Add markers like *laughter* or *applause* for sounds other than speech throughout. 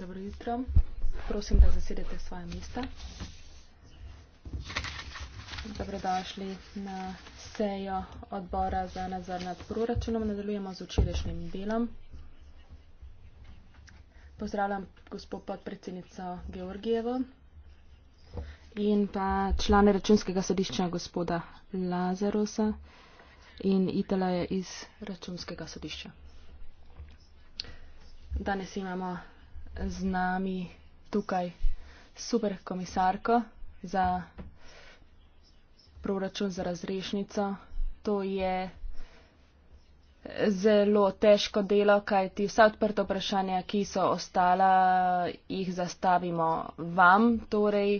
dobro jutro prosim da zasedete svoje mesta dobrodošli na sejo odbora za nadzor nad proračunom nadaljujemo z včerajšnjim delom pozdravljam gospod podpredsednico Georgijevo in pa člane računskega sodišča gospoda Lazarosa in Itala je iz računskega sodišča. Danes imamo z nami tukaj super komisarko za proračun za razrešnico. To je zelo težko delo, kajti vsa odprta vprašanja, ki so ostala, jih zastavimo vam. Torej,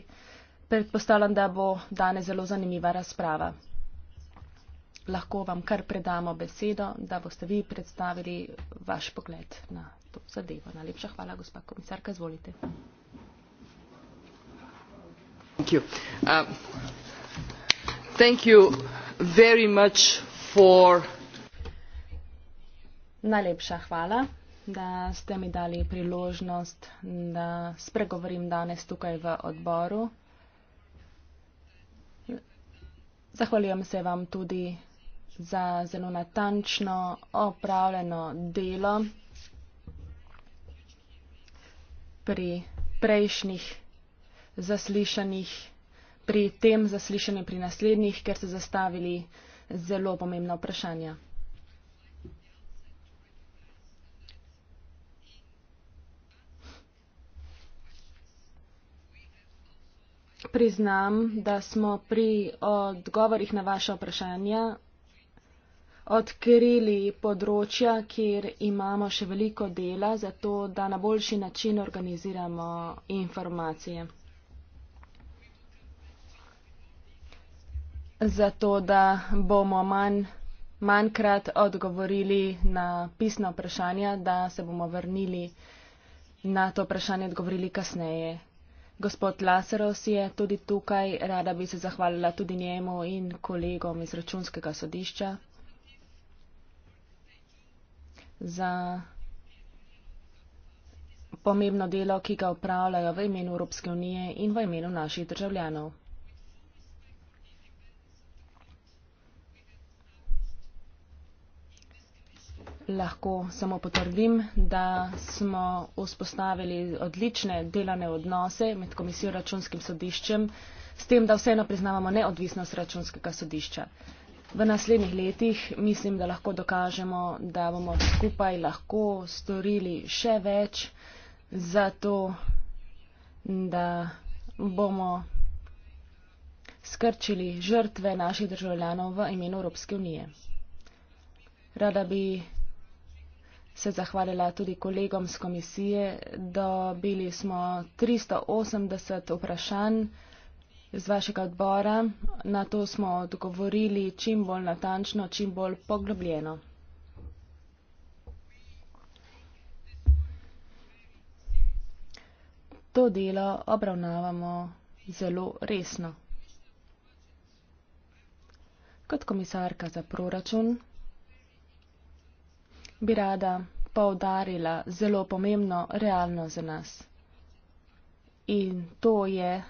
predpostavljam, da bo danes zelo zanimiva razprava lahko vam kar predamo besedo, da boste vi predstavili vaš pogled na to zadevo. Najlepša hvala, gospa komisarka, izvolite. Uh, for... Najlepša hvala, da ste mi dali priložnost, da spregovorim danes tukaj v odboru. Zahvaljujem se vam tudi za zelo natančno opravljeno delo pri prejšnjih zaslišanjih, pri tem zaslišanju, pri naslednjih, ker ste zastavili zelo pomembna vprašanja. Priznam, da smo pri odgovorih na vaše vprašanja odkrili področja, kjer imamo še veliko dela za to, da na boljši način organiziramo informacije. Zato, da bomo manj, manjkrat odgovorili na pisna vprašanja, da se bomo vrnili na to vprašanje odgovorili kasneje. Gospod Laseros je tudi tukaj, rada bi se zahvalila tudi njemu in kolegom iz računskega sodišča za pomembno delo, ki ga upravljajo v imenu Evropske unije in v imenu naših državljanov. Lahko samo potrdim, da smo vzpostavili odlične delane odnose med komisijo računskim sodiščem, s tem, da vseeno priznavamo neodvisnost računskega sodišča. V naslednjih letih mislim, da lahko dokažemo, da bomo skupaj lahko storili še več za to, da bomo skrčili žrtve naših državljanov v imenu Evropske unije. Rada bi se zahvalila tudi kolegom z komisije, dobili smo 380 vprašanj iz vašega odbora. Na to smo odgovorili čim bolj natančno, čim bolj poglobljeno. To delo obravnavamo zelo resno. Kot komisarka za proračun bi rada poudarila zelo pomembno realnost za nas. In to je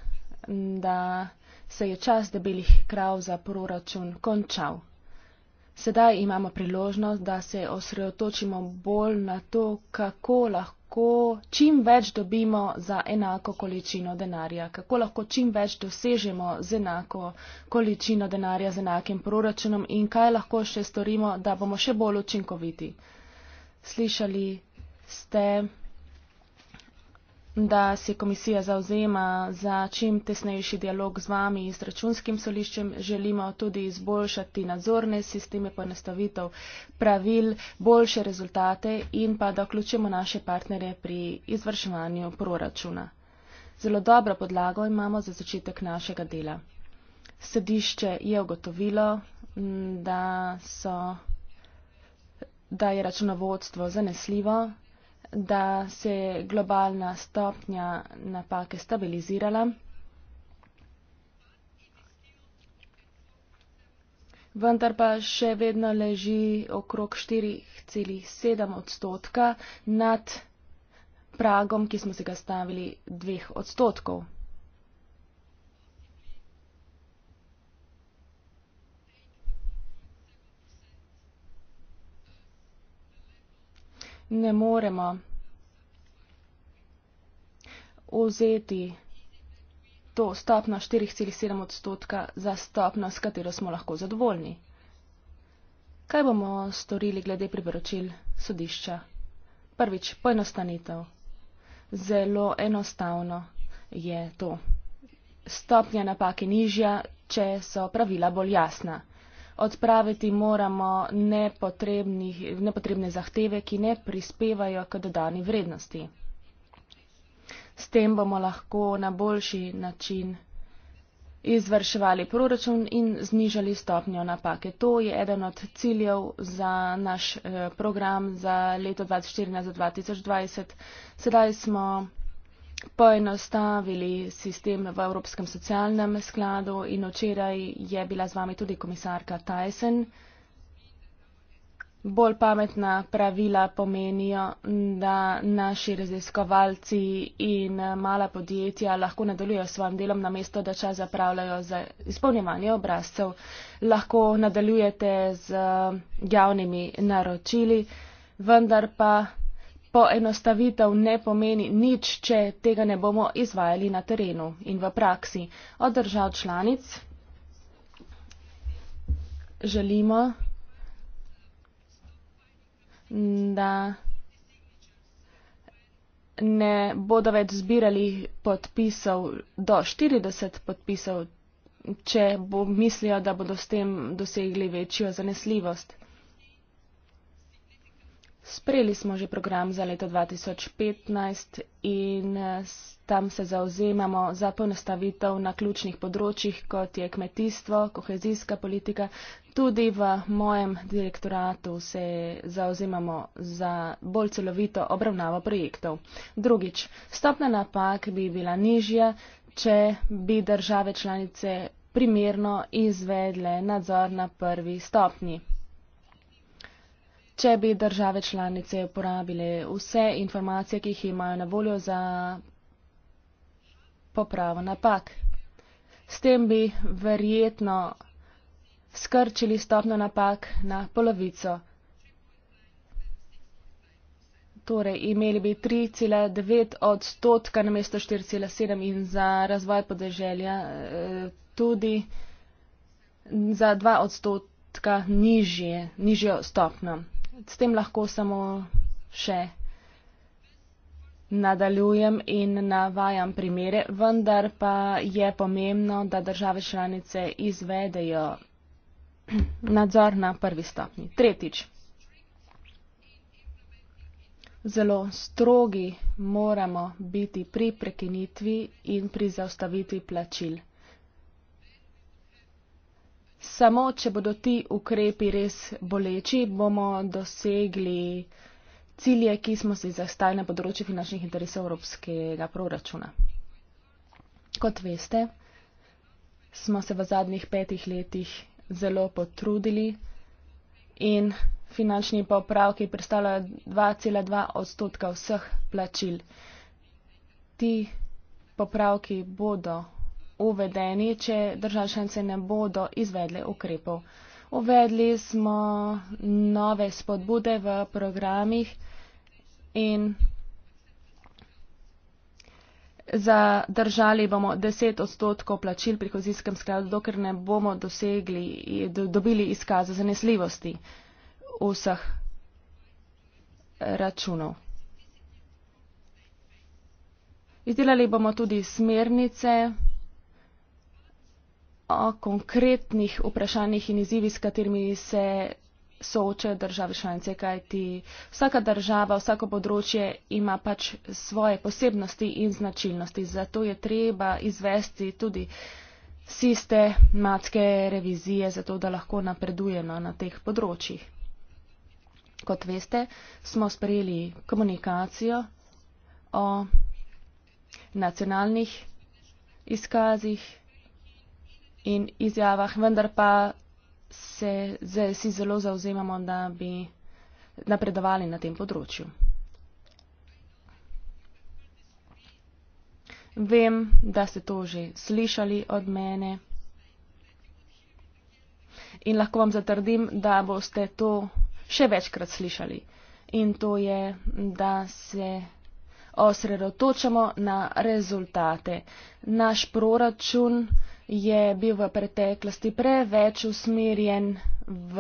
da se je čas debelih krav za proračun končal. Sedaj imamo priložnost, da se osredotočimo bolj na to, kako lahko čim več dobimo za enako količino denarja, kako lahko čim več dosežemo z enako količino denarja, z enakim proračunom in kaj lahko še storimo, da bomo še bolj učinkoviti. Slišali ste da se komisija zauzema za čim tesnejši dialog z vami in s računskim soliščem. Želimo tudi izboljšati nadzorne sisteme, poenostavitev pravil, boljše rezultate in pa da vključimo naše partnere pri izvrševanju proračuna. Zelo dobro podlago imamo za začetek našega dela. Sedišče je ugotovilo, da, so, da je računovodstvo zanesljivo, da se je globalna stopnja napake stabilizirala. Vendar pa še vedno leži okrog 4,7 odstotka nad pragom, ki smo se ga stavili 2 odstotkov. ne moremo vzeti to stopno 4,7 odstotka za stopno, s katero smo lahko zadovoljni. Kaj bomo storili glede priporočil sodišča? Prvič, poenostanitev. Zelo enostavno je to. Stopnja napake nižja, če so pravila bolj jasna odpraviti moramo nepotrebne zahteve, ki ne prispevajo k dodani vrednosti. S tem bomo lahko na boljši način izvrševali proračun in znižali stopnjo napake. To je eden od ciljev za naš eh, program za leto 2014-2020. Sedaj smo poenostavili sistem v Evropskem socialnem skladu in včeraj je bila z vami tudi komisarka Tyson. Bolj pametna pravila pomenijo, da naši raziskovalci in mala podjetja lahko nadaljujejo s svojim delom, namesto da čas zapravljajo za izpolnjevanje obrazcev. Lahko nadaljujete z javnimi naročili, vendar pa poenostavitev ne pomeni nič, če tega ne bomo izvajali na terenu in v praksi. Od držav članic želimo, da ne bodo več zbirali podpisov do 40 podpisov, če bo mislijo, da bodo s tem dosegli večjo zanesljivost. Sprejeli smo že program za leto 2015 in eh, tam se zauzemamo za ponastavitev na ključnih področjih, kot je kmetijstvo, kohezijska politika. Tudi v mojem direktoratu se zauzemamo za bolj celovito obravnavo projektov. Drugič, stopna napak bi bila nižja, če bi države članice primerno izvedle nadzor na prvi stopni če bi države članice uporabile vse informacije, ki jih imajo na voljo za popravo napak. S tem bi verjetno skrčili stopno napak na polovico. Torej, imeli bi 3,9 odstotka na mesto 4,7 in za razvoj podeželja eh, tudi za 2 odstotka nižje, nižjo stopno s tem lahko samo še nadaljujem in navajam primere, vendar pa je pomembno, da države članice izvedejo nadzor na prvi stopni. Tretjič. Zelo strogi moramo biti pri prekinitvi in pri zaustavitvi plačil samo če bodo ti ukrepi res boleči, bomo dosegli cilje, ki smo si zastavili na področju finančnih interesov evropskega proračuna. Kot veste, smo se v zadnjih petih letih zelo potrudili in finančni popravki predstavljajo 2,2 odstotka vseh plačil. Ti popravki bodo uvedeni, če države članice ne bodo izvedle ukrepov. Uvedli smo nove spodbude v programih in zadržali bomo 10 odstotkov plačil pri kozijskem skladu, dokler ne bomo dosegli, dobili izkaza zanesljivosti vseh računov. Izdelali bomo tudi smernice o konkretnih vprašanjih in izzivih, s katerimi se soočajo države članice, kajti vsaka država, vsako področje ima pač svoje posebnosti in značilnosti. Zato je treba izvesti tudi sistematske revizije, zato da lahko napredujemo na teh področjih. Kot veste, smo sprejeli komunikacijo o nacionalnih izkazih in izjavah, vendar pa se zdaj vsi zelo zauzemamo, da bi napredovali na tem področju. Vem, da ste to že slišali od mene in lahko vam zatrdim, da boste to še večkrat slišali. In to je, da se osredotočamo na rezultate. Naš proračun je bil v preteklosti preveč usmerjen v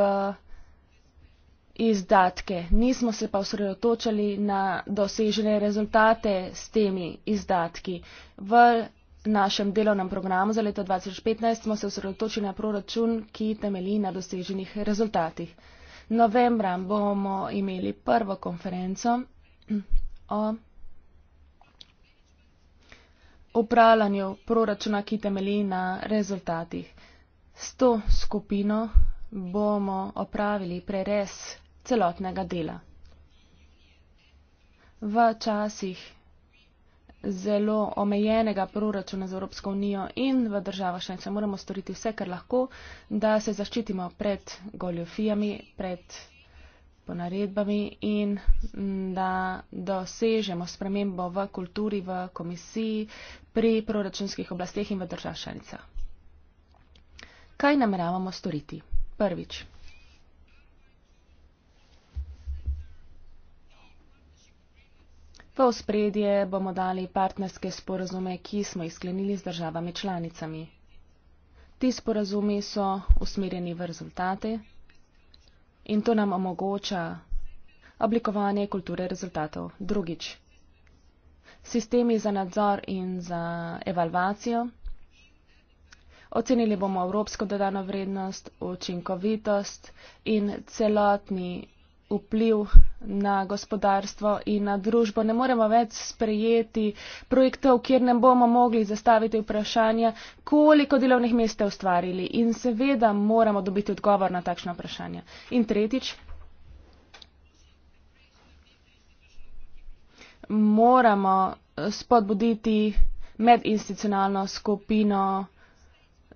izdatke. Nismo se pa usredotočali na dosežene rezultate s temi izdatki. V našem delovnem programu za leto 2015 smo se usredotočili na proračun, ki temelji na doseženih rezultatih. Novembra bomo imeli prvo konferenco o upravljanju proračuna, ki temelji na rezultatih. S to skupino bomo opravili prerez celotnega dela. V časih zelo omejenega proračuna z Evropsko unijo in v državah šlenca moramo storiti vse, kar lahko, da se zaščitimo pred goljofijami, pred po naredbami in mm, da dosežemo spremembo v kulturi, v komisiji, pri proračunskih oblasteh in v državšanicah. Kaj nameravamo storiti? Prvič. V ospredje bomo dali partnerske sporazume, ki smo jih sklenili z državami članicami. Ti sporazumi so usmerjeni v rezultate, in to nam omogoča oblikovanje kulture rezultatov. Drugič, sistemi za nadzor in za evalvacijo. Ocenili bomo evropsko dodano vrednost, učinkovitost in celotni vpliv na gospodarstvo in na družbo. Ne moremo več sprejeti projektov, kjer ne bomo mogli zastaviti vprašanja, koliko delovnih mest ste ustvarili. In seveda moramo dobiti odgovor na takšno vprašanje. In tretjič. Moramo spodbuditi medinstitucionalno skupino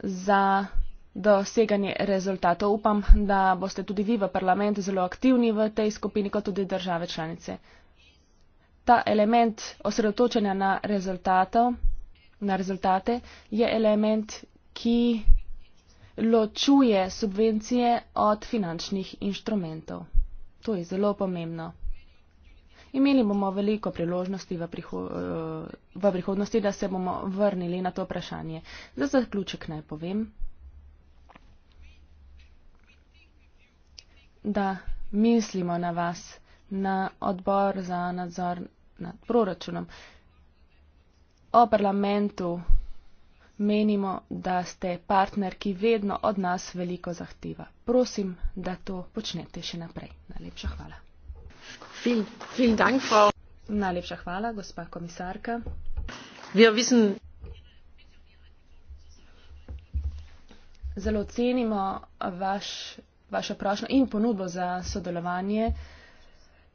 za doseganje rezultatov. Upam, da boste tudi vi v parlament zelo aktivni v tej skupini, kot tudi države članice. Ta element osredotočenja na, na rezultate je element, ki ločuje subvencije od finančnih inštrumentov. To je zelo pomembno. Imeli bomo veliko priložnosti v, priho eh, v prihodnosti, da se bomo vrnili na to vprašanje. Za zaključek naj povem. da mislimo na vas, na odbor za nadzor nad proračunom. O parlamentu menimo, da ste partner, ki vedno od nas veliko zahteva. Prosim, da to počnete še naprej. Najlepša hvala. Vielen, vielen Dank, Frau. Najlepša hvala, gospa komisarka. Wir wissen... Zelo cenimo vaš vašo prošlo in ponudbo za sodelovanje.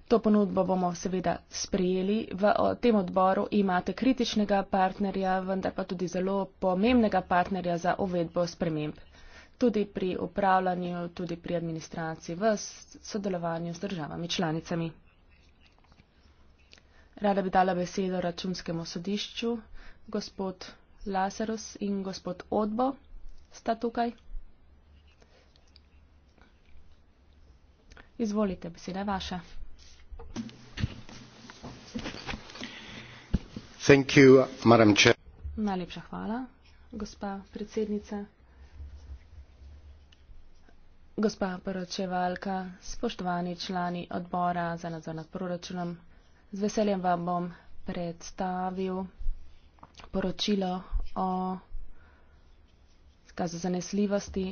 To ponudbo bomo seveda sprejeli. V tem odboru imate kritičnega partnerja, vendar pa tudi zelo pomembnega partnerja za uvedbo sprememb. Tudi pri upravljanju, tudi pri administraciji, v sodelovanju z državami članicami. Rada bi dala besedo računskemu sodišču. Gospod Lazarus in gospod Odbo sta tukaj. Izvolite, beseda je vaša. Thank you, madam chair. Najlepša hvala, gospa predsednica. Gospa poročevalka, spoštovani člani odbora za nadzor nad proračunom, z veseljem vam bom predstavil poročilo o kazu zanesljivosti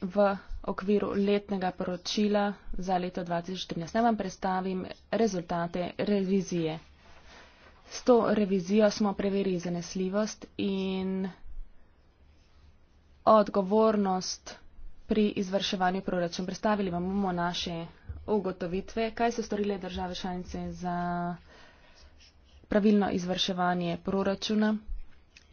v okviru letnega poročila za leto 2014. Naj vam predstavim rezultate revizije. S to revizijo smo preverili zanesljivost in odgovornost pri izvrševanju proračun. Predstavili vam bomo naše ugotovitve, kaj so storile države članice za pravilno izvrševanje proračuna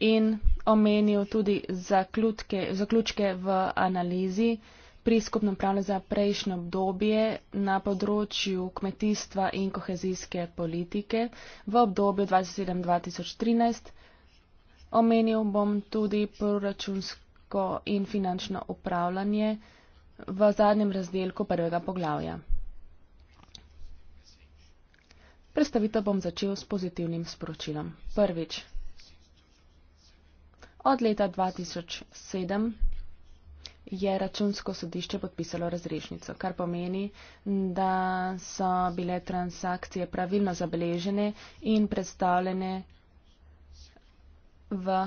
in omenil tudi zaključke, zaključke v analizi pri skupnem planu za prejšnje obdobje na področju kmetijstva in kohezijske politike v obdobju 2007-2013. Omenil bom tudi proračunsko in finančno upravljanje v zadnjem razdelku prvega poglavja. Predstavitev bom začel s pozitivnim sporočilom. Prvič. Od leta 2007 je računsko sodišče podpisalo razrešnico, kar pomeni, da so bile transakcije pravilno zabeležene in predstavljene v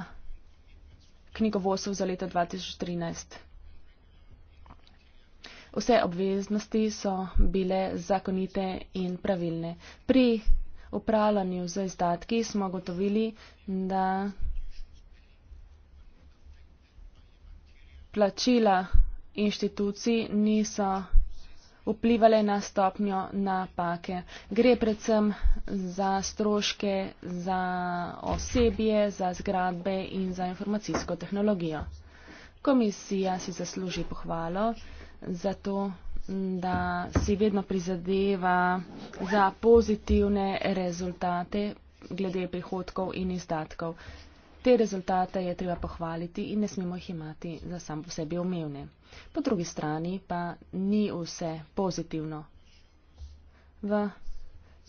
knjigovosov za leto 2013. Vse obveznosti so bile zakonite in pravilne. Pri upravljanju z izdatki smo gotovili, da plačila inštitucij niso vplivali na stopnjo napake. Gre predvsem za stroške, za osebje, za zgradbe in za informacijsko tehnologijo. Komisija si zasluži pohvalo za to, da si vedno prizadeva za pozitivne rezultate glede prihodkov in izdatkov. Te rezultate je treba pohvaliti in ne smemo jih imati za sam po sebi omevne. Po drugi strani pa ni vse pozitivno. V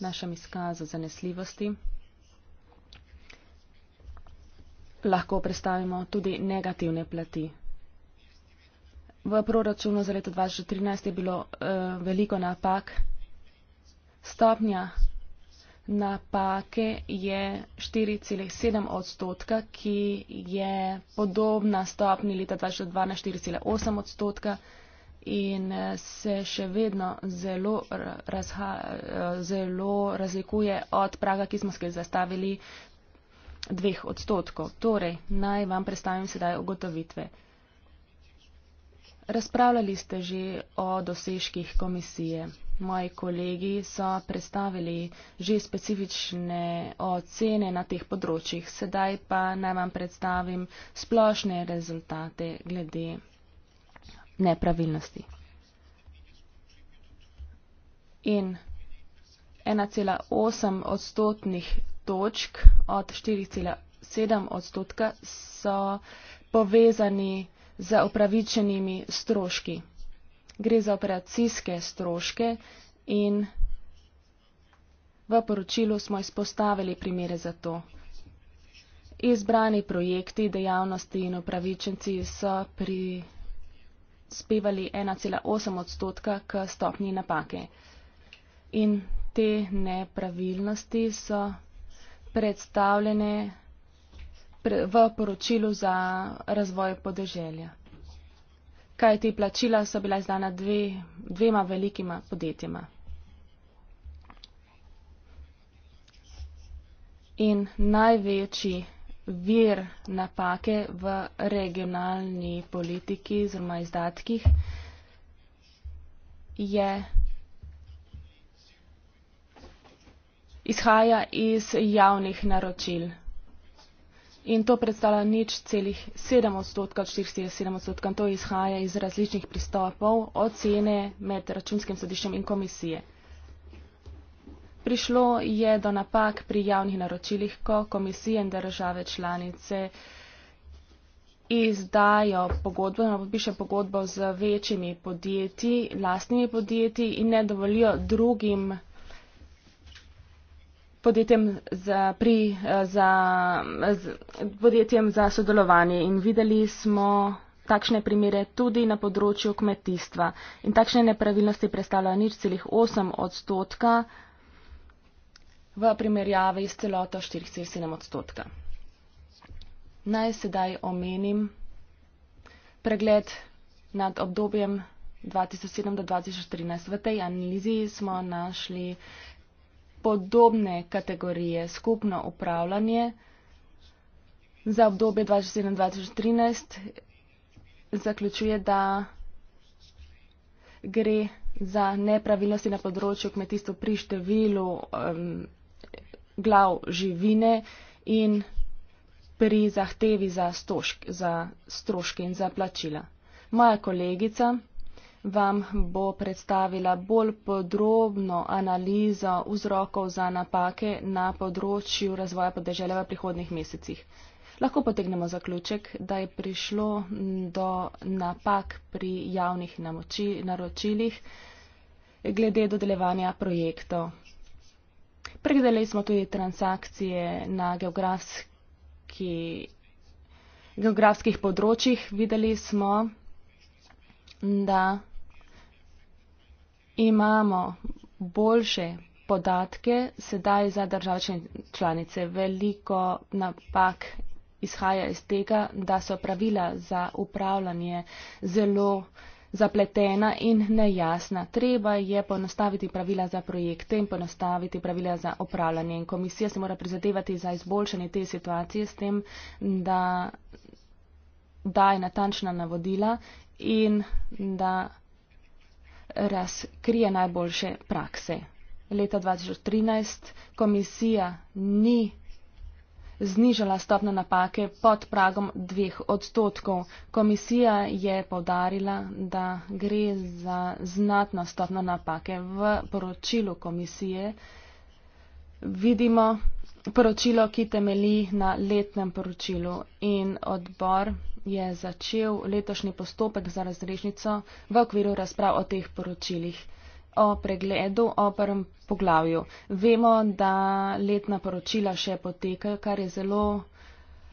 našem izkazu zanesljivosti lahko predstavimo tudi negativne plati. V proračunu za leto 2013 je bilo uh, veliko napak. Stopnja napake je 4,7 odstotka, ki je podobna stopni leta 2002 na 4,8 odstotka in se še vedno zelo, razha, zelo razlikuje od praga, ki smo se zastavili dveh odstotkov. Torej, naj vam predstavim sedaj ugotovitve. Razpravljali ste že o dosežkih komisije. Moji kolegi so predstavili že specifične ocene na teh področjih. Sedaj pa naj vam predstavim splošne rezultate glede nepravilnosti. In 1,8 odstotnih točk od 4,7 odstotka so povezani z upravičenimi stroški. Gre za operacijske stroške in v poročilu smo izpostavili primere za to. Izbrani projekti, dejavnosti in upravičenci so prispevali 1,8 odstotka k stopnji napake. In te nepravilnosti so predstavljene v poročilu za razvoj podeželja. Kaj te plačila so bila izdana dve, dvema velikima podjetjima. In največji vir napake v regionalni politiki oziroma izdatkih je izhaja iz javnih naročil in to predstavlja nič celih sedem odstotka, štiri sedem odstotka. To izhaja iz različnih pristopov ocene med računskim sodiščem in komisije. Prišlo je do napak pri javnih naročilih, ko komisije in države članice izdajo pogodbo, napiše pogodbo z večjimi podjetji, lastnimi podjetji in ne dovolijo drugim podjetjem za, pri, eh, za, z podjetjem za sodelovanje in videli smo takšne primere tudi na področju kmetijstva. In takšne nepravilnosti predstavljajo nič celih 8 odstotka v primerjavi s celoto 4,7 odstotka. Naj sedaj omenim pregled nad obdobjem 2007 do 2014. V tej analizi smo našli podobne kategorije skupno upravljanje za obdobje 2007-2013 zaključuje, da gre za nepravilnosti na področju kmetijstva pri številu um, glav živine in pri zahtevi za, stošk, za stroške in za plačila. Moja kolegica vam bo predstavila bolj podrobno analizo vzrokov za napake na področju razvoja podeželja v prihodnih mesecih. Lahko potegnemo zaključek, da je prišlo do napak pri javnih namoči, naročilih glede dodelevanja projektov. Pregledali smo tudi transakcije na geografski, geografskih področjih. Videli smo, da imamo boljše podatke sedaj za državčne članice. Veliko napak izhaja iz tega, da so pravila za upravljanje zelo zapletena in nejasna. Treba je ponostaviti pravila za projekte in ponostaviti pravila za upravljanje. In komisija se mora prizadevati za izboljšanje te situacije s tem, da daje natančna navodila in da razkrije najboljše prakse. Leta 2013 komisija ni znižala stopne napake pod pragom dveh odstotkov. Komisija je povdarila, da gre za znatno stopno napake. V poročilu komisije vidimo, poročilo, ki temeli na letnem poročilu in odbor je začel letošnji postopek za razrešnico v okviru razprav o teh poročilih. O pregledu, o prvem poglavju. Vemo, da letna poročila še potekajo, kar je zelo,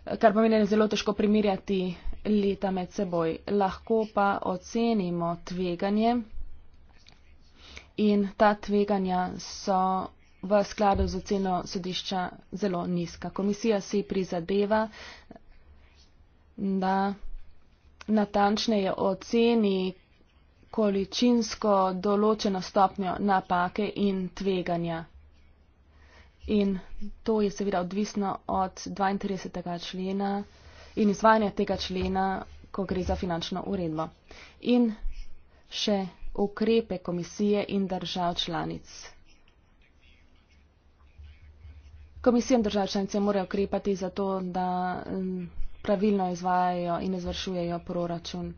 kar pomeni, da je zelo težko primirjati leta med seboj. Lahko pa ocenimo tveganje in ta tveganja so v skladu z oceno sodišča zelo nizka. Komisija si prizadeva, da natančneje oceni količinsko določeno stopnjo napake in tveganja. In to je seveda odvisno od 32. člena in izvajanja tega člena, ko gre za finančno uredbo. In še ukrepe komisije in držav članic. Komisijam države članice morajo ukrepati za to, da mm, pravilno izvajajo in izvršujejo proračun.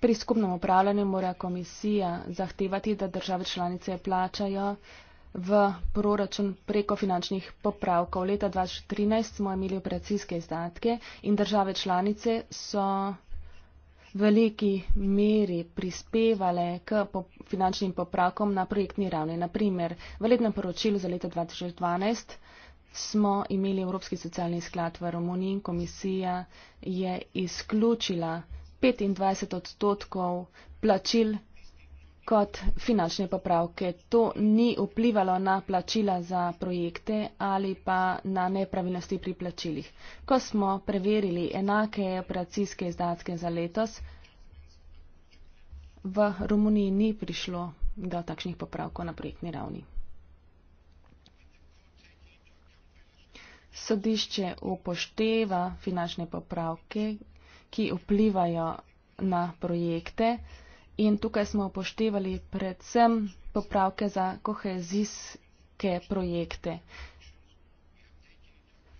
Pri skupnem upravljanju mora komisija zahtevati, da države članice plačajo v proračun preko finančnih popravkov. Leta 2013 smo imeli operacijske izdatke in države članice so veliki meri prispevale k finančnim popravkom na projektni ravni. Naprimer, v letnem poročilu za leto 2012 smo imeli Evropski socialni sklad v Romuniji in komisija je izključila 25 odstotkov plačil kot finančne popravke. To ni vplivalo na plačila za projekte ali pa na nepravilnosti pri plačilih. Ko smo preverili enake operacijske izdatke za letos, v Romuniji ni prišlo do takšnih popravkov na projektni ravni. Sodišče upošteva finančne popravke, ki vplivajo na projekte in tukaj smo upoštevali predvsem popravke za kohezijske projekte.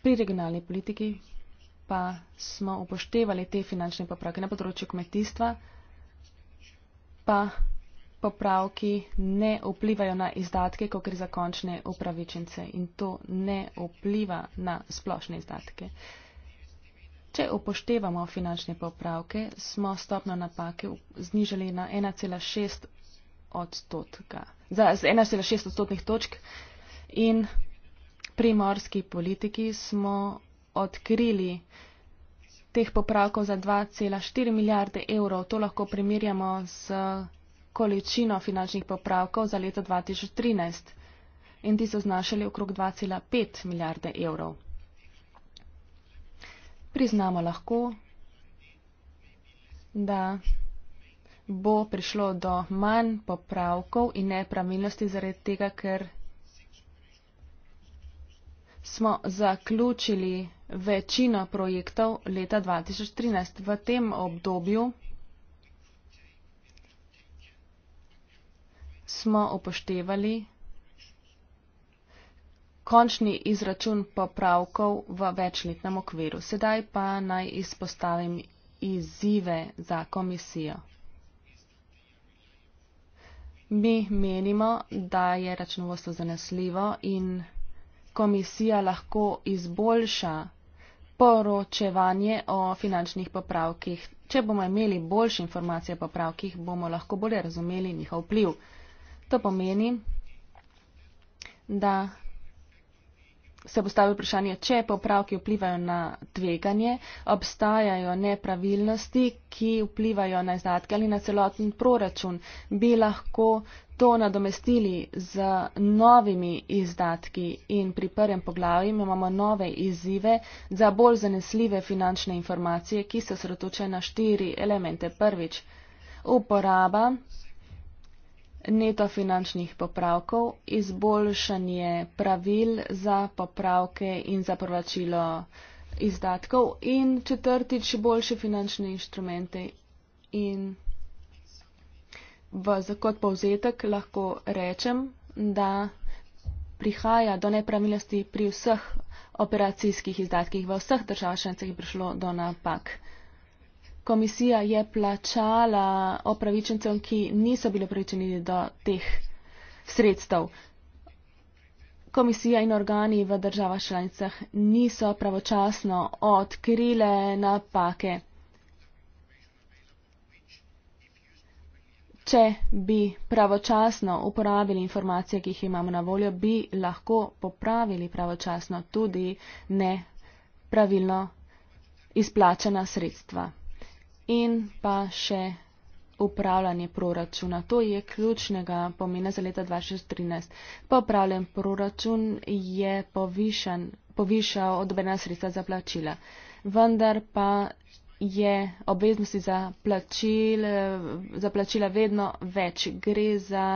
Pri regionalni politiki pa smo upoštevali te finančne popravke na področju kmetijstva, pa popravki ne vplivajo na izdatke, kot gre za končne upravičence in to ne vpliva na splošne izdatke. Če upoštevamo finančne popravke, smo stopno napake znižali na 1,6 odstotka. Za 1,6 odstotnih točk in pri morski politiki smo odkrili teh popravkov za 2,4 milijarde evrov. To lahko primerjamo z količino finančnih popravkov za leto 2013 in ti so znašali okrog 2,5 milijarde evrov priznamo lahko, da bo prišlo do manj popravkov in nepravilnosti zaradi tega, ker smo zaključili večino projektov leta 2013. V tem obdobju smo upoštevali končni izračun popravkov v večletnem okviru. Sedaj pa naj izpostavim izzive za komisijo. Mi menimo, da je računovodstvo zanesljivo in komisija lahko izboljša poročevanje o finančnih popravkih. Če bomo imeli boljše informacije o popravkih, bomo lahko bolje razumeli njihov vpliv. To pomeni, da se postavi vprašanje, če popravki vplivajo na tveganje, obstajajo nepravilnosti, ki vplivajo na izdatke ali na celoten proračun, bi lahko to nadomestili z novimi izdatki in pri prvem poglavju imamo nove izzive za bolj zanesljive finančne informacije, ki se sredotočajo na štiri elemente. Prvič, uporaba neto finančnih popravkov, izboljšanje pravil za popravke in za poračilo izdatkov in četrtič boljše finančne inštrumente. In v, kot povzetek lahko rečem, da prihaja do nepravilnosti pri vseh operacijskih izdatkih, v vseh državah članicah je prišlo do napak komisija je plačala opravičencem, ki niso bili upravičeni do teh sredstev. Komisija in organi v državah članicah niso pravočasno odkrile napake. Če bi pravočasno uporabili informacije, ki jih imamo na voljo, bi lahko popravili pravočasno tudi nepravilno izplačena sredstva in pa še upravljanje proračuna. To je ključnega pomena za leta 2013. Pa upravljen proračun je povišan, povišal odobrena sredstva za plačila. Vendar pa je obveznosti za, plačil, za plačila vedno več. Gre za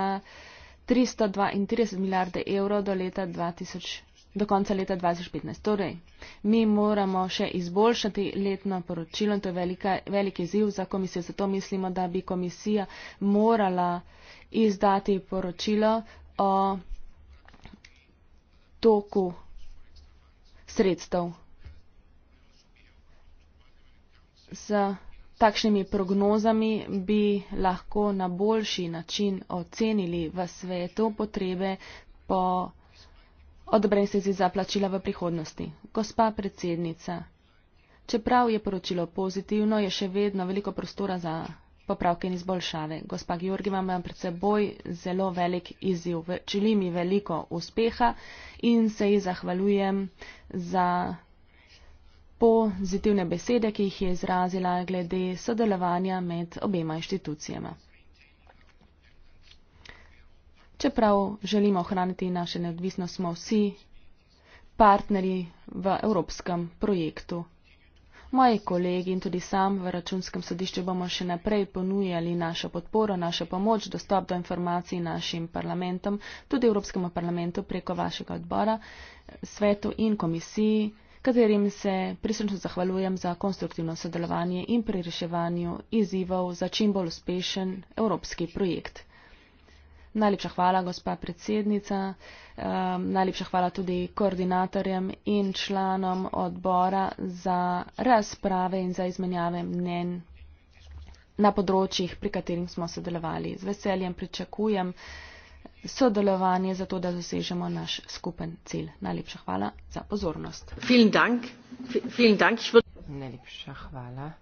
332 milijarde evrov do leta 2020 do konca leta 2015. Torej, mi moramo še izboljšati letno poročilo in to je velika, velik izziv za komisijo. Zato mislimo, da bi komisija morala izdati poročilo o toku sredstev z takšnimi prognozami bi lahko na boljši način ocenili v svetu potrebe po odobren se zdi zaplačila v prihodnosti. Gospa predsednica, čeprav je poročilo pozitivno, je še vedno veliko prostora za popravke in izboljšave. Gospa Georgi, vam imam pred seboj zelo velik izziv. Čili mi veliko uspeha in se ji zahvaljujem za pozitivne besede, ki jih je izrazila glede sodelovanja med obema inštitucijama čeprav želimo ohraniti naše neodvisnost, smo vsi partnerji v evropskem projektu. Moji kolegi in tudi sam v računskem sodišču bomo še naprej ponujali našo podporo, našo pomoč, dostop do informacij našim parlamentom, tudi Evropskemu parlamentu preko vašega odbora, svetu in komisiji, katerim se prisrčno zahvaljujem za konstruktivno sodelovanje in pri reševanju izzivov za čim bolj uspešen evropski projekt. Najlepša hvala, gospa predsednica. Um, najlepša hvala tudi koordinatorjem in članom odbora za razprave in za izmenjave mnen na področjih, pri katerim smo sodelovali. Z veseljem pričakujem sodelovanje za to, da dosežemo naš skupen cilj. Najlepša hvala za pozornost. Vielen Dank. Vielen Dank. Najlepša hvala.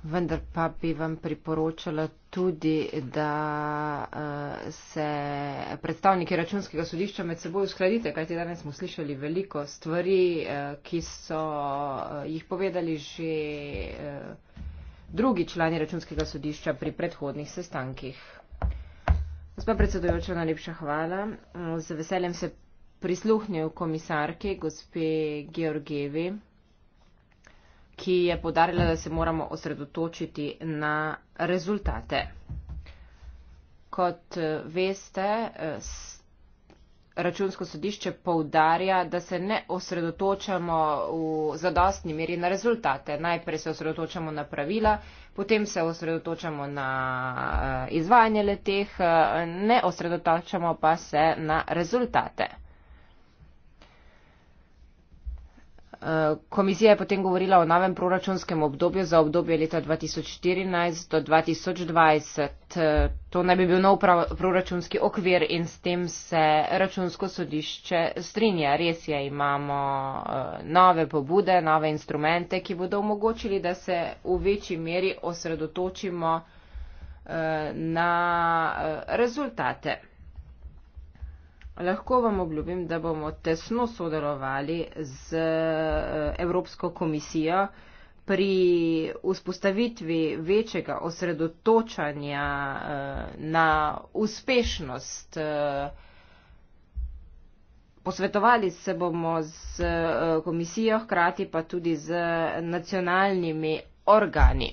Vendar pa bi vam priporočala tudi, da eh, se predstavniki računskega sodišča med seboj uskladite, kajti danes smo slišali veliko stvari, eh, ki so eh, jih povedali že drugi člani računskega sodišča pri predhodnih sestankih. Gospa predsedujoča, najlepša hvala. Z veseljem se prisluhnil komisarki, gospe Georgijevi ki je podarila, da se moramo osredotočiti na rezultate. Kot eh, veste, eh, računsko sodišče poudarja, da se ne osredotočamo v zadostni meri na rezultate. Najprej se osredotočamo na pravila, potem se osredotočamo na eh, izvajanje leteh, ne osredotočamo pa se na rezultate. Eh, komisija je potem govorila o novem proračunskem obdobju za obdobje leta 2014 do 2020. Eh, to naj bi bil nov proračunski okvir in s tem se računsko sodišče strinja. Res je, imamo eh, nove pobude, nove instrumente, ki bodo omogočili, da se v večji meri osredotočimo na rezultate. Lahko vam obljubim, da bomo tesno sodelovali z eh, Evropsko komisijo pri vzpostavitvi večjega osredotočanja eh, na uspešnost. Eh, posvetovali se bomo z komisijo, hkrati pa tudi z nacionalnimi organi.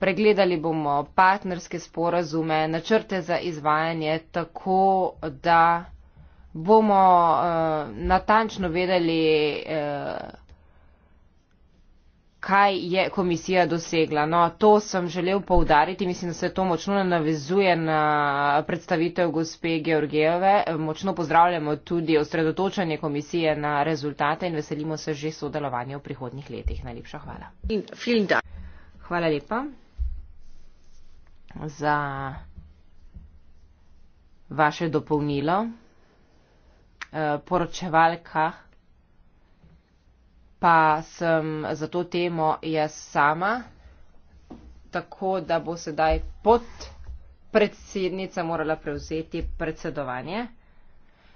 Pregledali bomo partnerske sporazume, načrte za izvajanje, tako da bomo uh, natančno vedeli, uh, kaj je komisija dosegla. No, to sem želel poudariti, mislim, da se to močno navezuje na predstavitev gospe Georgijeve. Močno pozdravljamo tudi osredotočanje komisije na rezultate in veselimo se že sodelovanja v prihodnjih letih. Najlepša hvala. Hvala lepa za vaše dopolnilo. Eh, poročevalka pa sem za to temo jaz sama, tako da bo sedaj pod predsednica morala prevzeti predsedovanje.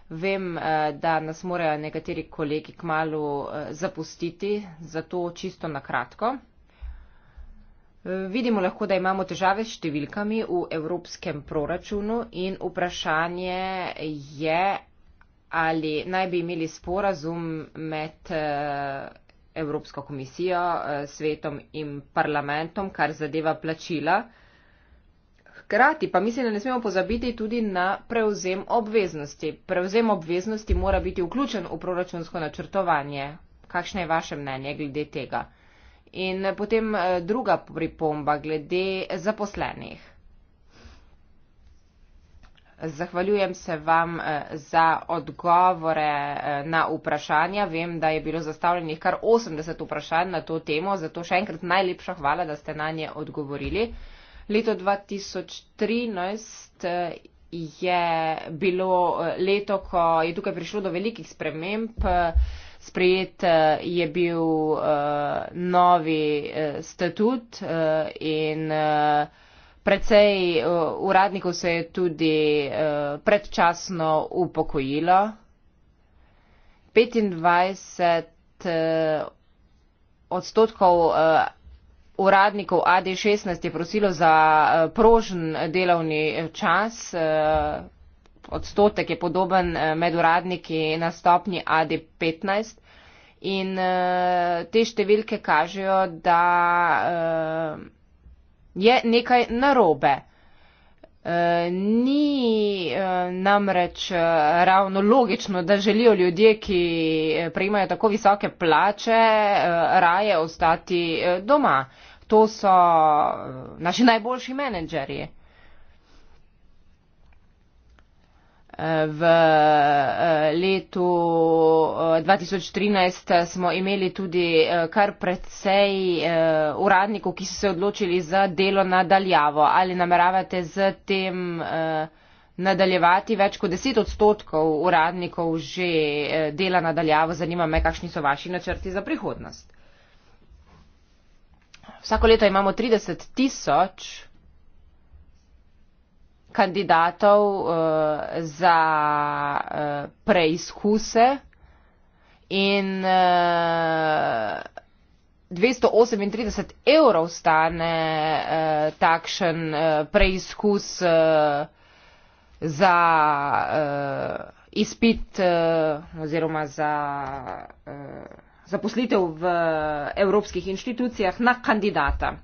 Vem, eh, da nas morajo nekateri kolegi kmalo eh, zapustiti, zato čisto na kratko. Vidimo lahko, da imamo težave s številkami v evropskem proračunu in vprašanje je, ali naj bi imeli sporazum med eh, Evropsko komisijo, eh, svetom in parlamentom, kar zadeva plačila. Hkrati pa mislim, da ne smemo pozabiti tudi na prevzem obveznosti. Prevzem obveznosti mora biti vključen v proračunsko načrtovanje. Kakšno je vaše mnenje glede tega? In eh, potem eh, druga pripomba glede zaposlenih. Zahvaljujem se vam eh, za odgovore na vprašanja. Vem, da je bilo zastavljenih kar 80 vprašanj na to temo, zato še enkrat najlepša hvala, da ste na nje odgovorili. Leto 2013 je bilo leto, ko je tukaj prišlo do velikih sprememb. Sprejet eh, je bil uh, novi uh, statut uh, in uh, precej uh, uradnikov se je tudi uh, predčasno upokojilo. 25 uh, odstotkov uh, uradnikov AD16 je prosilo za uh, prožen delovni čas. Uh, odstotek je podoben eh, med uradniki na stopnji AD15. In uh, te številke kažejo, da uh, je nekaj narobe. Uh, ni uh, namreč uh, ravno logično, da želijo ljudje, ki prejmajo tako visoke plače, uh, raje ostati uh, doma. To so uh, naši najboljši menedžerji. Uh, V eh, letu 2013 eh, smo imeli tudi eh, kar precej uradnikov, ki so se odločili za delo nadaljavo. Ali nameravate z tem nadaljevati? Več kot 10 odstotkov uradnikov že dela nadaljavo. Zanima me, kakšni so vaši načrti za prihodnost. Vsako leto imamo 30 tisoč 000 kandidatov uh, za uh, preizkuse in uh, eh, 238 evrov stane eh, takšen eh, preizkus eh, za eh, izpit eh, oziroma za eh, zaposlitev v evropskih inštitucijah na kandidata.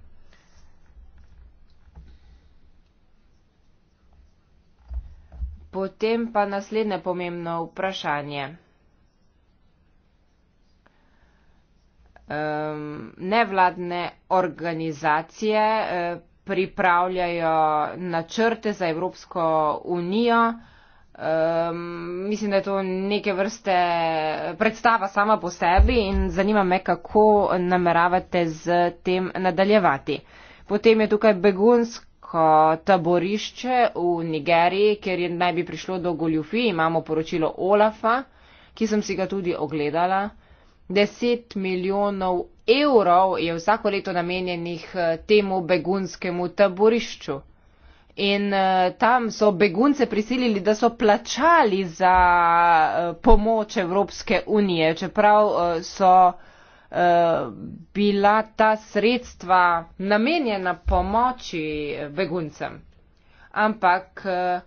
Potem pa naslednje pomembno vprašanje. Um, nevladne organizacije eh, pripravljajo načrte za Evropsko unijo. Um, mislim, da je to neke vrste predstava sama po sebi in zanima me, kako nameravate z tem nadaljevati. Potem je tukaj begunsk neko taborišče v Nigeriji, kjer je naj bi prišlo do goljufi. Imamo poročilo Olafa, ki sem si ga tudi ogledala. 10 milijonov evrov je vsako leto namenjenih eh, temu begunskemu taborišču. In eh, tam so begunce prisilili, da so plačali za eh, pomoč Evropske unije, čeprav so Eh, bila ta sredstva namenjena pomoči beguncem. Ampak eh,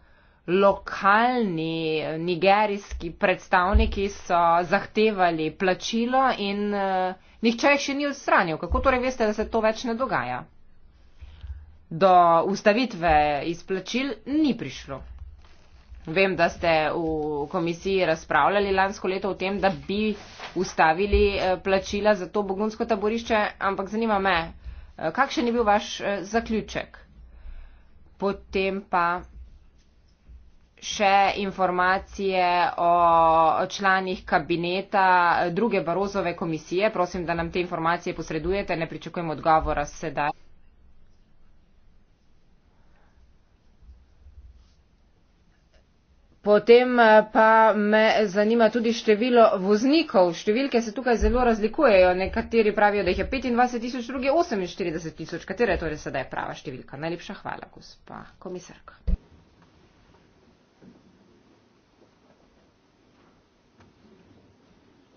lokalni nigerijski predstavniki so zahtevali plačilo in eh, nihče jih še ni odstranil. Kako torej veste, da se to več ne dogaja? Do ustavitve izplačil ni prišlo. Vem, da ste v komisiji razpravljali lansko leto o tem, da bi ustavili eh, plačila za to bogunsko taborišče, ampak zanima me, eh, kakšen je bil vaš eh, zaključek? Potem pa še informacije o članih kabineta druge Barozove komisije. Prosim, da nam te informacije posredujete, ne pričakujem odgovora sedaj. Potem eh, pa me zanima tudi število voznikov. Številke se tukaj zelo razlikujejo. Nekateri pravijo, da jih je 25 tisoč, drugi 48 tisoč. Katera je torej sedaj prava številka? Najlepša hvala, gospa komisarka.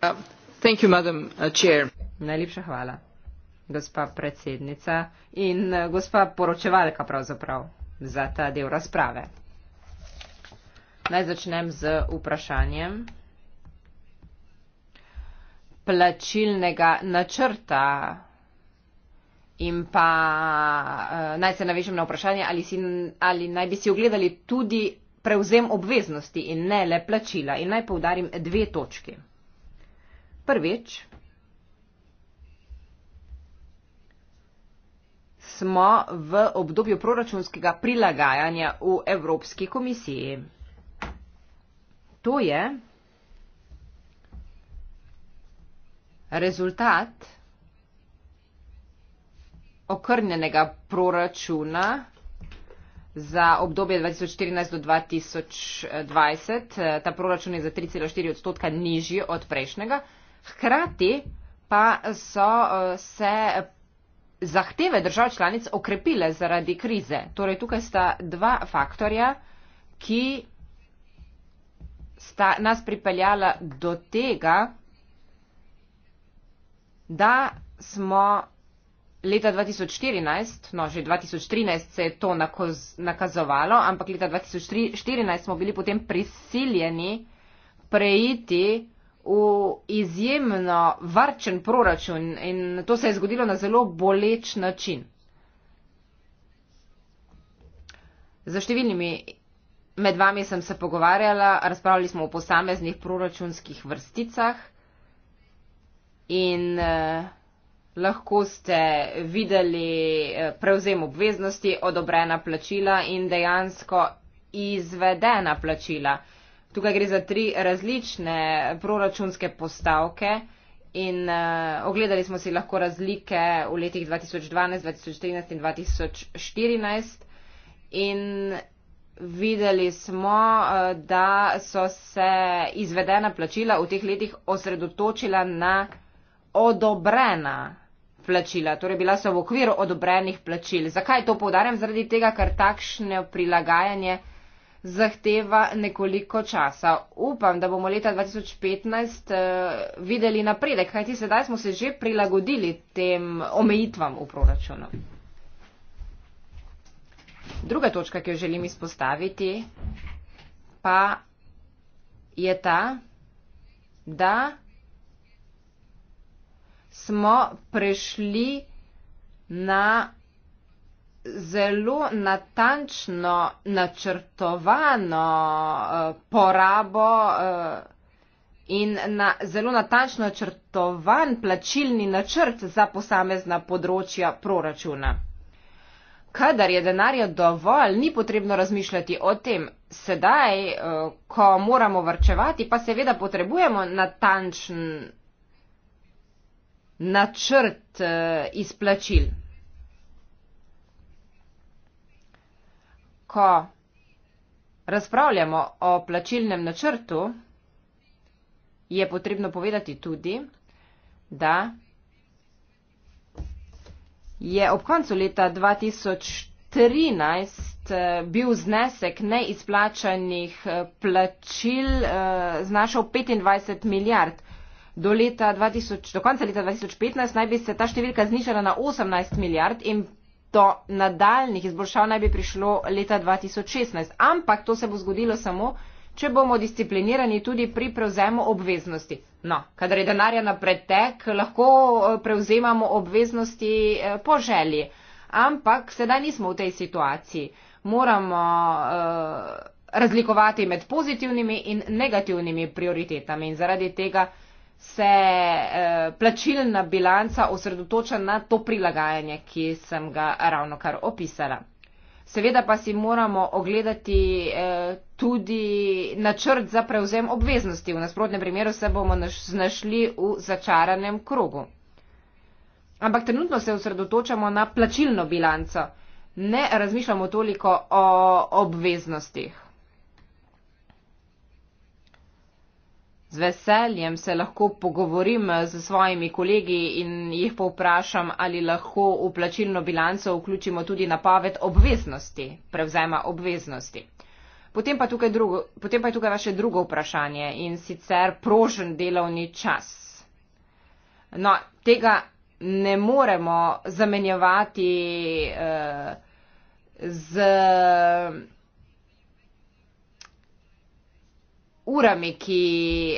Uh, thank you, madam uh, chair. Najlepša hvala, gospa predsednica in uh, gospa poročevalka pravzaprav za ta del razprave. Naj začnem z vprašanjem plačilnega načrta. In pa uh, naj se navežem na vprašanje, ali, si, ali naj bi si ogledali tudi prevzem obveznosti in ne le plačila. In naj povdarim dve točki. Prvič, smo v obdobju proračunskega prilagajanja v Evropski komisiji. To je rezultat okrnjenega proračuna za obdobje 2014 do 2020. Ta proračun je za 3,4 odstotka nižji od prejšnjega. Hkrati pa so eh, se zahteve držav članic okrepile zaradi krize. Torej tukaj sta dva faktorja, ki sta nas pripeljala do tega, da smo leta 2014, no že 2013 se je to nakazovalo, ampak leta 2014 smo bili potem prisiljeni preiti v izjemno varčen proračun in to se je zgodilo na zelo boleč način. Za številnimi Med vami sem se pogovarjala, razpravljali smo o posameznih proračunskih vrsticah in eh, lahko ste videli eh, prevzem obveznosti, odobrena plačila in dejansko izvedena plačila. Tukaj gre za tri različne proračunske postavke in eh, ogledali smo si lahko razlike v letih 2012, 2013 in 2014 in videli smo, eh, da so se izvedena plačila v teh letih osredotočila na odobrena plačila, torej bila so v okviru odobrenih plačil. Zakaj to povdarjam? Zaradi tega, ker takšne prilagajanje zahteva nekoliko časa. Upam, da bomo leta 2015 eh, videli napredek, kajti sedaj smo se že prilagodili tem omejitvam v proračunu. Druga točka, ki jo želim izpostaviti, pa je ta, da smo prešli na zelo natančno načrtovano uh, porabo uh, in na zelo natančno načrtovan plačilni načrt za posamezna področja proračuna kadar je denarja dovolj, ni potrebno razmišljati o tem. Sedaj, eh, ko moramo vrčevati, pa seveda potrebujemo natančen načrt eh, izplačil. Ko razpravljamo o plačilnem načrtu, je potrebno povedati tudi, da je ob koncu leta 2013 eh, bil znesek neizplačanih eh, plačil eh, znašal 25 milijard. Do, leta 2000, do konca leta 2015 naj bi se ta številka znižala na 18 milijard in do nadaljnih izboljšav naj bi prišlo leta 2016. Ampak to se bo zgodilo samo, če bomo disciplinirani tudi pri prevzemu obveznosti. No, kadar je denarja na pretek, lahko eh, prevzemamo obveznosti eh, po želji. Ampak sedaj nismo v tej situaciji. Moramo uh, razlikovati med pozitivnimi in negativnimi prioritetami in zaradi tega se uh, plačilna bilanca osredotoča na to prilagajanje, ki sem ga ravno kar opisala. Seveda pa si moramo ogledati eh, tudi načrt za prevzem obveznosti. V nasprotnem primeru se bomo naš, znašli v začaranem krogu. Ampak trenutno se osredotočamo na plačilno bilanco. Ne razmišljamo toliko o obveznostih. Z veseljem se lahko pogovorim z svojimi kolegi in jih povprašam, ali lahko v plačilno bilanco vključimo tudi napoved obveznosti, prevzema obveznosti. Potem pa, drugo, potem pa je tukaj vaše drugo vprašanje in sicer prožen delovni čas. No, tega ne moremo zamenjevati eh, z. urami, ki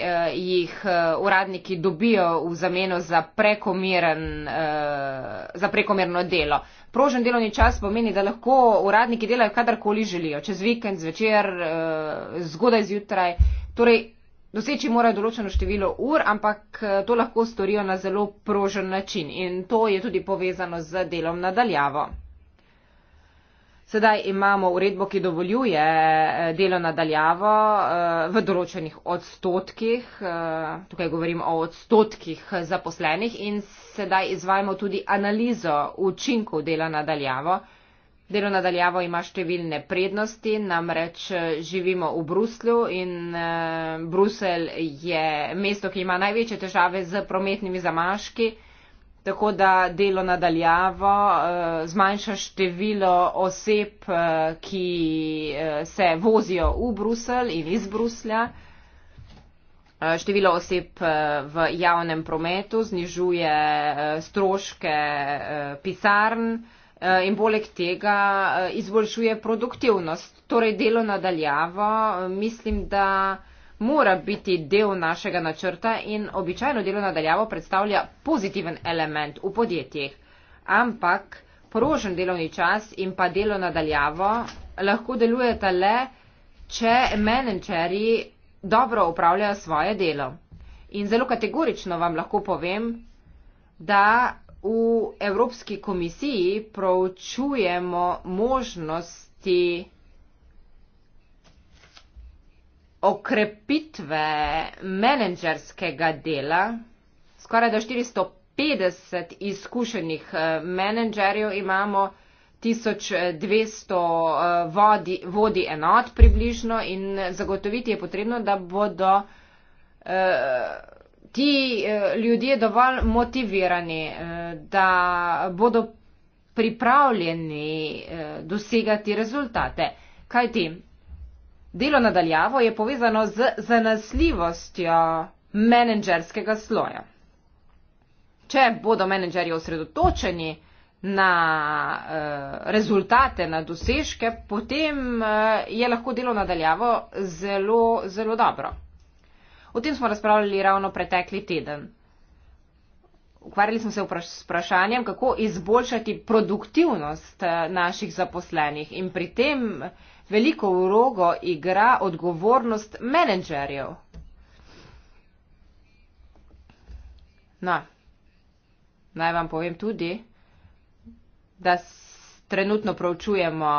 uh, jih uh, uradniki dobijo v zameno za, prekomeren, uh, eh, za prekomerno delo. Prožen delovni čas pomeni, da lahko uradniki delajo kadarkoli želijo, čez vikend, zvečer, uh, zgodaj zjutraj. Torej, Doseči morajo določeno število ur, ampak to lahko storijo na zelo prožen način in to je tudi povezano z delom nadaljavo. Sedaj imamo uredbo, ki dovoljuje eh, delo nadaljavo eh, v določenih odstotkih, eh, tukaj govorim o odstotkih zaposlenih in sedaj izvajamo tudi analizo učinkov dela nadaljavo. Delo nadaljavo ima številne prednosti, namreč živimo v Bruslju in Bruselj je mesto, ki ima največje težave z prometnimi zamaški tako da delo nadaljavo eh, zmanjša število oseb, eh, ki eh, se vozijo v Bruselj in iz Bruslja. Število oseb v javnem prometu znižuje stroške pisarn in poleg tega izboljšuje produktivnost. Torej delo nadaljavo mislim, da mora biti del našega načrta in običajno delo nadaljavo predstavlja pozitiven element v podjetjih. Ampak porožen delovni čas in pa delo nadaljavo lahko delujeta le, če menedžeri dobro upravljajo svoje delo. In zelo kategorično vam lahko povem, da v Evropski komisiji proučujemo možnosti okrepitve menedžerskega dela. Skoraj do 450 izkušenih eh, menedžerjev imamo, 1200 eh, vodi, vodi enot približno in zagotoviti je potrebno, da bodo eh, ti ljudje dovolj motivirani, da bodo pripravljeni dosegati rezultate. Kaj ti? Delo nadaljavo je povezano z zanesljivostjo menedžerskega sloja. Če bodo menedžerji osredotočeni na eh, rezultate, na dosežke, potem eh, je lahko delo nadaljavo zelo, zelo dobro. O tem smo razpravljali ravno pretekli teden ukvarjali smo se s vprašanjem, kako izboljšati produktivnost eh, naših zaposlenih in pri tem veliko urogo igra odgovornost menedžerjev. No, naj vam povem tudi, da trenutno proučujemo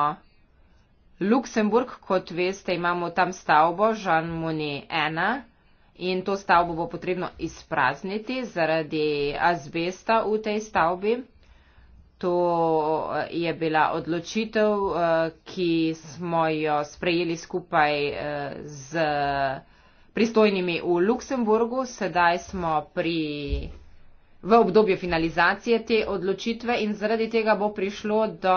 Luksemburg, kot veste, imamo tam stavbo Jean Monnet 1 in to stavbo bo potrebno izprazniti zaradi azbesta v tej stavbi. To eh, je bila odločitev, eh, ki smo jo sprejeli skupaj eh, z pristojnimi v Luksemburgu. Sedaj smo pri, v obdobju finalizacije te odločitve in zaradi tega bo prišlo do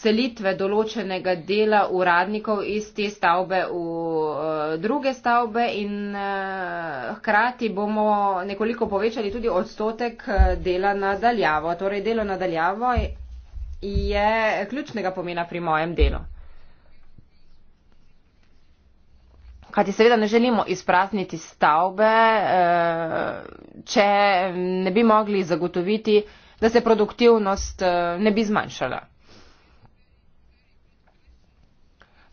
selitve določenega dela uradnikov iz te stavbe v eh, druge stavbe in eh, hkrati bomo nekoliko povečali tudi odstotek eh, dela nadaljavo. Torej, delo nadaljavo je ključnega pomena pri mojem delu. Kajti seveda ne želimo izprazniti stavbe, če ne bi mogli zagotoviti, da se produktivnost ne bi zmanjšala.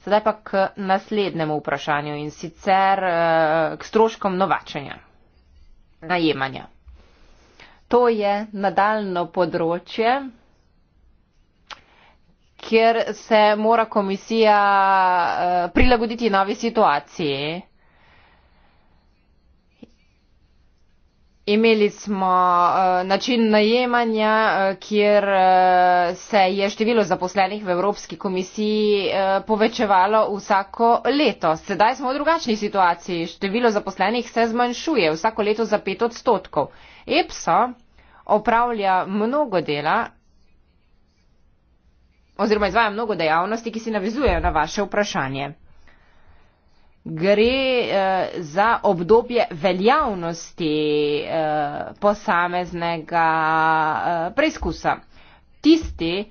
Sedaj pa k naslednjemu vprašanju in sicer eh, k stroškom novačenja, najemanja. To je nadaljno področje, kjer se mora komisija eh, prilagoditi novi situaciji. Imeli smo uh, način najemanja, uh, kjer uh, se je število zaposlenih v Evropski komisiji uh, povečevalo vsako leto. Sedaj smo v drugačni situaciji. Število zaposlenih se zmanjšuje vsako leto za pet odstotkov. EPSO opravlja mnogo dela oziroma izvaja mnogo dejavnosti, ki se navezujejo na vaše vprašanje gre eh, za obdobje veljavnosti eh, posameznega eh, preizkusa. Tisti,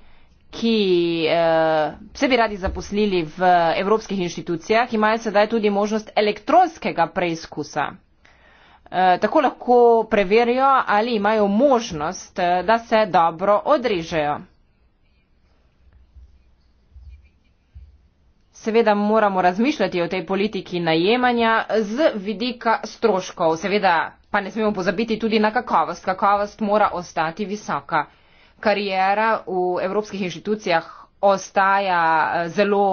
ki eh, se bi radi zaposlili v evropskih inštitucijah, imajo sedaj tudi možnost elektronskega preizkusa. Eh, tako lahko preverijo, ali imajo možnost, eh, da se dobro odrežejo. seveda moramo razmišljati o tej politiki najemanja z vidika stroškov. Seveda pa ne smemo pozabiti tudi na kakovost. Kakovost mora ostati visoka. Karijera v evropskih inštitucijah ostaja eh, zelo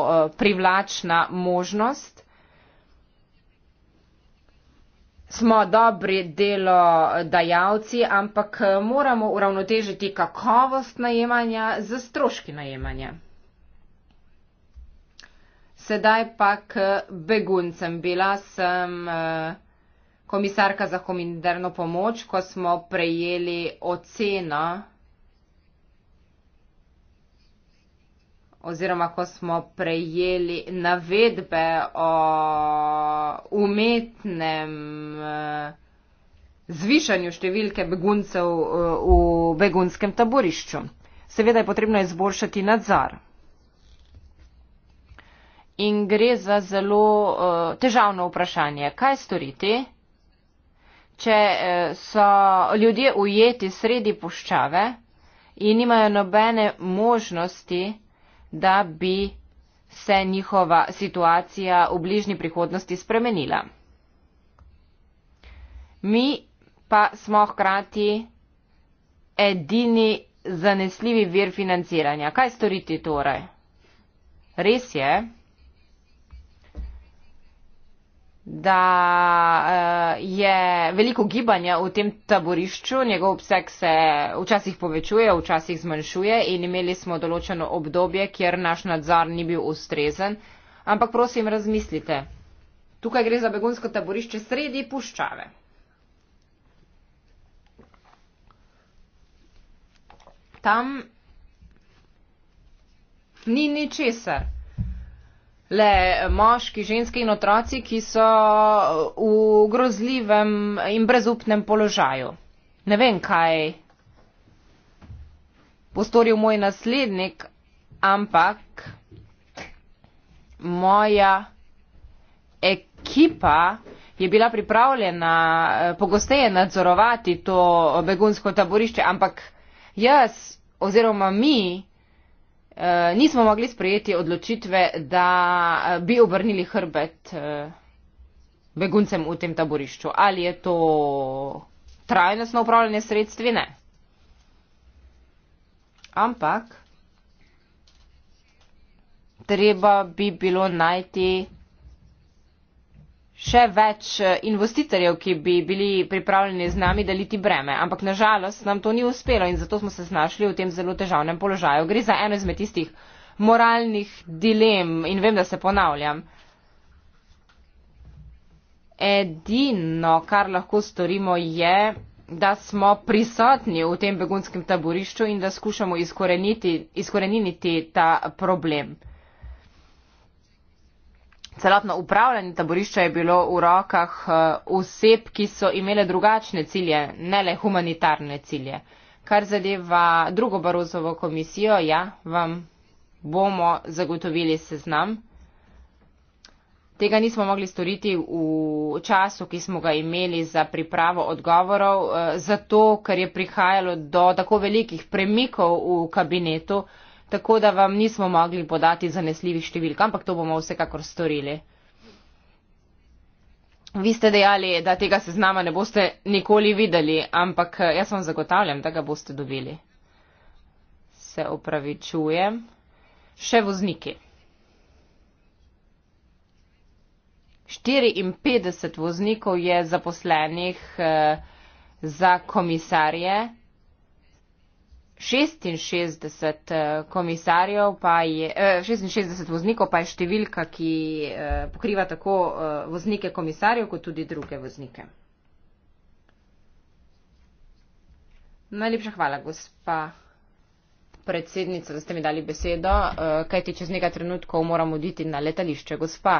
eh, privlačna možnost. Smo dobri delodajalci, ampak eh, moramo uravnotežiti kakovost najemanja z stroški najemanja. Sedaj pa k beguncem. Bila sem eh, komisarka za humanitarno pomoč, ko smo prejeli oceno oziroma ko smo prejeli navedbe o umetnem eh, zvišanju številke beguncev eh, v begunskem taborišču. Seveda je potrebno izboljšati nadzor in gre za zelo uh, težavno vprašanje. Kaj storiti, če eh, so ljudje ujeti sredi puščave in nimajo nobene možnosti, da bi se njihova situacija v bližnji prihodnosti spremenila? Mi pa smo hkrati edini zanesljivi vir financiranja. Kaj storiti torej? Res je, da uh, je veliko gibanja v tem taborišču, njegov obseg se včasih povečuje, včasih zmanjšuje in imeli smo določeno obdobje, kjer naš nadzor ni bil ustrezen. Ampak prosim, razmislite. Tukaj gre za begunsko taborišče sredi puščave. Tam ni ničesar le moški, ženske in otroci, ki so v grozljivem in brezupnem položaju. Ne vem, kaj bo storil moj naslednik, ampak moja ekipa je bila pripravljena eh, pogosteje nadzorovati to begunsko taborišče, ampak jaz oziroma mi Eh, nismo mogli sprejeti odločitve, da eh, bi obrnili hrbet eh, beguncem v tem taborišču. Ali je to trajnostno upravljanje sredstvi? Ne. Ampak treba bi bilo najti še več eh, investitorjev, ki bi bili pripravljeni z nami deliti breme. Ampak nažalost nam to ni uspelo in zato smo se znašli v tem zelo težavnem položaju. Gre za eno izmed tistih moralnih dilem in vem, da se ponavljam. Edino, kar lahko storimo, je, da smo prisotni v tem begunskem taborišču in da skušamo izkoreniti, izkoreniniti ta problem. Celotno upravljanje taborišča je bilo v rokah eh, oseb, ki so imele drugačne cilje, ne le humanitarne cilje. Kar zadeva drugo Barozovo komisijo, ja, vam bomo zagotovili seznam. Tega nismo mogli storiti v času, ki smo ga imeli za pripravo odgovorov, eh, zato ker je prihajalo do tako velikih premikov v kabinetu, tako da vam nismo mogli podati zanesljivih številk, ampak to bomo vsekakor storili. Vi ste dejali, da tega seznama ne boste nikoli videli, ampak eh, jaz vam zagotavljam, da ga boste dobili. Se opravičujem. Še vozniki. 54 voznikov je zaposlenih eh, za komisarje. 66 eh, komisarjev pa je, 66 eh, voznikov pa je številka, ki eh, pokriva tako voznike komisarjev, kot tudi druge voznike. Najlepša hvala, gospa predsednica, da ste mi dali besedo, kajti čez nekaj trenutkov moram oditi na letališče. Gospa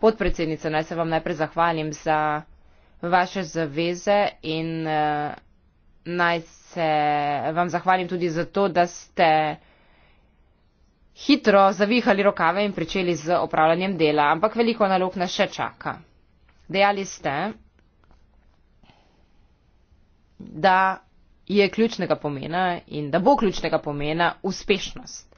podpredsednica, naj se vam najprej zahvalim za vaše zaveze in naj se vam zahvalim tudi za to, da ste hitro zavihali rokave in pričeli z opravljanjem dela, ampak veliko nalog nas še čaka. Dejali ste, da je ključnega pomena in da bo ključnega pomena uspešnost.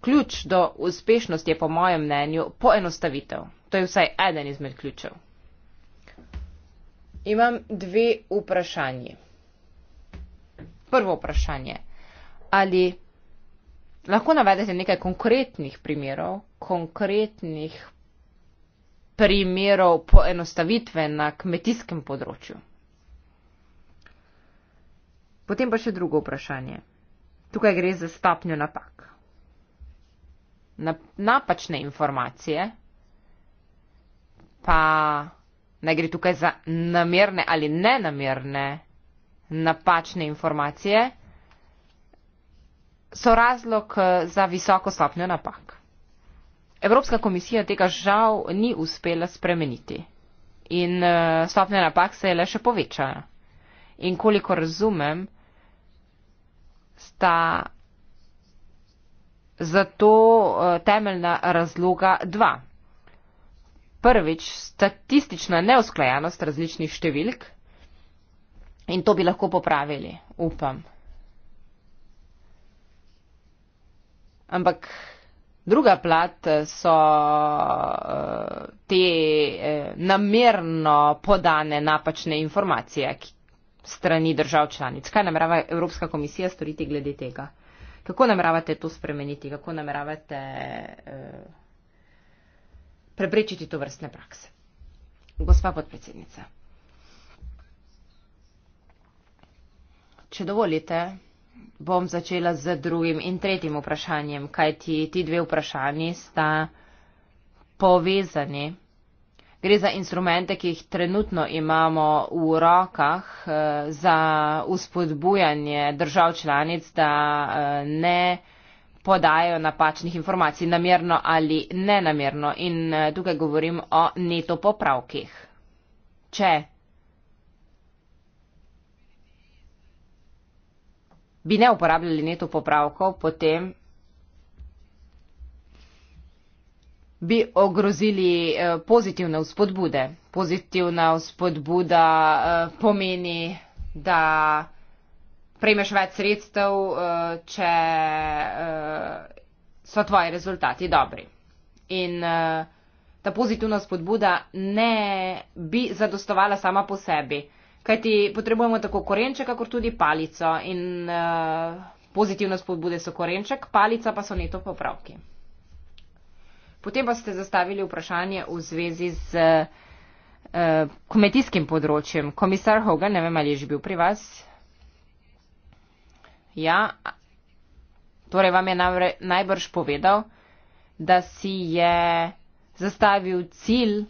Ključ do uspešnosti je po mojem mnenju poenostavitev. To je vsaj eden izmed ključev. Imam dve vprašanje prvo vprašanje. Ali lahko navedete nekaj konkretnih primerov, konkretnih primerov poenostavitve na kmetijskem področju? Potem pa še drugo vprašanje. Tukaj gre za stopnjo napak. Napačne informacije, pa naj gre tukaj za namerne ali nenamerne napačne informacije, so razlog eh, za visoko stopnjo napak. Evropska komisija tega žal ni uspela spremeniti in eh, stopnja napak se je le še povečala. In koliko razumem, sta zato eh, temeljna razloga dva. Prvič, statistična neusklajenost različnih številk In to bi lahko popravili, upam. Ampak druga plat so eh, te eh, namerno podane napačne informacije strani držav članic. Kaj namerava Evropska komisija storiti glede tega? Kako nameravate to spremeniti? Kako nameravate eh, preprečiti to vrstne prakse? Gospa podpredsednica. če dovolite, bom začela z drugim in tretjim vprašanjem, kaj ti, ti dve vprašanji sta povezani. Gre za instrumente, ki jih trenutno imamo v rokah eh, za uspodbujanje držav članic, da eh, ne podajo napačnih informacij, namerno ali nenamerno. In eh, tukaj govorim o neto popravkih. Če bi ne uporabljali neto popravkov, potem bi ogrozili eh, pozitivne vzpodbude. Pozitivna vzpodbuda eh, pomeni, da prejmeš več sredstev, eh, če so tvoji rezultati dobri. In ta pozitivna spodbuda ne bi zadostovala sama po sebi kajti potrebujemo tako korenček, kakor tudi palico in uh, pozitivne spodbude so korenček, palica pa so neto popravki. Potem pa ste zastavili vprašanje v zvezi z uh, kmetijskim področjem. Komisar Hogan, ne vem, ali je že bil pri vas. Ja, torej vam je najbrž povedal, da si je zastavil cilj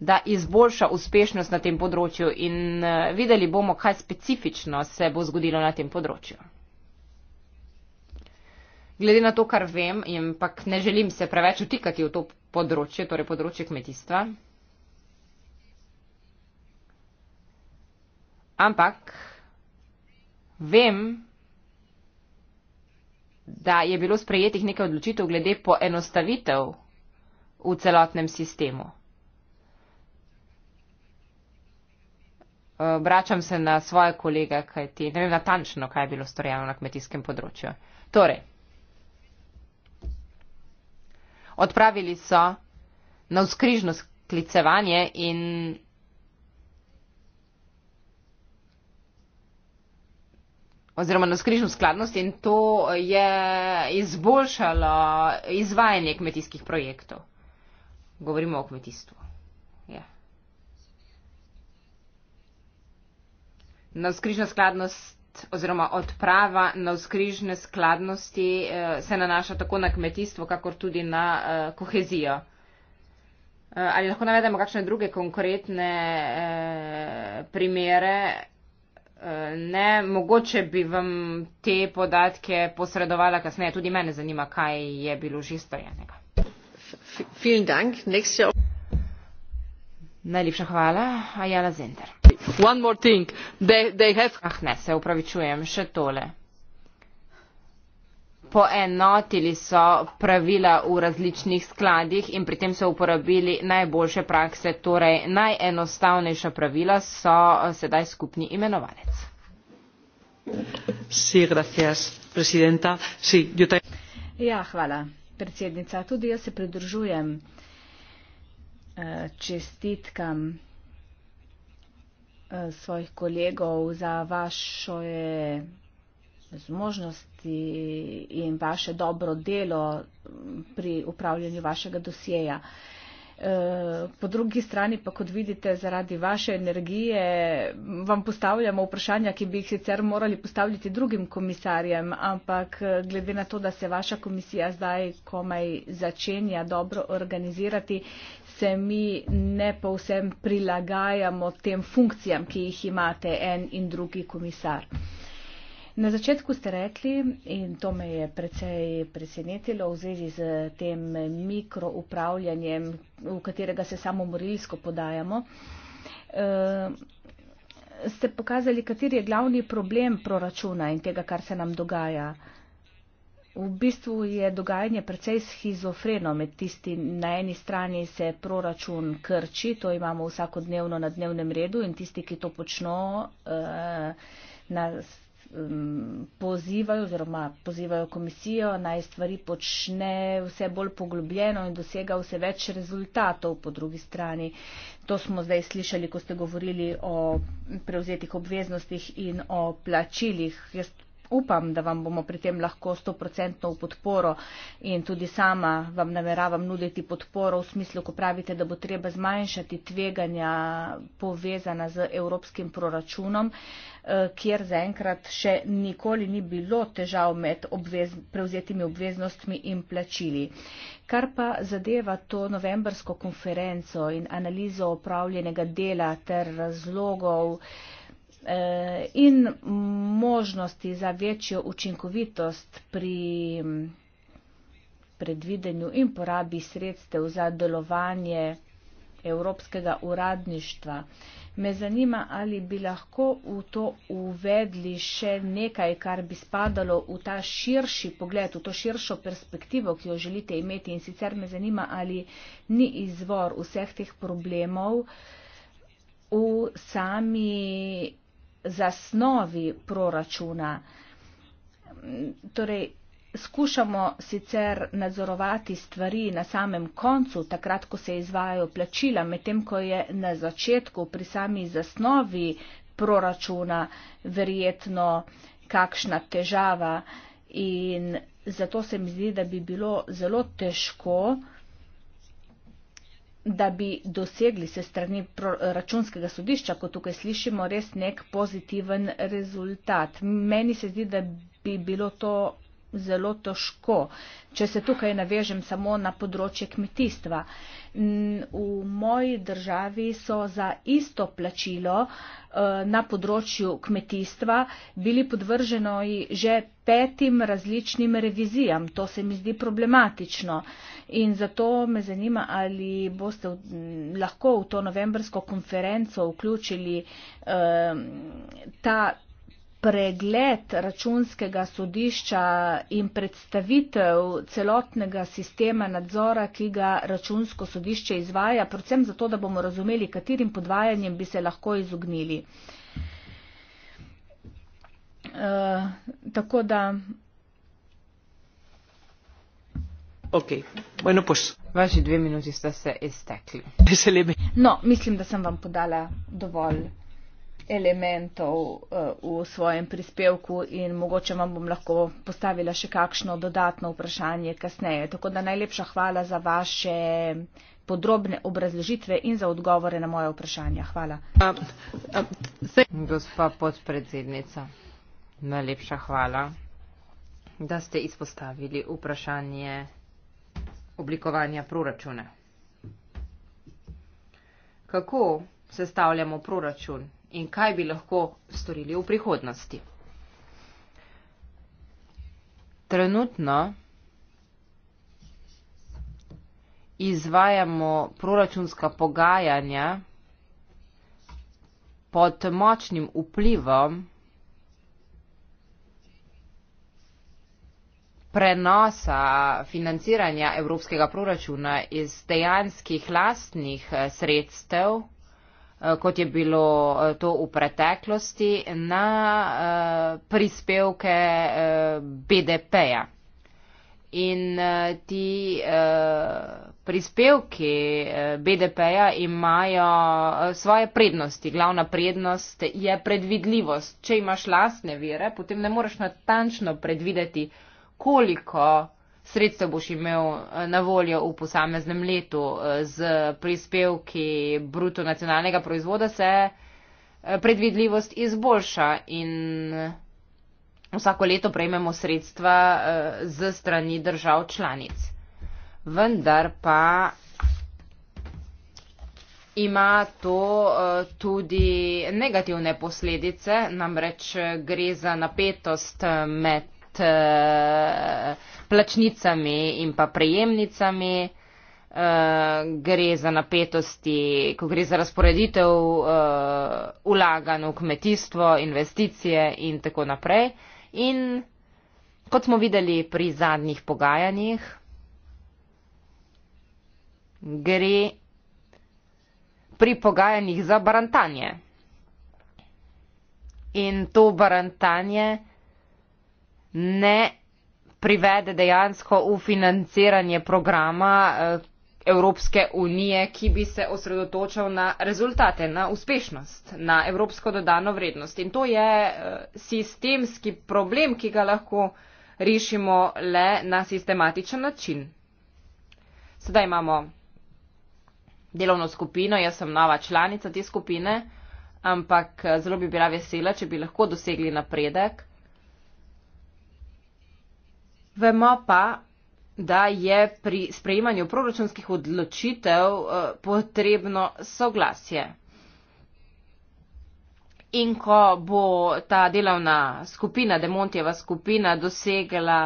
da izboljša uspešnost na tem področju in eh, videli bomo, kaj specifično se bo zgodilo na tem področju. Glede na to, kar vem, in pa ne želim se preveč utikati v to področje, torej področje kmetijstva, ampak vem, da je bilo sprejetih nekaj odločitev glede poenostavitev v celotnem sistemu. Eh, vračam se na svoje kolega, kaj ti ne vem natančno, kaj je bilo storjeno na kmetijskem področju. Torej, odpravili so na vzkrižno sklicevanje in oziroma na skrižno skladnost in to je izboljšalo izvajanje kmetijskih projektov. Govorimo o kmetijstvu. na vzkrižno skladnost oziroma odprava na vzkrižne skladnosti eh, se nanaša tako na kmetijstvo, kakor tudi na eh, kohezijo. Eh, ali lahko navedemo kakšne druge konkretne primere? Ne, mogoče bi vam te podatke posredovala kasneje. Tudi mene zanima, kaj je bilo že storjenega. Najlepša hvala. Ajala Zender. Ah, poenotili so pravila v različnih skladih in pri tem so uporabili najboljše prakse torej najenostavnejša pravila so eh, sedaj skupni imenovalec. Ja, hvala, predsednica. Tudi jaz se pridružujem eh, čestitkam Eh, svojih kolegov za vaše zmožnosti in vaše dobro delo pri upravljanju vašega dosjeja. Eh, po drugi strani pa, kot vidite, zaradi vaše energije vam postavljamo vprašanja, ki bi jih sicer morali postavljati drugim komisarjem, ampak eh, glede na to, da se vaša komisija zdaj komaj začenja dobro organizirati, se mi ne povsem prilagajamo tem funkcijam, ki jih imate en in drugi komisar. Na začetku ste rekli, in to me je precej presenetilo v zvezi z tem mikroupravljanjem, v katerega se samomorilsko podajamo, eh, ste pokazali, kateri je glavni problem proračuna in tega, kar se nam dogaja. V bistvu je dogajanje precej schizofreno med tisti, na eni strani se proračun krči, to imamo vsakodnevno na dnevnem redu in tisti, ki to počno, eh, na pozivajo oziroma pozivajo komisijo naj stvari počne vse bolj poglobljeno in dosega vse več rezultatov po drugi strani. To smo zdaj slišali, ko ste govorili o prevzetih obveznostih in o plačilih. Jaz upam, da vam bomo pri tem lahko 100% v podporo in tudi sama vam nameravam nuditi podporo v smislu, ko pravite, da bo treba zmanjšati tveganja povezana z evropskim proračunom, eh, kjer zaenkrat še nikoli ni bilo težav med obvez, prevzetimi obveznostmi in plačili. Kar pa zadeva to novembrsko konferenco in analizo opravljenega dela ter razlogov, Eh, in možnosti za večjo učinkovitost pri mm, predvidenju in porabi sredstev za delovanje Evropskega uradništva. Me zanima, ali bi lahko v to uvedli še nekaj, kar bi spadalo v ta širši pogled, v to širšo perspektivo, ki jo želite imeti. In sicer me zanima, ali ni izvor vseh teh problemov v sami zasnovi proračuna. Torej, skušamo sicer nadzorovati stvari na samem koncu, takrat, ko se izvajo plačila, medtem ko je na začetku pri sami zasnovi proračuna verjetno kakšna težava in zato se mi zdi, da bi bilo zelo težko uh, da bi dosegli se strani računskega sodišča, kot tukaj slišimo, res nek pozitiven rezultat. Meni se zdi, da bi bilo to zelo težko. Če se tukaj navežem samo na področje kmetijstva. V moji državi so za isto plačilo eh, na področju kmetijstva bili podvrženo že petim različnim revizijam. To se mi zdi problematično. In zato me zanima, ali boste lahko v to novembrsko konferenco vključili eh, ta pregled računskega sodišča in predstavitev celotnega sistema nadzora, ki ga računsko sodišče izvaja, predvsem zato, da bomo razumeli, katerim podvajanjem bi se lahko izognili. Uh, okay. bueno, pues. Vaši dve minuti ste se iztekli. No, mislim, da sem vam podala dovolj elementov eh, v svojem prispevku in mogoče vam bom lahko postavila še kakšno dodatno vprašanje kasneje. Tako da najlepša hvala za vaše podrobne obrazložitve in za odgovore na moje vprašanja. Hvala. Gospa podpredsednica, najlepša hvala, da ste izpostavili vprašanje oblikovanja proračuna. Kako sestavljamo proračun in kaj bi lahko storili v prihodnosti. Trenutno izvajamo proračunska pogajanja pod močnim vplivom prenosa financiranja evropskega proračuna iz dejanskih lastnih eh, sredstev Eh, kot je bilo eh, to v preteklosti, na eh, prispevke BDP-ja. In ti prispevki BDP-ja imajo svoje prednosti. Glavna prednost je predvidljivost. Če imaš lastne vire, potem ne moreš natančno predvideti, koliko sredstev boš imel eh, na voljo v posameznem letu eh, z prispevki bruto nacionalnega proizvoda, se eh, predvidljivost izboljša in vsako leto prejmemo sredstva z strani držav članic. Vendar pa ima to tudi negativne posledice, namreč gre za napetost med plačnicami in pa prejemnicami, uh, gre za napetosti, ko gre za razporeditev uh, eh, ulaganj v kmetijstvo, investicije in tako naprej. In kot smo videli pri zadnjih pogajanjih, gre pri pogajanjih za barantanje. In to barantanje ne privede dejansko v financiranje programa eh, Evropske unije, ki bi se osredotočal na rezultate, na uspešnost, na evropsko dodano vrednost. In to je eh, sistemski problem, ki ga lahko rešimo le na sistematičen način. Sedaj imamo delovno skupino, jaz sem nova članica te skupine, ampak eh, zelo bi bila vesela, če bi lahko dosegli napredek. Vemo pa, da je pri sprejemanju proračunskih odločitev eh, potrebno soglasje. In ko bo ta delovna skupina, Demontjeva skupina, dosegla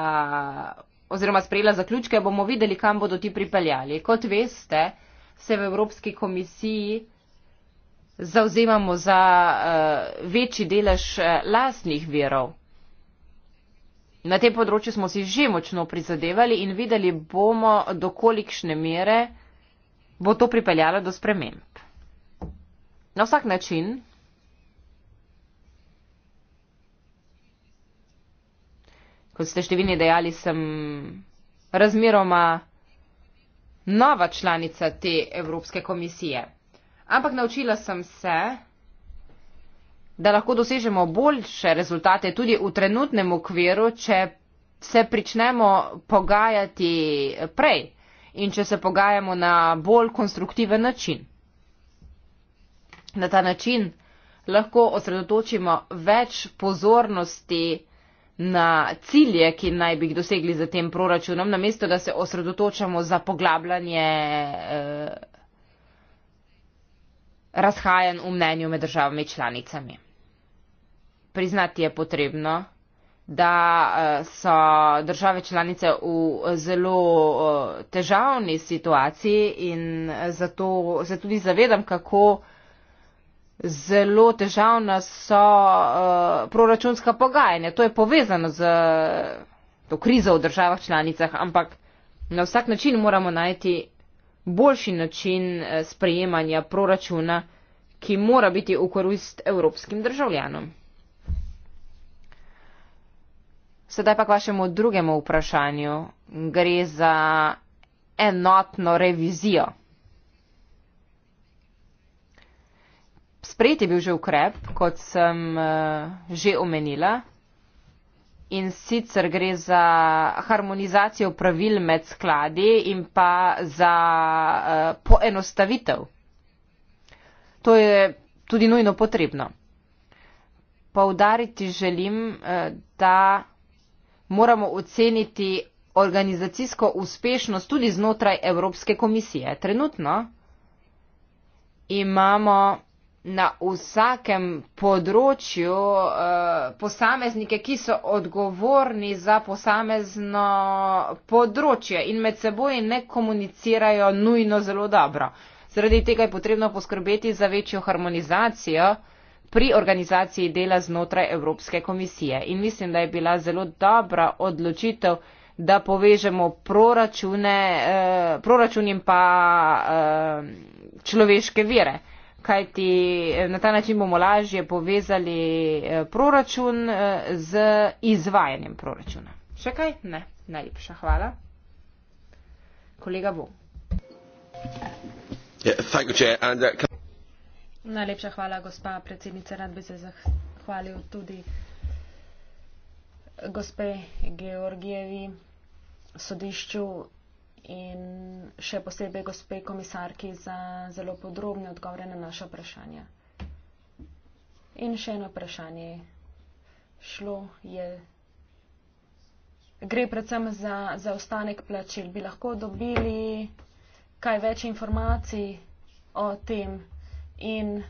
oziroma sprejela zaključke, bomo videli, kam bodo ti pripeljali. Kot veste, se v Evropski komisiji zauzemamo za uh, večji delež uh, lastnih virov. Na tem področju smo si že močno prizadevali in videli bomo, dokolikšne mere bo to pripeljalo do sprememb. Na vsak način Kot ste številni dejali, sem razmeroma nova članica te Evropske komisije. Ampak naučila sem se, da lahko dosežemo boljše rezultate tudi v trenutnem okviru, če se pričnemo pogajati prej in če se pogajamo na bolj konstruktiven način. Na ta način lahko osredotočimo več pozornosti na cilje, ki naj bi jih dosegli za tem proračunom, namesto da se osredotočamo za poglabljanje eh, razhajanj v mnenju med državami članicami priznati je potrebno, da eh, so države članice v zelo eh, težavni situaciji in eh, zato se tudi zavedam, kako zelo težavna so proračunska pogajanja. To je povezano z to krizo v državah članicah, ampak na vsak način moramo najti boljši način sprejemanja proračuna, ki mora biti v korist evropskim državljanom. Sedaj pa k vašemu drugemu vprašanju. Gre za enotno revizijo. Sprejet je bil že ukrep, kot sem uh, že omenila, in sicer gre za harmonizacijo pravil med skladi in pa za uh, poenostavitev. To je tudi nujno potrebno. Poudariti želim, uh, da moramo oceniti organizacijsko uspešnost tudi znotraj Evropske komisije. Trenutno imamo na vsakem področju eh, posameznike, ki so odgovorni za posamezno področje in med seboj ne komunicirajo nujno zelo dobro. Zaradi tega je potrebno poskrbeti za večjo harmonizacijo eh, pri organizaciji dela znotraj Evropske komisije. In mislim, da je bila zelo dobra odločitev, da povežemo proračune, eh, proračun in pa eh, človeške vire. Kajti eh, na ta način bomo lažje povezali eh, proračun eh, z izvajanjem proračuna. Še kaj? Ne. Najlepša hvala. Kolega Bo. Yeah, thank you, Chair. And, uh, Najlepša hvala, gospa predsednica. Rad bi se zahvalil tudi gospe Georgijevi sodišču in še posebej gospe komisarki za zelo podrobne odgovore na naše vprašanje. In še eno vprašanje. Šlo je. Gre predvsem za, za ostanek plačil. Bi lahko dobili kaj več informacij o tem? in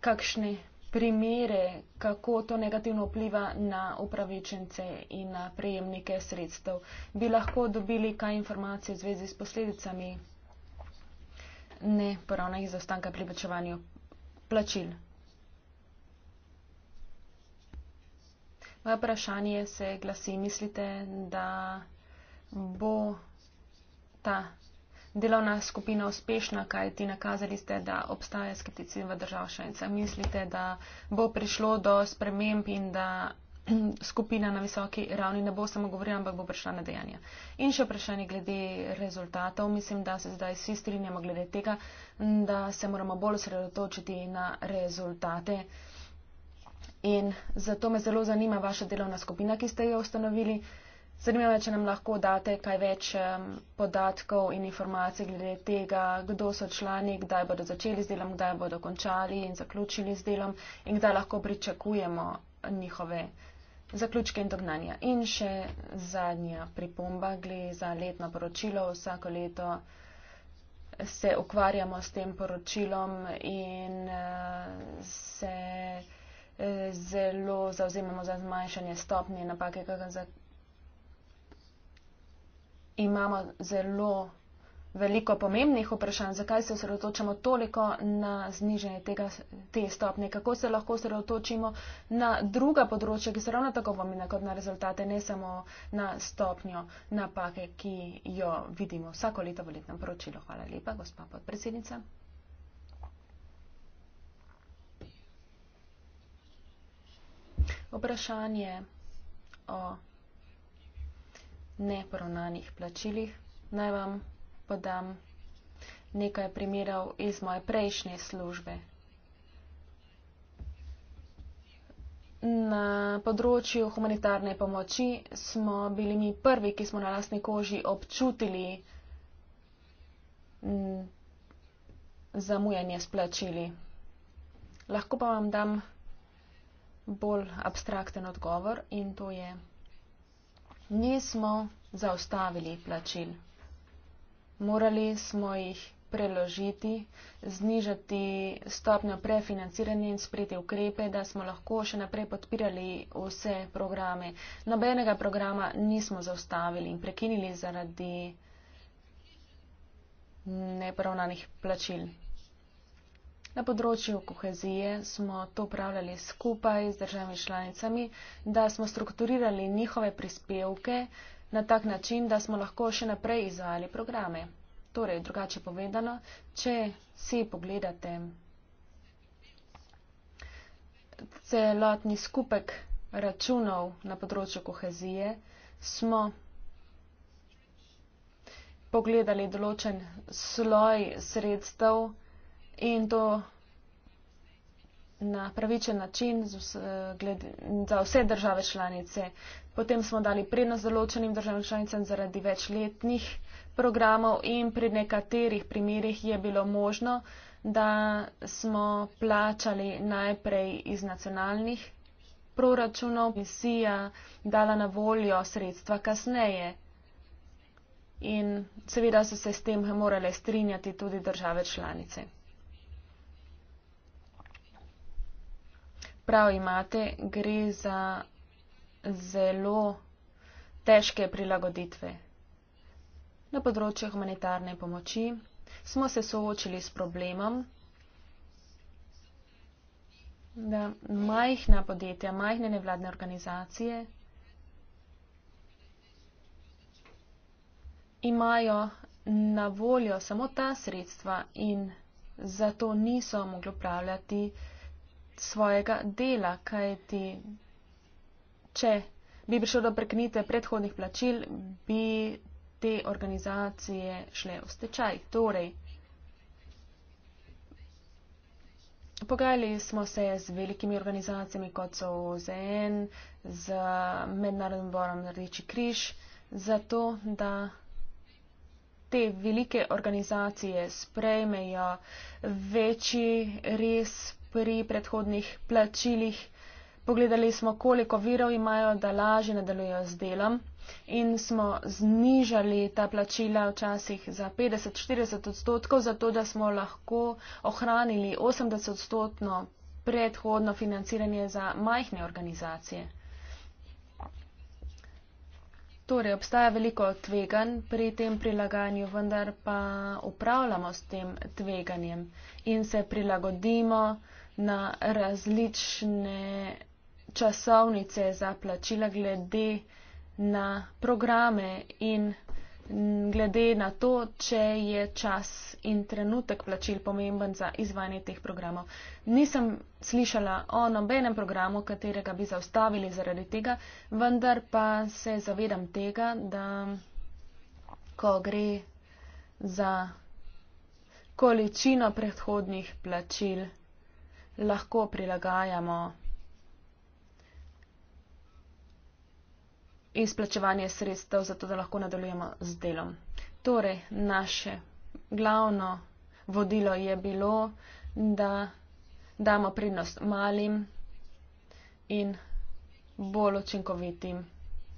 kakšne primere, kako to negativno vpliva na upravičence in na prejemnike sredstev. Bi lahko dobili kaj informacije v zvezi s posledicami neporavnih zastanka pri plačevanju plačil? Moje vprašanje se glasi, mislite, da bo ta delovna skupina uspešna, kaj ti nakazali ste, da obstaja skepticizem v državah članica. Mislite, da bo prišlo do sprememb in da *clears throat* skupina na visoki ravni ne bo samo govorila, ampak bo prišla na dejanja. In še vprašanje glede rezultatov. Mislim, da se zdaj vsi strinjamo glede tega, da se moramo bolj sredotočiti na rezultate. In zato me zelo zanima vaša delovna skupina, ki ste jo ustanovili. Zanima me, če nam lahko date kaj več um, podatkov in informacij glede tega, kdo so člani, kdaj bodo začeli z delom, kdaj bodo končali in zaključili z delom in kdaj lahko pričakujemo njihove zaključke in dognanja. In še zadnja pripomba, gre za letno poročilo. Vsako leto se ukvarjamo s tem poročilom in uh, se uh, zelo zavzemamo za zmanjšanje stopnje napake, kakor za imamo zelo veliko pomembnih vprašanj, zakaj se osredotočamo toliko na znižanje tega, te stopne, kako se lahko osredotočimo na druga področja, ki so ravno tako pomembna kot na rezultate, ne samo na stopnjo napake, ki jo vidimo vsako leto v letnem poročilu. Hvala lepa, gospa podpredsednica. Vprašanje o neporovnanih plačilih. Naj vam podam nekaj primerov iz moje prejšnje službe. Na področju humanitarne pomoči smo bili mi prvi, ki smo na lastni koži občutili mm, zamujanje s plačili. Lahko pa vam dam bolj abstrakten odgovor in to je nismo zaustavili plačil. Morali smo jih preložiti, znižati stopnjo prefinanciranja in spriti ukrepe, da smo lahko še naprej podpirali vse programe. Nobenega programa nismo zaustavili in prekinili zaradi neporavnanih plačil. Na področju kohezije smo to upravljali skupaj z državami članicami, da smo strukturirali njihove prispevke na tak način, da smo lahko še naprej izvajali programe. Torej, drugače povedano, če si pogledate celotni skupek računov na področju kohezije, smo pogledali določen sloj sredstev, in to na pravičen način z, gled, za vse države članice. Potem smo dali prednost določenim državam članicam zaradi večletnih programov in pri nekaterih primerjih je bilo možno, da smo plačali najprej iz nacionalnih proračunov, misija dala na voljo sredstva kasneje. In seveda so se s tem morale strinjati tudi države članice. prav imate, gre za zelo težke prilagoditve. Na področju humanitarne pomoči smo se soočili s problemom, da majhna podjetja, majhne nevladne organizacije imajo na voljo samo ta sredstva in zato niso mogli upravljati svojega dela, kaj ti, če bi prišlo do preknite predhodnih plačil, bi te organizacije šle v stečaj. Torej, Pogajali smo se z velikimi organizacijami, kot so OZN, z Mednarodnim borom Rdeči križ, zato da te velike organizacije sprejmejo večji res pri predhodnih plačilih. Pogledali smo, koliko virov imajo, da lažje nadaljujejo z delom in smo znižali ta plačila včasih za 50-40 odstotkov, zato da smo lahko ohranili 80 odstotno predhodno financiranje za majhne organizacije. Torej, obstaja veliko tveganj pri tem prilagajanju, vendar pa upravljamo s tem tveganjem in se prilagodimo na različne časovnice za plačila, glede na programe in glede na to, če je čas in trenutek plačil pomemben za izvajanje teh programov. Nisem slišala o nobenem programu, katerega bi zaustavili zaradi tega, vendar pa se zavedam tega, da ko gre za količino predhodnih plačil, lahko prilagajamo izplačevanje sredstev, zato da lahko nadaljujemo z delom. Torej, naše glavno vodilo je bilo, da damo prednost malim in bolj učinkovitim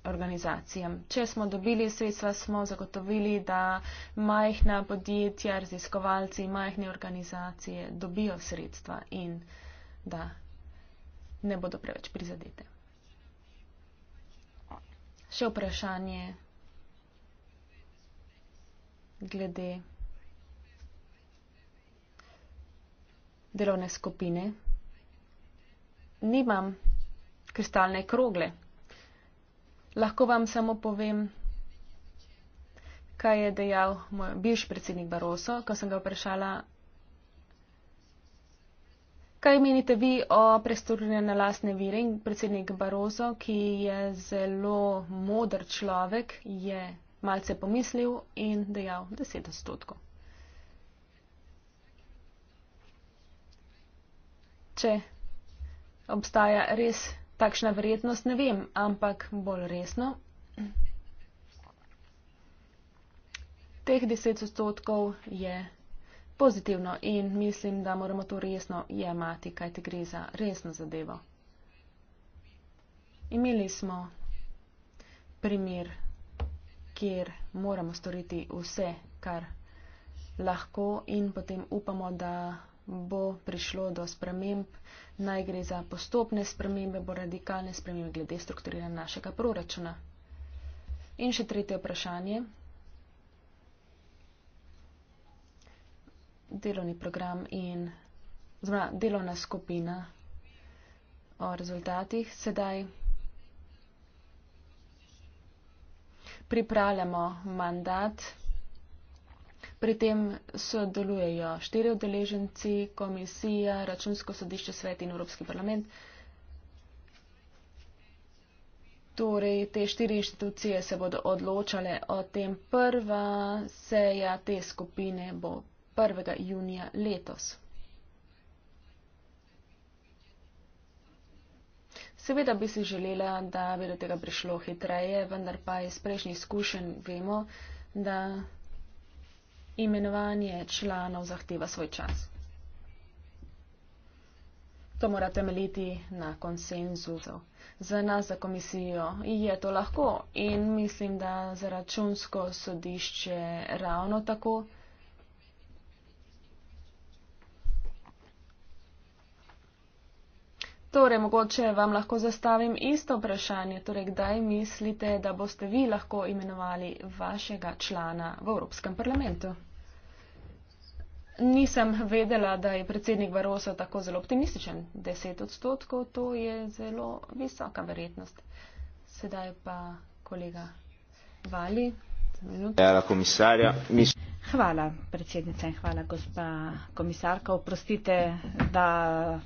organizacijam. Če smo dobili sredstva, smo zagotovili, da majhna podjetja, raziskovalci, majhne organizacije dobijo sredstva in da ne bodo preveč prizadete. Še vprašanje glede delovne skupine. Nimam kristalne krogle. Lahko vam samo povem, kaj je dejal moj bivši predsednik Baroso, ko sem ga vprašala, kaj menite vi o prestrujenju na lastne vire. In predsednik Baroso, ki je zelo modr človek, je malce pomislil in dejal 10 odstotkov. Če obstaja res Takšna verjetnost ne vem, ampak bolj resno. Teh 10 odstotkov je pozitivno in mislim, da moramo to resno jemati, kaj te gre za resno zadevo. Imeli smo primer, kjer moramo storiti vse, kar lahko in potem upamo, da bo prišlo do sprememb, naj gre za postopne spremembe, bo radikalne spremembe glede strukturira našega proračuna. In še tretje vprašanje. Delovni program in zna, delovna skupina o rezultatih sedaj pripravljamo mandat. Pri tem sodelujejo štiri odeleženci, komisija, računsko sodišče, svet in Evropski parlament. Torej, te štiri inštitucije se bodo odločale o tem. Prva seja te skupine bo 1. junija letos. Seveda bi si želela, da bi do tega prišlo hitreje, vendar pa iz prejšnjih izkušenj vemo, da imenovanje članov zahteva svoj čas. To mora temeljiti na konsenzu. Za nas, za komisijo, je to lahko in mislim, da za računsko sodišče ravno tako. Torej, mogoče vam lahko zastavim isto vprašanje, torej kdaj mislite, da boste vi lahko imenovali vašega člana v Evropskem parlamentu? nisem vedela, da je predsednik Barosa tako zelo optimističen. 10 odstotkov, to je zelo visoka verjetnost. Sedaj pa kolega Vali. Hvala, predsednica in hvala, gospa komisarka. Oprostite, da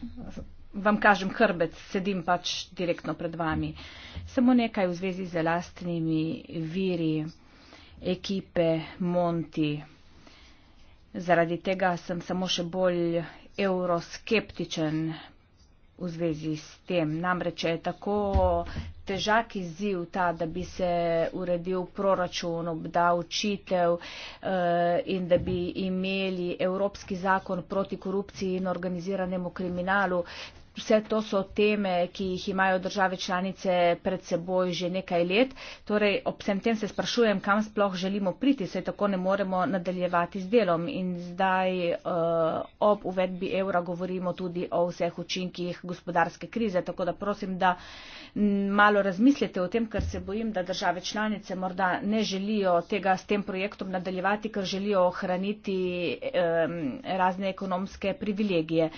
vam kažem hrbec, sedim pač direktno pred vami. Samo nekaj v zvezi z lastnimi viri ekipe Monti. Zaradi tega sem samo še bolj euroskeptičen v zvezi s tem. Namreč je tako težak izziv ta, da bi se uredil proračun, obdal učitev eh, in da bi imeli evropski zakon proti korupciji in organiziranemu kriminalu, Vse to so teme, ki jih imajo države članice pred seboj že nekaj let. Torej, ob vsem tem se sprašujem, kam sploh želimo priti, saj tako ne moremo nadaljevati z delom. In zdaj eh, ob uvedbi evra govorimo tudi o vseh učinkih gospodarske krize. Tako da prosim, da malo razmislite o tem, ker se bojim, da države članice morda ne želijo tega s tem projektom nadaljevati, ker želijo ohraniti eh, razne ekonomske privilegije.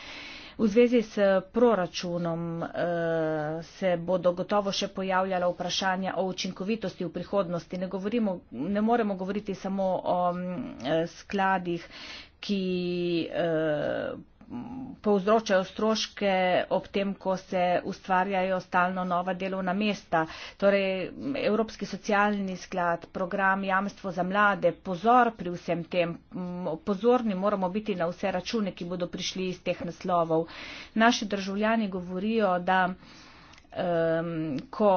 V zvezi s proračunom eh, se bodo gotovo še pojavljala vprašanja o učinkovitosti v prihodnosti. Ne, govorimo, ne moremo govoriti samo o mm, eh, skladih, ki eh, povzročajo stroške ob tem, ko se ustvarjajo stalno nova delovna mesta. Torej, Evropski socialni sklad, program Jamstvo za mlade, pozor pri vsem tem, pozorni moramo biti na vse račune, ki bodo prišli iz teh naslovov. Naši državljani govorijo, da um, ko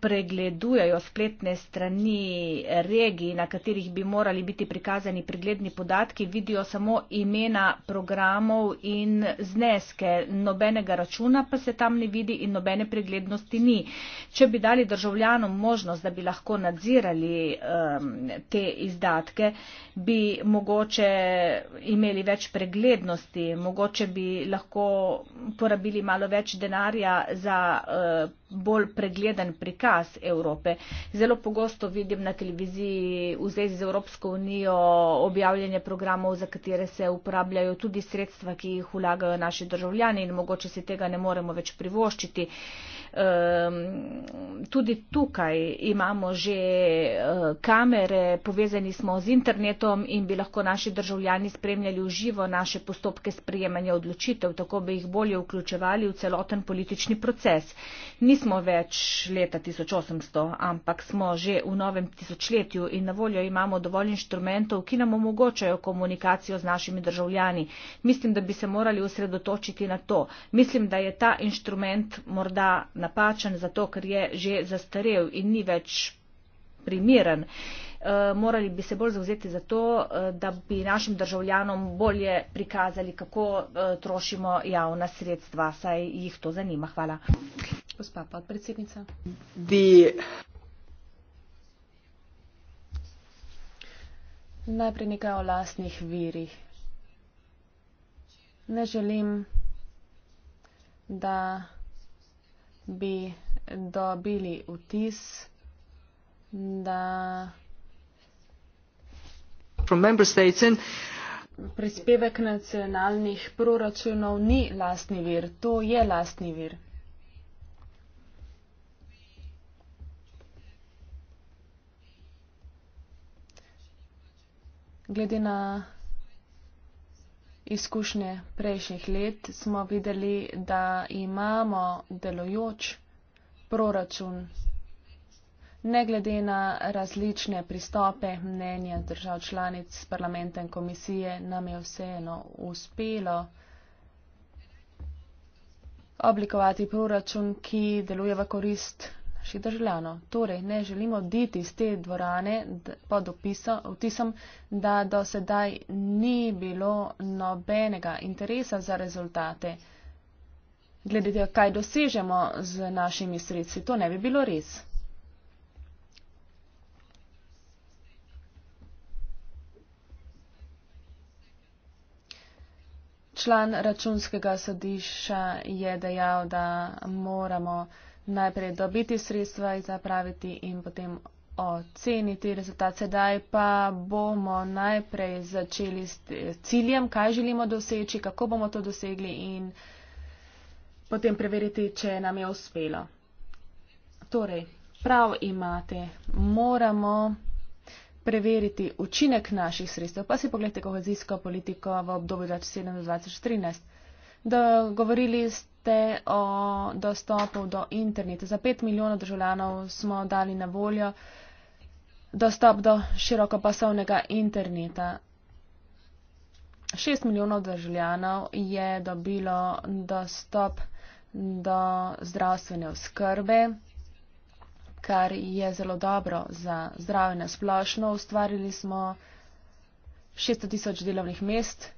pregledujejo spletne strani regij, na katerih bi morali biti prikazani pregledni podatki, vidijo samo imena programov in zneske. Nobenega računa pa se tam ne vidi in nobene preglednosti ni. Če bi dali državljanom možnost, da bi lahko nadzirali um, te izdatke, bi mogoče imeli več preglednosti, mogoče bi lahko porabili malo več denarja za uh, bolj pregleden prikaz prikaz Evrope. Zelo pogosto vidim na televiziji v zvezi z Evropsko unijo objavljanje programov, za katere se uporabljajo tudi sredstva, ki jih vlagajo naši državljani in mogoče si tega ne moremo več privoščiti. Uh, Ehm, tudi tukaj imamo že eh, kamere, povezani smo z internetom in bi lahko naši državljani spremljali v živo naše postopke sprejemanja odločitev, tako bi jih bolje vključevali v celoten politični proces. Nismo več leta 1800, ampak smo že v novem tisočletju in na voljo imamo dovolj inštrumentov, ki nam omogočajo komunikacijo z našimi državljani. Mislim, da bi se morali osredotočiti na to. Mislim, da je ta inštrument morda napačen, zato ker je že zastarev in ni več primeren. Eh, morali bi se bolj zauzeti za to, eh, da bi našim državljanom bolje prikazali, kako eh, trošimo javna sredstva, saj jih to zanima. Hvala. Gospa podpredsednica. The... Najprej nekaj o lastnih virih. Ne želim, da bi dobili vtis, da prispevek nacionalnih proračunov ni lastni vir, to je lastni vir. Glede na izkušnje prejšnjih let, smo videli, da imamo delojoč proračun. Ne glede na različne pristope mnenja držav članic parlamenta in komisije, nam je vseeno uspelo oblikovati proračun, ki deluje v korist naših državljanov. Torej, ne želimo oditi iz te dvorane pod opisom, da do sedaj ni bilo nobenega interesa za rezultate. Glede tega, kaj dosežemo z našimi sredstvi, to ne bi bilo res. Član računskega sodišča je dejal, da moramo najprej dobiti sredstva in zapraviti in potem oceniti rezultat. Sedaj pa bomo najprej začeli s eh, ciljem, kaj želimo doseči, kako bomo to dosegli in potem preveriti, če nam je uspelo. Torej, prav imate, moramo preveriti učinek naših sredstev. Pa si pogledajte kohezijsko politiko v obdobju 2007-2013. Dogovorili ste veste o dostopu do interneta. Za 5 milijonov državljanov smo dali na voljo dostop do širokopasovnega interneta. 6 milijonov državljanov je dobilo dostop do zdravstvene oskrbe, kar je zelo dobro za zdravje na splošno. Ustvarili smo 600 tisoč delovnih mest.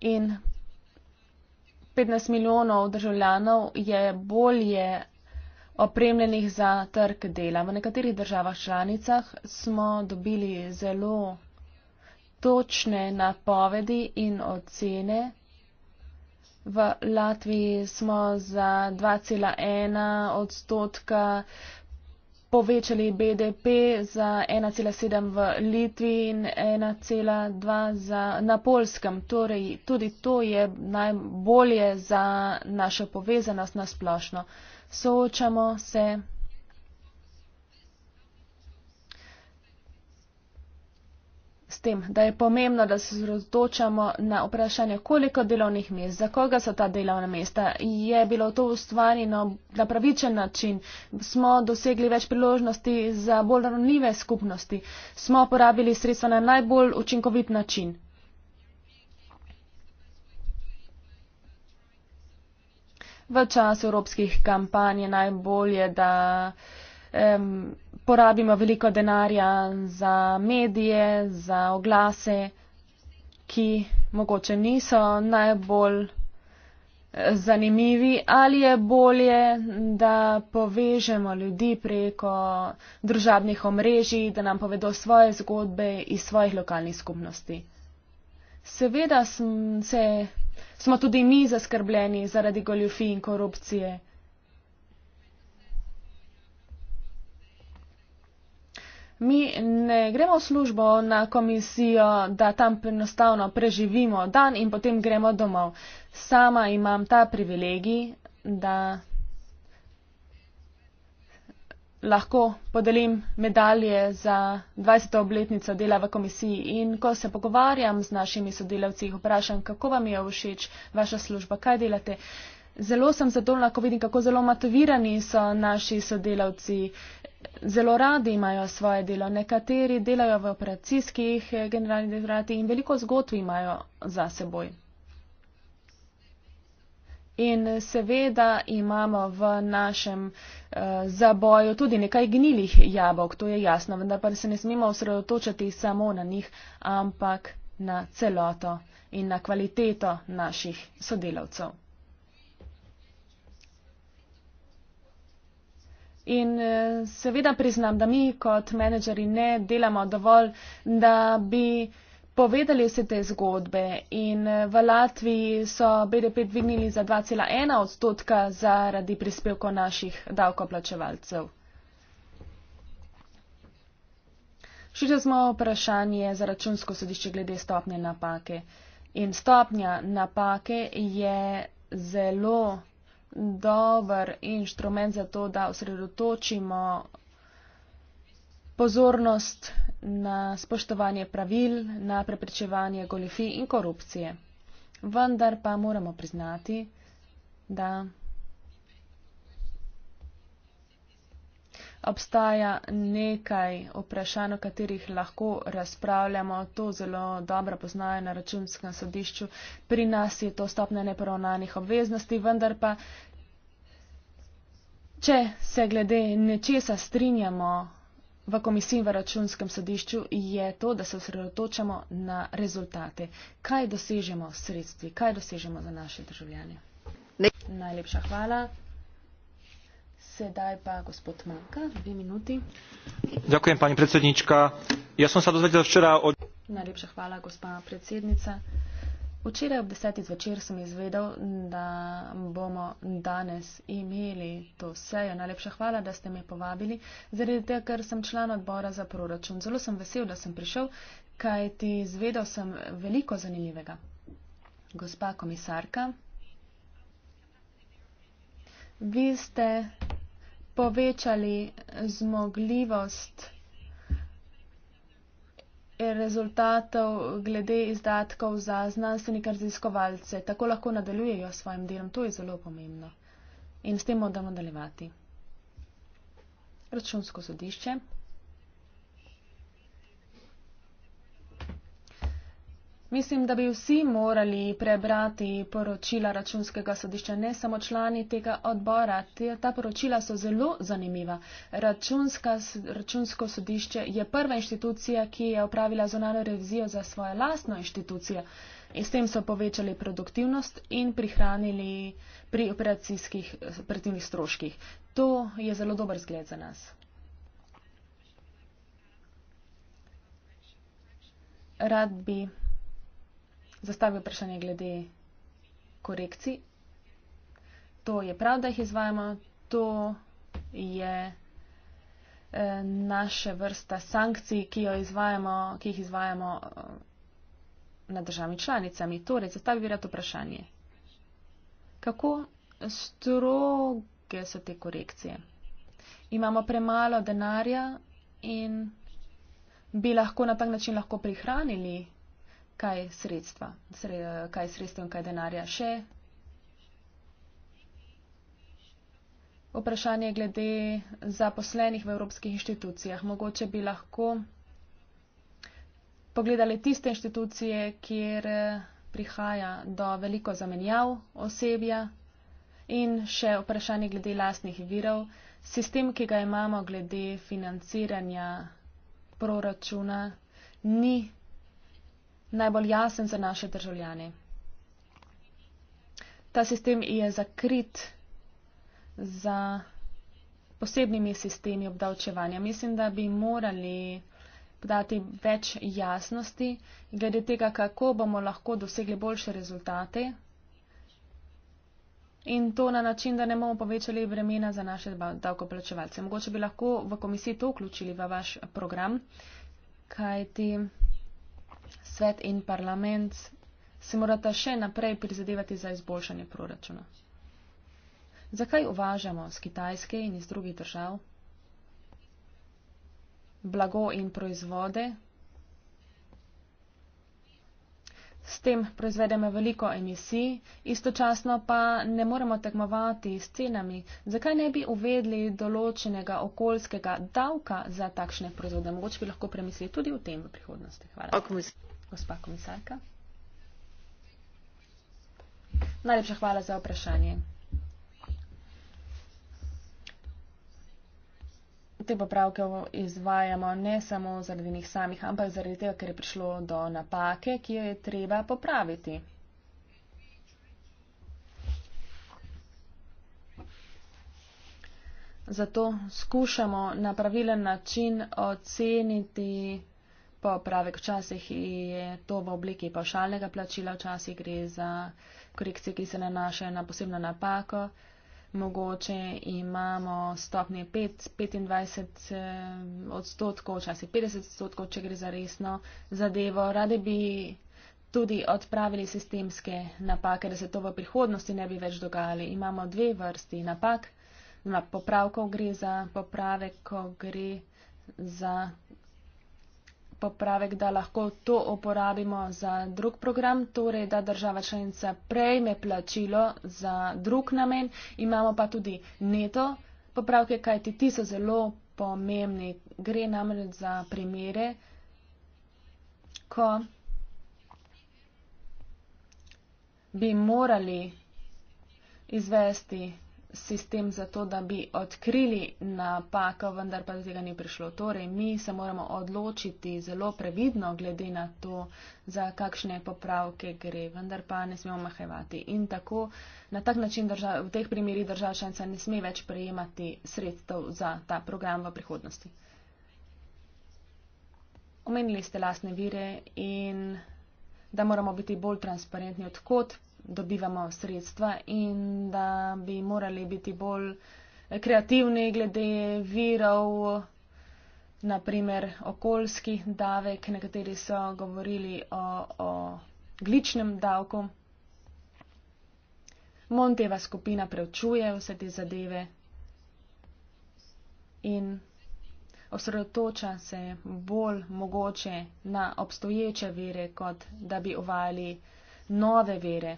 in 15 milijonov državljanov je bolje opremljenih za trg dela. V nekaterih državah članicah smo dobili zelo točne napovedi in ocene. V Latviji smo za 2,1 odstotka povečali BDP za 1,7 v Litvi in 1,2 na Polskem. Torej, tudi to je najbolje za našo povezanost na splošno. Soočamo se. tem, da je pomembno, da se zrozdočamo na vprašanje, koliko delovnih mest, za koga so ta delovna mesta. Je bilo to ustvarjeno na pravičen način? Smo dosegli več priložnosti za bolj ranljive skupnosti? Smo porabili sredstva na najbolj učinkovit način? V času evropskih kampanj je najbolje, da um, porabimo veliko denarja za medije, za oglase, ki mogoče niso najbolj eh, zanimivi ali je bolje, da povežemo ljudi preko družabnih omrežij, da nam povedo svoje zgodbe iz svojih lokalnih skupnosti. Seveda sem, se, smo tudi mi zaskrbljeni zaradi goljufi in korupcije. Mi ne gremo v službo na komisijo, da tam enostavno preživimo dan in potem gremo domov. Sama imam ta privilegij, da lahko podelim medalje za 20. obletnico dela v komisiji in ko se pogovarjam z našimi sodelavci, jih vprašam, kako vam je všeč vaša služba, kaj delate. Zelo sem zadovoljna, ko vidim, kako zelo motivirani so naši sodelavci. Zelo radi imajo svoje delo. Nekateri delajo v operacijskih eh, generalnih delovratih in veliko zgodb imajo za seboj. In seveda imamo v našem uh, zaboju tudi nekaj gnilih jabolk, to je jasno, vendar pa se ne smemo osredotočati samo na njih, ampak na celoto in na kvaliteto naših sodelavcev. In eh, seveda priznam, da mi kot menedžeri ne delamo dovolj, da bi povedali vse te zgodbe. In eh, v Latviji so BDP dvignili za 2,1 odstotka zaradi prispevkov naših davkoplačevalcev. Širili smo vprašanje za računsko sodišče glede stopnje napake. In stopnja napake je zelo dober inštrument za to, da osredotočimo pozornost na spoštovanje pravil, na preprečevanje goljofij in korupcije. Vendar pa moramo priznati, da. obstaja nekaj vprašanj, o katerih lahko razpravljamo. To zelo dobro poznajo na računskem sodišču. Pri nas je to stopnja neporovnanih obveznosti, vendar pa, če se glede nečesa strinjamo v komisiji v računskem sodišču, je to, da se osredotočamo na rezultate. Kaj dosežemo s sredstvi, kaj dosežemo za naše državljanje? Najlepša hvala. Sedaj pa gospod Manka, dve minuti. Ďakujem, pani predsednička. Ja som sa dozvedel včera od... Najlepša hvala, gospa predsednica. Včeraj ob desetih zvečer sem izvedel, da bomo danes imeli to sejo. Najlepša hvala, da ste me povabili, zaradi tega, ker sem član odbora za proračun. Zelo sem vesel, da sem prišel, kaj ti izvedel sem veliko zanimivega. Gospa komisarka, vi ste povečali zmogljivost rezultatov glede izdatkov za znanstvenike raziskovalce. Tako lahko nadaljujejo s svojim delom. To je zelo pomembno. In s tem moramo nadaljevati. Računsko sodišče. Mislim, da bi vsi morali prebrati poročila računskega sodišča, ne samo člani tega odbora. Ta poročila so zelo zanimiva. Računska, računsko sodišče je prva inštitucija, ki je upravila zonalno revizijo za svojo lastno inštitucijo. In s tem so povečali produktivnost in prihranili pri operacijskih operativnih stroških. To je zelo dober zgled za nas. Rad bi zastavil vprašanje glede korekcij. To je prav, da jih izvajamo, to je eh, naše vrsta sankcij, ki, izvajamo, ki jih izvajamo eh, nad državami članicami. Torej, zastavi rad vprašanje. Kako stroge so te korekcije? Imamo premalo denarja in bi lahko na tak način lahko prihranili kaj sredstva, kaj sredstva in kaj denarja še. Vprašanje glede zaposlenih v evropskih inštitucijah. Mogoče bi lahko pogledali tiste inštitucije, kjer eh, prihaja do veliko zamenjav osebja in še vprašanje glede lastnih virov. Sistem, ki ga imamo glede financiranja proračuna, ni najbolj jasen za naše državljane. Ta sistem je zakrit za posebnimi sistemi obdavčevanja. Mislim, da bi morali podati več jasnosti glede tega, kako bomo lahko dosegli boljše rezultate in to na način, da ne bomo povečali bremena za naše davkoplačevalce. Mogoče bi lahko v komisiji to vključili v vaš program, kajti svet in parlament si morata še naprej prizadevati za izboljšanje proračuna. Zakaj uvažamo z Kitajske in iz drugih držav blago in proizvode, S tem proizvedemo veliko emisij, istočasno pa ne moremo tekmovati s cenami. Zakaj ne bi uvedli določenega okoljskega davka za takšne proizvode? Mogoče bi lahko premislili tudi o tem v prihodnosti. Hvala. Gospa komisarka. Najlepša hvala za vprašanje. te popravke izvajamo ne samo zaradi njih samih, ampak zaradi tega, ker je prišlo do napake, ki jo je treba popraviti. Zato skušamo na pravilen način oceniti popravek. Včasih je to v obliki pašalnega plačila, včasih gre za korekcije, ki se nanašajo na posebno napako mogoče imamo stopnje 5, 25 eh, odstotkov, včasih 50 odstotkov, če gre za resno zadevo. Rade bi tudi odpravili sistemske napake, da se to v prihodnosti ne bi več dogajali. Imamo dve vrsti napak, na popravkov gre za poprave, ko gre za popravek, da lahko to uporabimo za drug program, torej da država članica prejme plačilo za drug namen. Imamo pa tudi neto popravke, kajti ti so zelo pomembni. Gre namreč za primere, ko bi morali izvesti sistem za to, da bi odkrili napako, vendar pa do tega ni prišlo. Torej, mi se moramo odločiti zelo previdno glede na to, za kakšne popravke gre, vendar pa ne smemo mahevati. In tako na tak način držav, v teh primerih država članica ne sme več prejemati sredstev za ta program v prihodnosti. Omenili ste lastne vire in da moramo biti bolj transparentni, odkot dobivamo sredstva in da bi morali biti bolj kreativni glede virov, naprimer okoljski davek, nekateri so govorili o, o gličnem davku. Monteva skupina preučuje vse te zadeve in osredotoča se bolj mogoče na obstoječe vere, kot da bi uvajali nove vere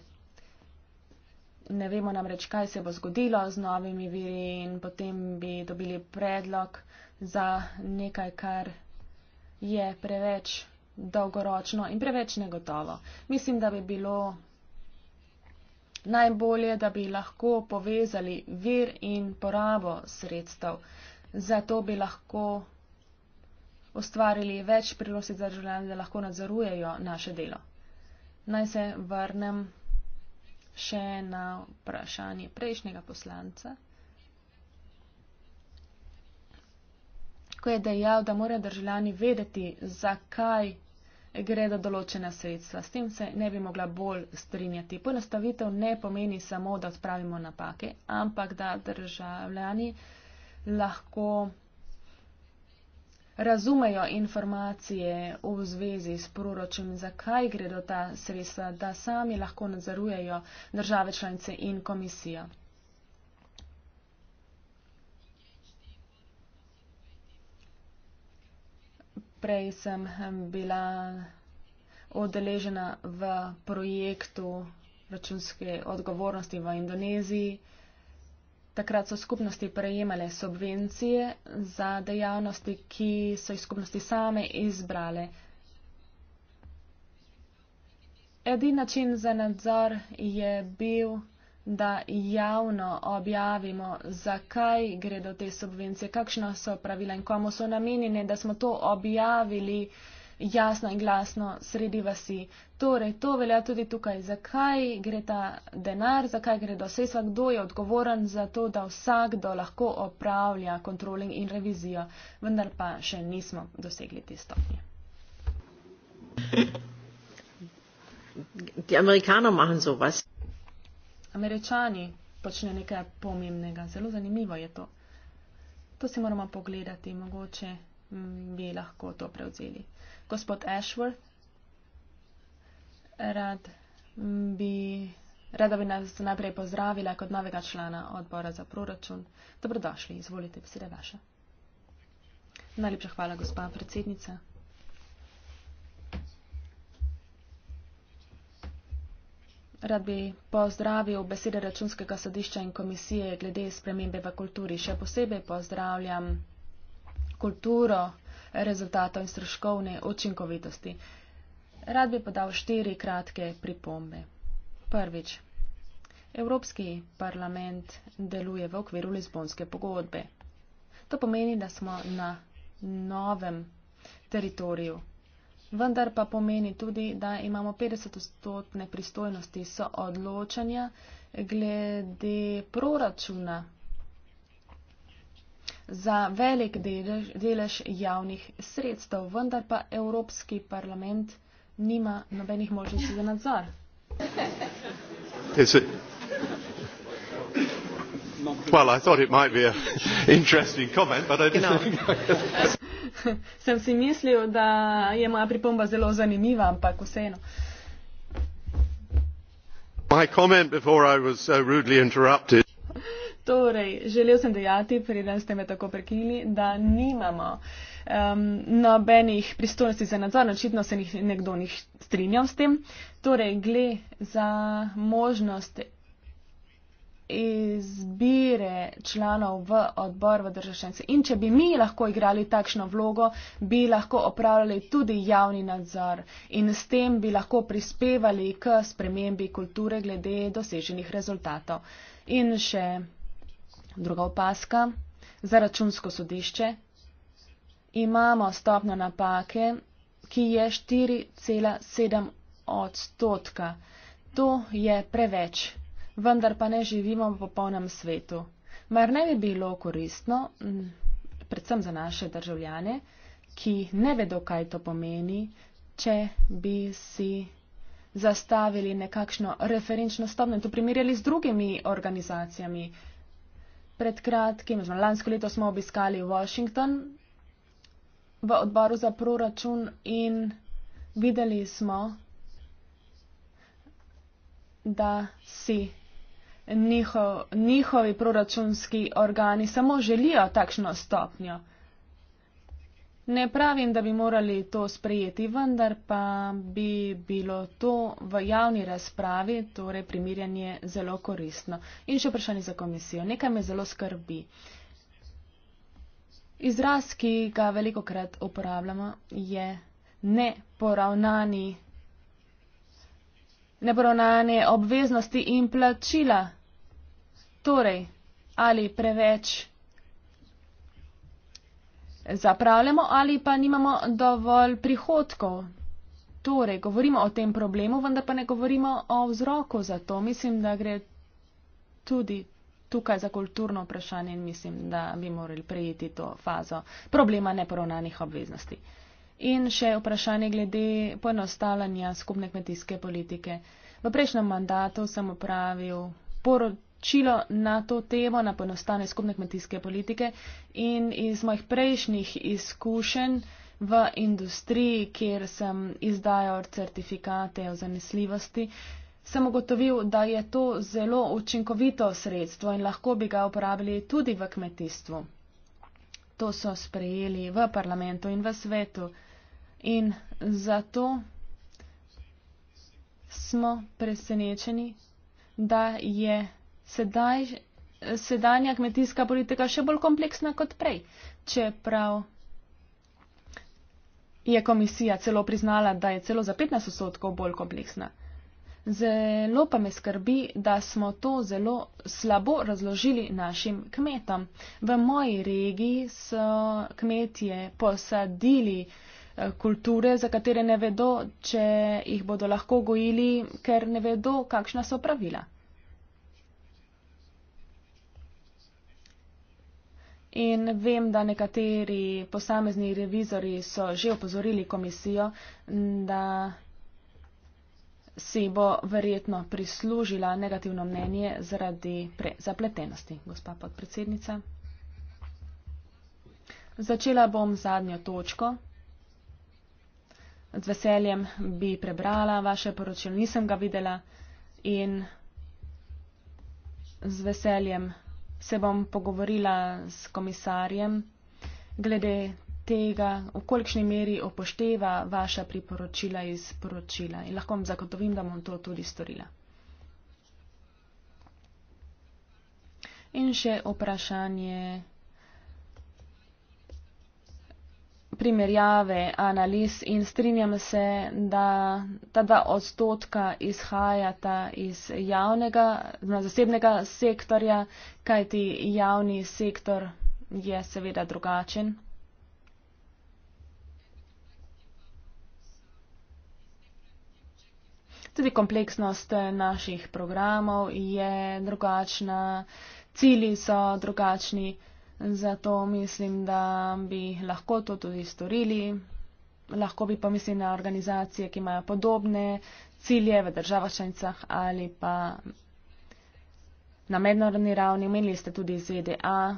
ne vemo namreč, kaj se bo zgodilo z novimi viri in potem bi dobili predlog za nekaj, kar je preveč dolgoročno in preveč negotovo. Mislim, da bi bilo najbolje, da bi lahko povezali vir in porabo sredstev. Zato bi lahko ustvarili več priložnosti za državljane, da lahko nadzorujejo naše delo. Naj se vrnem še na vprašanje prejšnjega poslanca, ko je dejal, da morajo državljani vedeti, zakaj gre za določena sredstva. S tem se ne bi mogla bolj strinjati. Poenostavitev ne pomeni samo, da odpravimo napake, ampak da državljani lahko razumejo informacije v zvezi s proračunom, zakaj gredo ta sredstva, da sami lahko nadzorujejo države članice in komisijo. Prej sem hm, bila odeležena v projektu računske odgovornosti v Indoneziji. Takrat so skupnosti prejemale subvencije za dejavnosti, ki so jih skupnosti same izbrale. Edini način za nadzor je bil, da javno objavimo, zakaj gredo te subvencije, kakšno so pravila in komu so namenjene, da smo to objavili. Uh, jasno in glasno sredi vasi. Torej, to velja tudi tukaj, zakaj gre ta denar, zakaj gre do sredstva, kdo je odgovoren za to, da vsakdo lahko opravlja kontroling in revizijo, vendar pa še nismo dosegli te stopnje. Američani počne nekaj pomembnega, zelo zanimivo je to. To si moramo pogledati, mogoče mm, bi lahko to prevzeli gospod Ashworth, rad bi, rada bi nas najprej pozdravila kot novega člana odbora za proračun. Dobrodošli, izvolite, beseda vaša. Najlepša hvala, gospa predsednica. Rad bi pozdravil besede računskega sodišča in komisije glede spremembe v kulturi. Še posebej pozdravljam kulturo, rezultatov in stroškovne očinkovitosti. Rad bi podal štiri kratke pripombe. Prvič. Evropski parlament deluje v okviru Lizbonske pogodbe. To pomeni, da smo na novem teritoriju. Vendar pa pomeni tudi, da imamo 50-stotne pristojnosti soodločanja glede proračuna za velik delež, delež javnih sredstev, vendar pa Evropski parlament nima nobenih možnosti za nadzor. Well, I thought it might be an *laughs* interesting comment, but I didn't you know. think. *laughs* Sem si mislil, da je moja pripomba zelo zanimiva, ampak vseeno. My comment before I was so uh, rudely interrupted. Torej, želel sem dejati, preden ste me tako prekinili, da nimamo um, nobenih pristojnosti za nadzor, očitno se nekdo ni strinjal s tem. Torej, gle za možnost izbire članov v odbor v državšence. In če bi mi lahko igrali takšno vlogo, bi lahko opravljali tudi javni nadzor in s tem bi lahko prispevali k spremembi kulture glede doseženih rezultatov. In še Druga opaska. Za računsko sodišče imamo stopno napake, ki je 4,7 odstotka. To je preveč, vendar pa ne živimo v popolnem svetu. Mar ne bi bilo koristno, predvsem za naše državljane, ki ne vedo, kaj to pomeni, če bi si zastavili nekakšno referenčno stopno in to primerjali z drugimi organizacijami, pred kratkim, oziroma lansko leto smo obiskali Washington v odboru za proračun in videli smo, da si njiho, njihovi proračunski organi samo želijo takšno stopnjo. Ne pravim, da bi morali to sprejeti, vendar pa bi bilo to v javni razpravi, torej primirjanje, zelo koristno. In še vprašanje za komisijo. Nekaj me zelo skrbi. Izraz, ki ga veliko krat uporabljamo, je neporavnani, neporavnane obveznosti in plačila. Torej, ali preveč zapravljamo ali pa nimamo dovolj prihodkov. Torej, govorimo o tem problemu, vendar pa ne govorimo o vzroku za to. Mislim, da gre tudi tukaj za kulturno vprašanje in mislim, da bi morali prejeti to fazo problema neporovnanih obveznosti. In še vprašanje glede poenostavljanja skupne kmetijske politike. V prejšnjem mandatu sem upravil poročilo poročilo na to temo, na ponostane skupne kmetijske politike in iz mojih prejšnjih izkušenj v industriji, kjer sem izdajal certifikate o zanesljivosti, sem ugotovil, da je to zelo učinkovito sredstvo in lahko bi ga uporabili tudi v kmetijstvu. To so sprejeli v parlamentu in v svetu in zato smo presenečeni, da je sedaj, sedanja kmetijska politika še bolj kompleksna kot prej, čeprav je komisija celo priznala, da je celo za 15 odstotkov bolj kompleksna. Zelo pa me skrbi, da smo to zelo slabo razložili našim kmetom. V moji regiji so kmetje posadili eh, kulture, za katere ne vedo, če jih bodo lahko gojili, ker ne vedo, kakšna so pravila. In vem, da nekateri posamezni revizori so že opozorili komisijo, da si bo verjetno prislužila negativno mnenje zaradi zapletenosti, gospa podpredsednica. Začela bom zadnjo točko. Z veseljem bi prebrala vaše poročilo, nisem ga videla in z veseljem se bom pogovorila s komisarjem glede tega, v kolikšni meri upošteva vaša priporočila iz poročila. In lahko vam zagotovim, da bom to tudi storila. In še vprašanje. primerjave, analiz in strinjam se, da ta dva odstotka izhajata iz javnega, na zasebnega sektorja, kajti javni sektor je seveda drugačen. Tudi kompleksnost naših programov je drugačna, cili so drugačni. Zato mislim, da bi lahko to tudi storili. Lahko bi pomislili na organizacije, ki imajo podobne cilje v državah članicah ali pa na mednarodni ravni. Imeli ste tudi ZDA,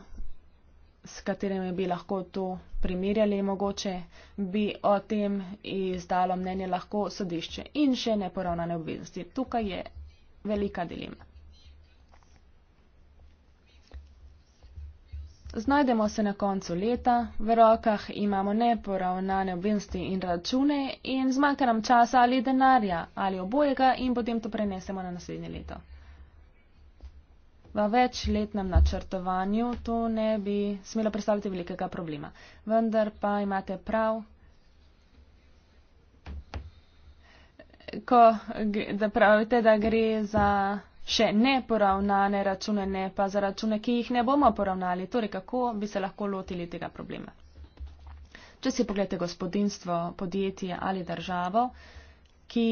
s katerimi bi lahko to primirjali, mogoče bi o tem izdalo mnenje lahko sodišče in še neporavnane obveznosti. Tukaj je velika dilema. Znajdemo se na koncu leta, v rokah imamo neporavnane obveznosti in račune in zmanjka nam časa ali denarja ali obojega in potem to prenesemo na naslednje leto. V večletnem načrtovanju to ne bi smelo predstavljati velikega problema. Vendar pa imate prav, ko, da pravite, da gre za še neporavnane račune, ne pa za račune, ki jih ne bomo poravnali. Torej, kako bi se lahko lotili tega problema? Če si pogledate gospodinstvo, podjetje ali državo, ki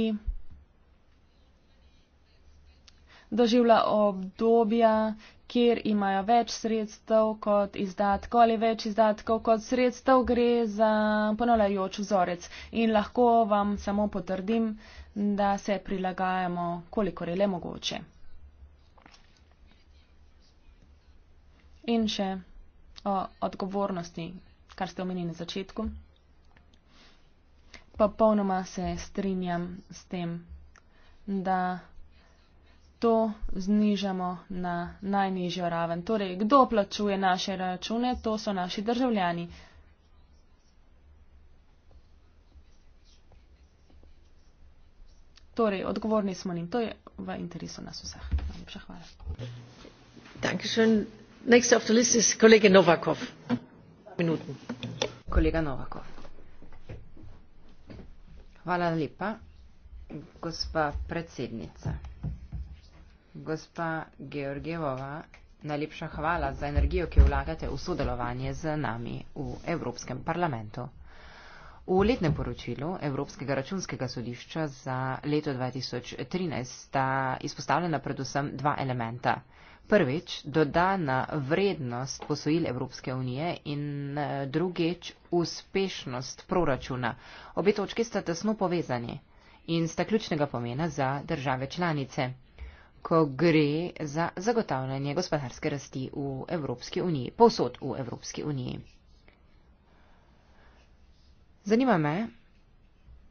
doživlja obdobja, kjer imajo več sredstev kot izdatkov ali več izdatkov kot sredstev, gre za ponavljajoč vzorec. In lahko vam samo potrdim, da se prilagajamo, kolikor je le mogoče. In še o odgovornosti, kar ste omenili na začetku. Popolnoma se strinjam s tem, da to znižamo na najnižjo raven. Torej, kdo plačuje naše račune, to so naši državljani. Torej, odgovorni smo in to je v interesu nas vseh. Najlepša hvala. Dankeschön gospa predsednica gospa georgievova najlepša hvala za energijo ki jo vlagate v sodelovanje z nami v evropskem parlamentu. V letnem poročilu Evropskega računskega sodišča za leto 2013 sta izpostavljena predvsem dva elementa. Prvič, dodana vrednost posojil Evropske unije in eh, drugič, uspešnost proračuna. Obe točki sta tesno povezani in sta ključnega pomena za države članice, ko gre za zagotavljanje gospodarske rasti v Evropski uniji, povsod v Evropski uniji. Zanima me,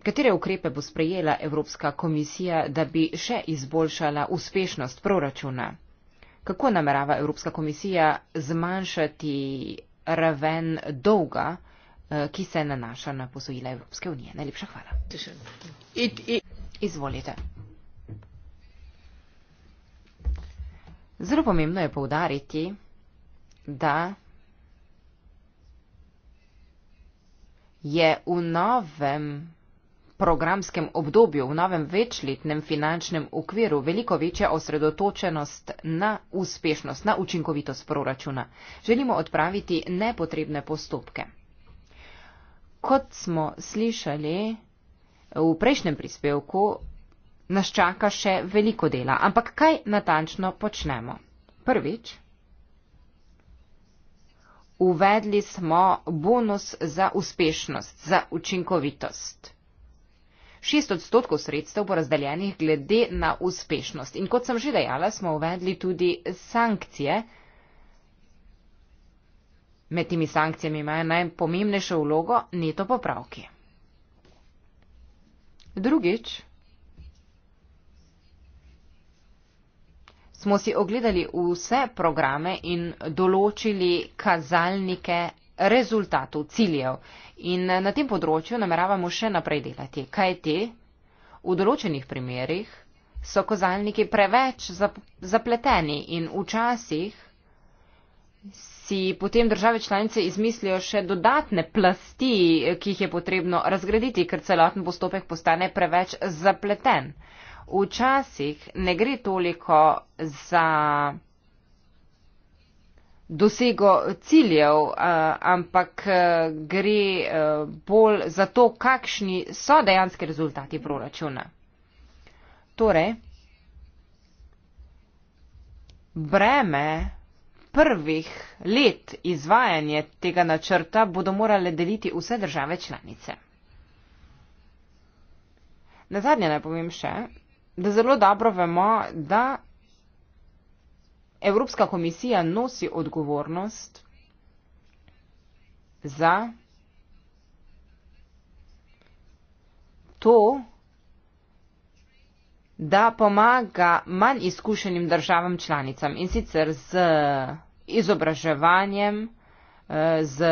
katere ukrepe bo sprejela Evropska komisija, da bi še izboljšala uspešnost proračuna? Kako namerava Evropska komisija zmanjšati raven dolga, eh, ki se nanaša na posojila Evropske unije? Najlepša hvala. Izvolite. Zelo pomembno je poudariti, da je v novem programskem obdobju, v novem večletnem finančnem okviru veliko večja osredotočenost na uspešnost, na učinkovitost proračuna. Želimo odpraviti nepotrebne postopke. Kot smo slišali v prejšnjem prispevku, nas čaka še veliko dela. Ampak kaj natančno počnemo? Prvič, uvedli smo bonus za uspešnost, za učinkovitost. Šest odstotkov sredstev bo razdeljenih glede na uspešnost. In kot sem že dejala, smo uvedli tudi sankcije. Med temi sankcijami imajo najpomembnejšo vlogo neto popravki. Drugič, smo si ogledali vse programe in določili kazalnike rezultatov, ciljev. In na tem področju nameravamo še naprej delati. Kaj ti? V določenih primerjih so kazalniki preveč zapleteni in včasih si potem države članice izmislijo še dodatne plasti, ki jih je potrebno razgraditi, ker celoten postopek postane preveč zapleten včasih ne gre toliko za dosego ciljev, eh, ampak eh, gre eh, bolj za to, kakšni so dejanski rezultati proračuna. Torej, breme prvih let izvajanja tega načrta bodo morale deliti vse države članice. Na zadnje naj povem še, da zelo dobro vemo, da Evropska komisija nosi odgovornost za to, da pomaga manj izkušenim državam članicam in sicer z izobraževanjem, eh, z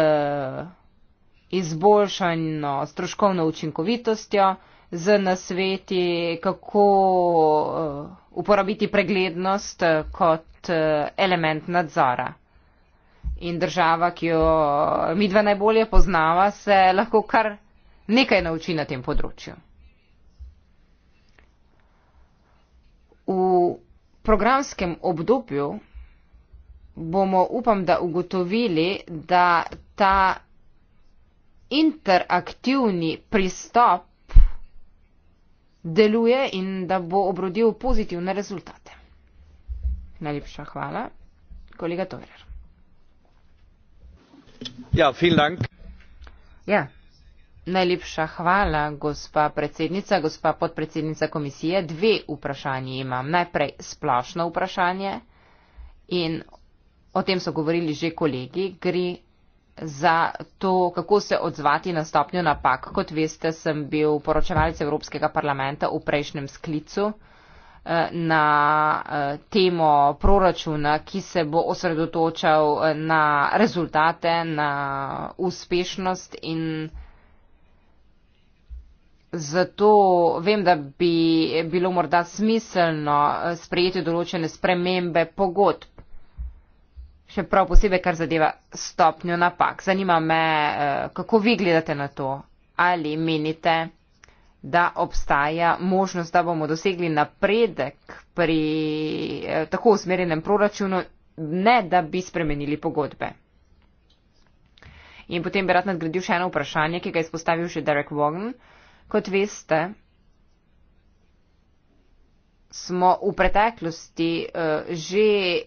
izboljšanjem stroškovno učinkovitostjo, z nasveti, kako eh, uporabiti preglednost eh, kot eh, element nadzora. In država, ki jo mi dve najbolje poznava, se lahko kar nekaj nauči na tem področju. V programskem obdobju bomo, upam, da ugotovili, da ta interaktivni pristop deluje in da bo obrodil pozitivne rezultate. Najlepša hvala, kolega Tojer. Ja, fin dank. Ja. Najlepša hvala, gospa predsednica, gospa podpredsednica komisije. Dve vprašanje imam. Najprej splošno vprašanje in o tem so govorili že kolegi. Gre za to, kako se odzvati na stopnjo napak. Kot veste, sem bil poročevalec Evropskega parlamenta v prejšnjem sklicu eh, na eh, temo proračuna, ki se bo osredotočal eh, na rezultate, na uspešnost in zato vem, da bi bilo morda smiselno sprejeti določene spremembe pogodb še prav posebej, kar zadeva stopnjo napak. Zanima me, eh, kako vi gledate na to, ali menite, da obstaja možnost, da bomo dosegli napredek pri eh, tako usmerjenem proračunu, ne da bi spremenili pogodbe. In potem bi rad nadgradil še eno vprašanje, ki ga je izpostavil že Derek Wogan. Kot veste, smo v preteklosti uh, že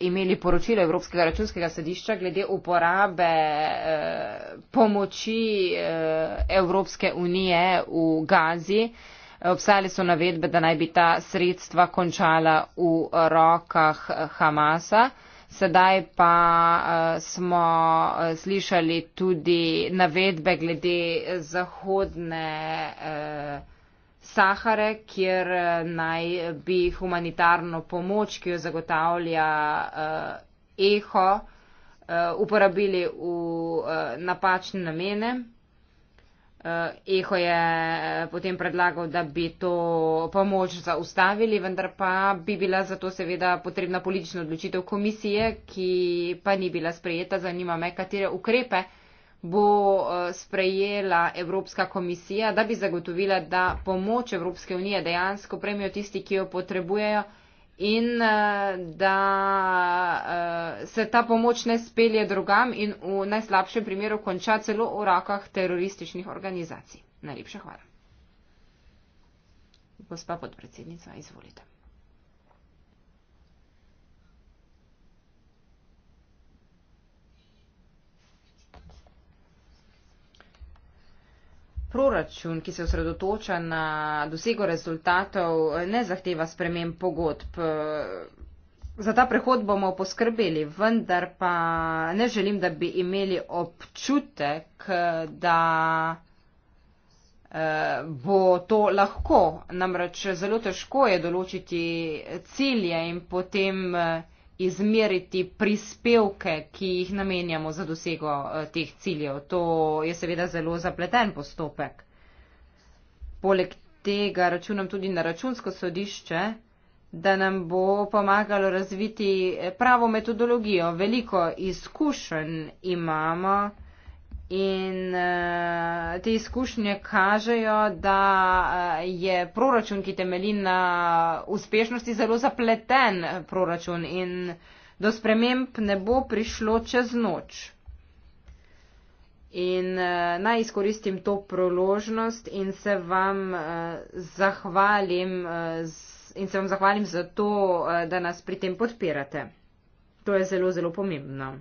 imeli poročilo Evropskega računskega sodišča glede uporabe uh, pomoči uh, Evropske unije v Gazi. Obstajali so navedbe, da naj bi ta sredstva končala v rokah Hamasa. Sedaj pa smo slišali tudi navedbe glede zahodne eh, Sahare, kjer eh, naj bi humanitarno pomoč, ki jo zagotavlja uh, EHO, uh, uporabili v uh, napačne namene. Uh, EHO je potem predlagal, da bi to pomoč zaustavili, vendar pa bi bila za to seveda potrebna politična odločitev komisije, ki pa ni bila sprejeta. Zanima me, katere ukrepe uh, bo eh, sprejela Evropska komisija, da bi zagotovila, da pomoč Evropske unije dejansko prejmejo tisti, ki jo potrebujejo in eh, da eh, se ta pomoč ne spelje drugam in v najslabšem primeru konča celo v rakah terorističnih organizacij. Najlepša hvala. Gospa podpredsednica, izvolite. proračun, ki se osredotoča na dosego rezultatov, ne zahteva spremem pogodb. Za ta prehod bomo poskrbeli, vendar pa ne želim, da bi imeli občutek, da eh, bo to lahko. Namreč zelo težko je določiti cilje in potem eh, izmeriti prispevke, ki jih namenjamo za dosego eh, teh ciljev. To je seveda zelo zapleten postopek. Poleg tega računam tudi na računsko sodišče, da nam bo pomagalo razviti eh, pravo metodologijo. Veliko izkušenj imamo. In uh, te izkušnje kažejo, da uh, je proračun, ki temelji na uspešnosti, zelo zapleten proračun in do sprememb ne bo prišlo čez noč. In uh, naj izkoristim to proložnost in se vam uh, zahvalim uh, in se vam zahvalim za to, uh, da nas pri tem podpirate. To je zelo, zelo pomembno.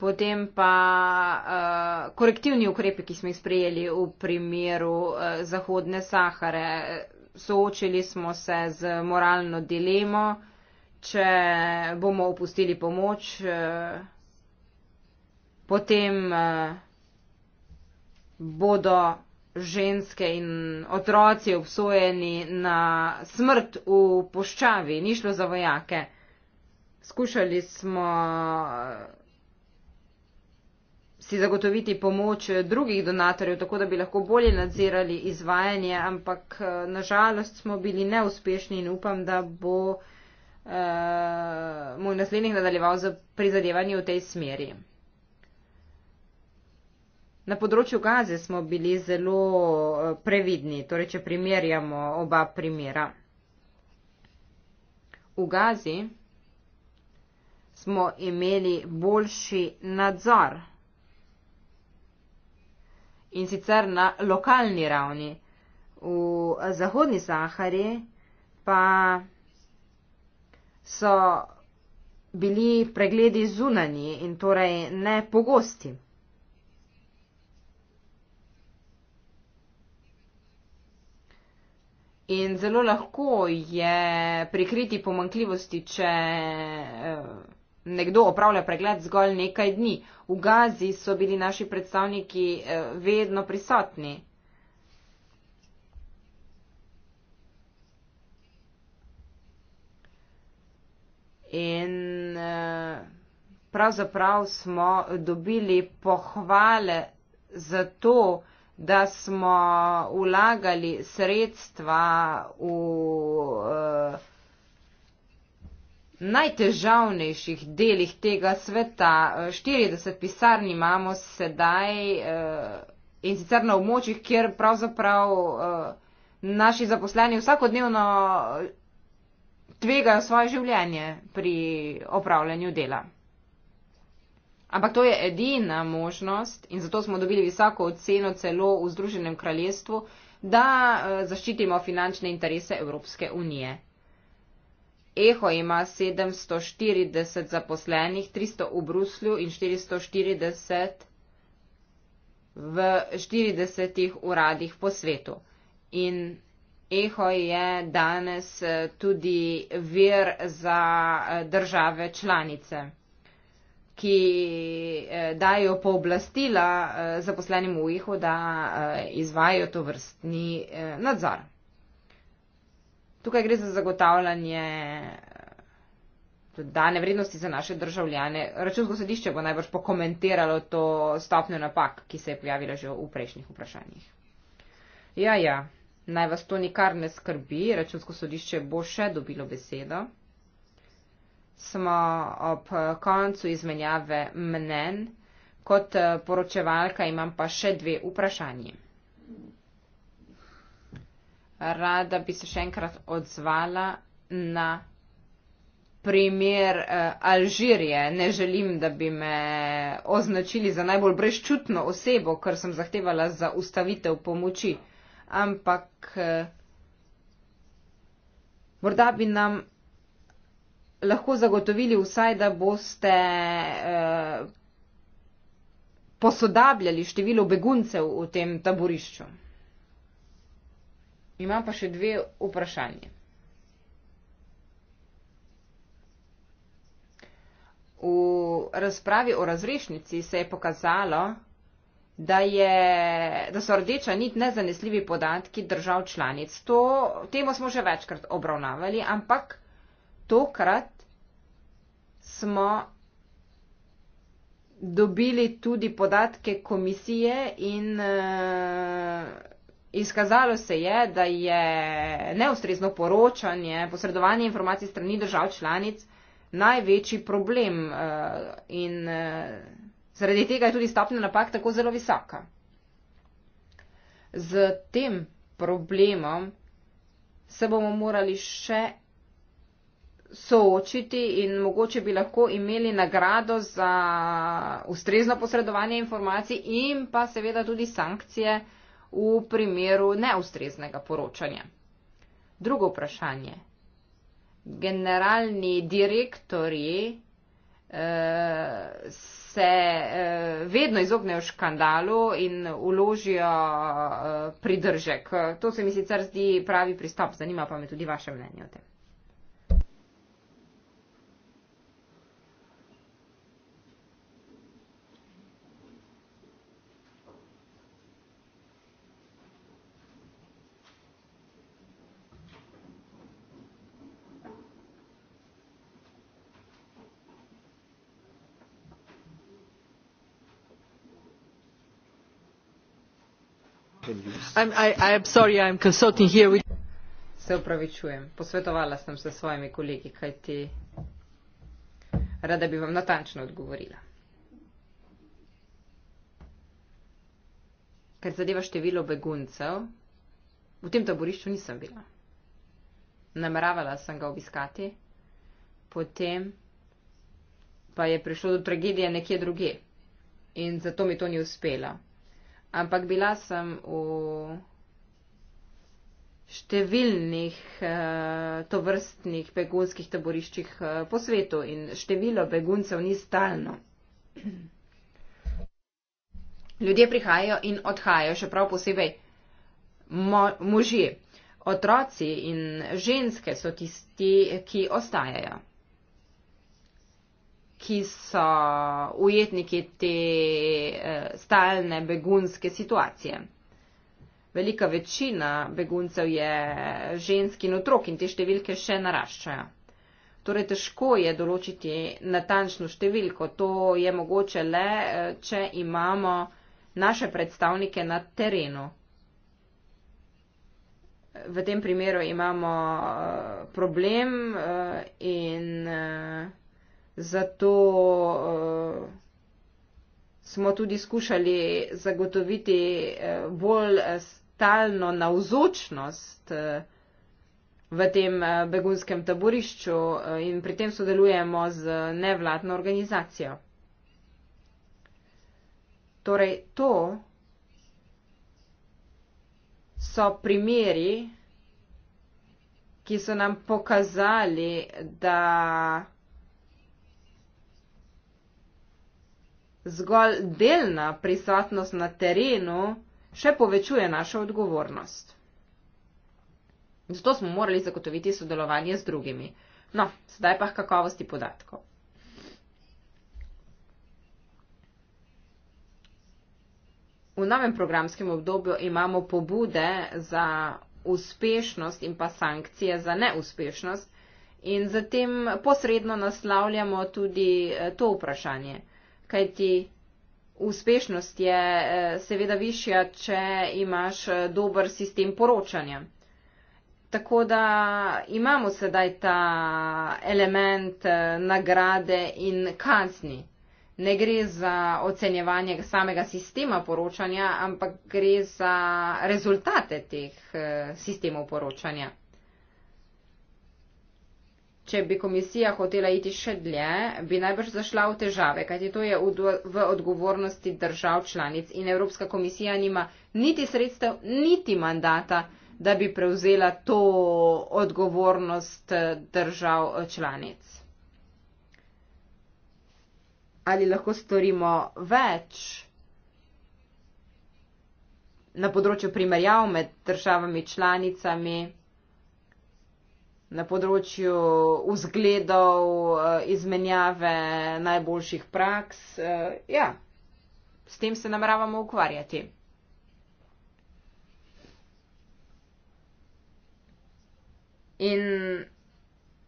Potem pa uh, korektivni ukrepi, ki smo jih sprejeli v primeru uh, Zahodne Sahare. Soočili smo se z moralno dilemo, če bomo opustili pomoč, uh, potem uh, bodo ženske in otroci obsojeni na smrt v poščavi, ni šlo za vojake. Skušali smo. Uh, si zagotoviti pomoč eh, drugih donatorjev, tako da bi lahko bolje nadzirali izvajanje, ampak eh, nažalost smo bili neuspešni in upam, da bo uh, moj naslednik nadaljeval z prizadevanjem v tej smeri. Na področju gaze smo bili zelo previdni, torej če primerjamo oba primera. V gazi smo imeli boljši nadzor in sicer na lokalni ravni. V eh, zahodni Sahari pa so bili pregledi zunani in torej ne pogosti. In zelo lahko je prikriti pomankljivosti, če. Eh, nekdo opravlja pregled zgolj nekaj dni. V Gazi so bili naši predstavniki eh, vedno prisotni. In eh, pravzaprav smo dobili pohvale za to, da smo vlagali sredstva v. Uh, najtežavnejših delih tega sveta. 40 eh, pisarn imamo sedaj eh, in sicer na območjih, kjer pravzaprav eh, naši zaposleni vsakodnevno tvegajo svoje življenje pri opravljanju dela. Ampak to je edina možnost in zato smo dobili visoko oceno celo v Združenem kraljestvu, da zaščitimo finančne interese Evropske unije. Eho ima 740 zaposlenih, 300 v Bruslju in 440 v 40 uradih po svetu. In Eho je danes eh, tudi vir za eh, države članice, ki eh, dajo pooblastila zaposlenim v Eho, da izvajo to vrstni nadzor. Tukaj gre za zagotavljanje eh, dodane vrednosti za naše državljane. Računsko sodišče bo najbrž pokomentiralo to stopnjo napak, ki se je pojavila že v prejšnjih vprašanjih. Ja, ja, naj vas to nikar ne skrbi, računsko sodišče bo še dobilo besedo. Smo ob eh, koncu izmenjave mnen, kot eh, poročevalka imam pa še dve vprašanje rada bi se še enkrat odzvala na primer eh, Alžirije. Ne želim, da bi me označili za najbolj brezčutno osebo, ker sem zahtevala za ustavitev pomoči. Ampak eh, morda bi nam lahko zagotovili vsaj, da boste eh, posodabljali število beguncev v tem taborišču. Imam pa še dve vprašanje. V razpravi o razrešnici se je pokazalo, da, je, da so rdeča nit nezanesljivi podatki držav članic. To temo smo že večkrat obravnavali, ampak tokrat smo dobili tudi podatke komisije in. Uh, Izkazalo se je, da je neustrezno poročanje, posredovanje informacij strani držav članic največji problem eh, in eh, zaradi tega je tudi stopnja napak tako zelo visoka. Z tem problemom se bomo morali še soočiti in mogoče bi lahko imeli nagrado za ustrezno posredovanje informacij in pa seveda tudi sankcije v primeru neustreznega poročanja. Drugo vprašanje. Generalni direktori eh, se eh, vedno izognejo škandalu in uložijo eh, pridržek. To se mi sicer zdi pravi pristop, zanima pa me tudi vaše mnenje o tem. se upravičujem posvetovala sem se s svojimi kolegi kajti rada bi vam natančno odgovorila ker zadeva število beguncev v tem taborišču nisem bila nameravala sem ga obiskati potem pa je prišlo do tragedije nekje druge in zato mi to ni uspelo ampak bila sem v številnih eh, tovrstnih begunskih taboriščih eh, po svetu in število beguncev ni stalno. *clears throat* Ljudje prihajajo in odhajajo, še prav posebej moži. Otroci in ženske so tisti, ki ostajajo ki so ujetniki te eh, stalne begunske situacije. Velika večina beguncev je ženski in otrok in te številke še naraščajo. Torej, težko je določiti natančno številko. To je mogoče le, eh, če imamo naše predstavnike na terenu. V tem primeru imamo eh, problem in Zato uh, smo tudi skušali zagotoviti uh, bolj eh, stalno navzočnost uh, v tem uh, begunskem taborišču uh, in pri tem sodelujemo z nevladno organizacijo. Torej, to so primeri, ki so nam pokazali, da zgolj delna prisotnost na terenu še povečuje našo odgovornost. Zato smo morali zagotoviti sodelovanje z drugimi. No, sedaj pa kakovosti podatkov. V novem programskem obdobju imamo pobude za uspešnost in pa sankcije za neuspešnost in zatem posredno naslavljamo tudi eh, to vprašanje kajti uspešnost je eh, seveda višja, če imaš eh, dober sistem poročanja. Tako da imamo sedaj ta element eh, nagrade in kazni. Ne gre za ocenjevanje samega sistema poročanja, ampak gre za rezultate teh sistemov poročanja če bi komisija hotela iti še dlje, bi najbrž zašla v težave, kajti to je v odgovornosti držav članic in Evropska komisija nima niti sredstev, niti mandata, da bi prevzela to odgovornost eh, držav eh, članic. Ali lahko storimo več na področju primerjav med državami članicami? na področju vzgledov, eh, izmenjave najboljših praks. Eh, ja, s tem se nameravamo ukvarjati. In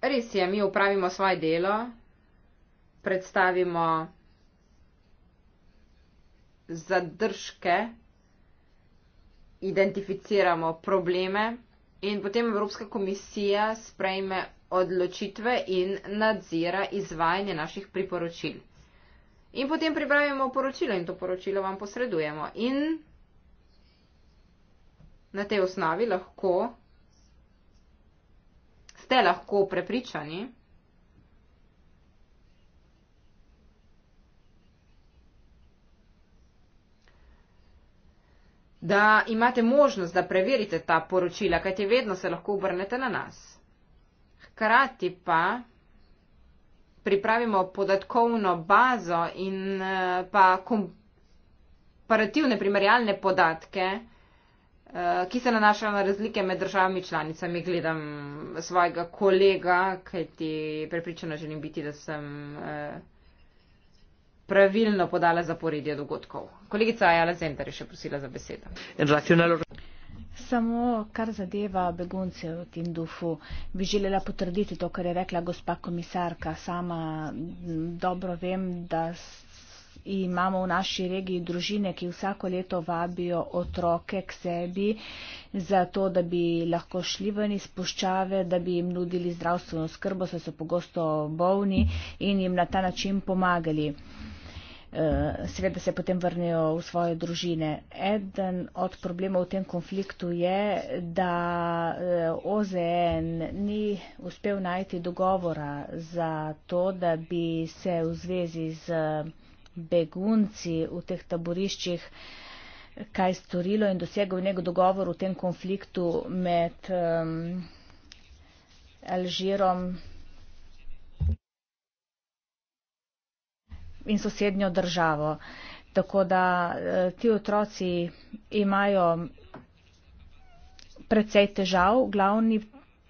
res je, mi upravimo svoje delo, predstavimo zadržke, identificiramo probleme. In potem Evropska komisija sprejme odločitve in nadzira izvajanje naših priporočil. In potem pripravimo poročilo in to poročilo vam posredujemo. In na tej osnovi lahko ste lahko prepričani, da imate možnost, da preverite ta poročila, kajti vedno se lahko obrnete na nas. Hkrati pa pripravimo podatkovno bazo in eh, pa komparativne primerjalne podatke, eh, ki se nanašajo na razlike med državami članicami. Gledam svojega kolega, kajti prepričano želim biti, da sem. Eh, pravilno podala zaporedje dogodkov. Kolegica Ajala Zender je še prosila za besedo. Samo kar zadeva begunce v Tindufu, bi želela potrditi to, kar je rekla gospa komisarka. Sama dobro vem, da imamo v naši regiji družine, ki vsako leto vabijo otroke k sebi, zato da bi lahko šli ven iz puščave, da bi jim nudili zdravstveno skrbo, saj so pogosto bolni in jim na ta način pomagali. Eh, seveda se potem vrnejo v svoje družine. Eden od problemov v tem konfliktu je, da eh, OZN ni uspel najti dogovora za to, da bi se v zvezi z eh, begunci v teh taboriščih kaj storilo in dosegel nek dogovor v tem konfliktu med um, Alžirom in sosednjo državo. Tako da eh, ti otroci imajo precej težav. Glavni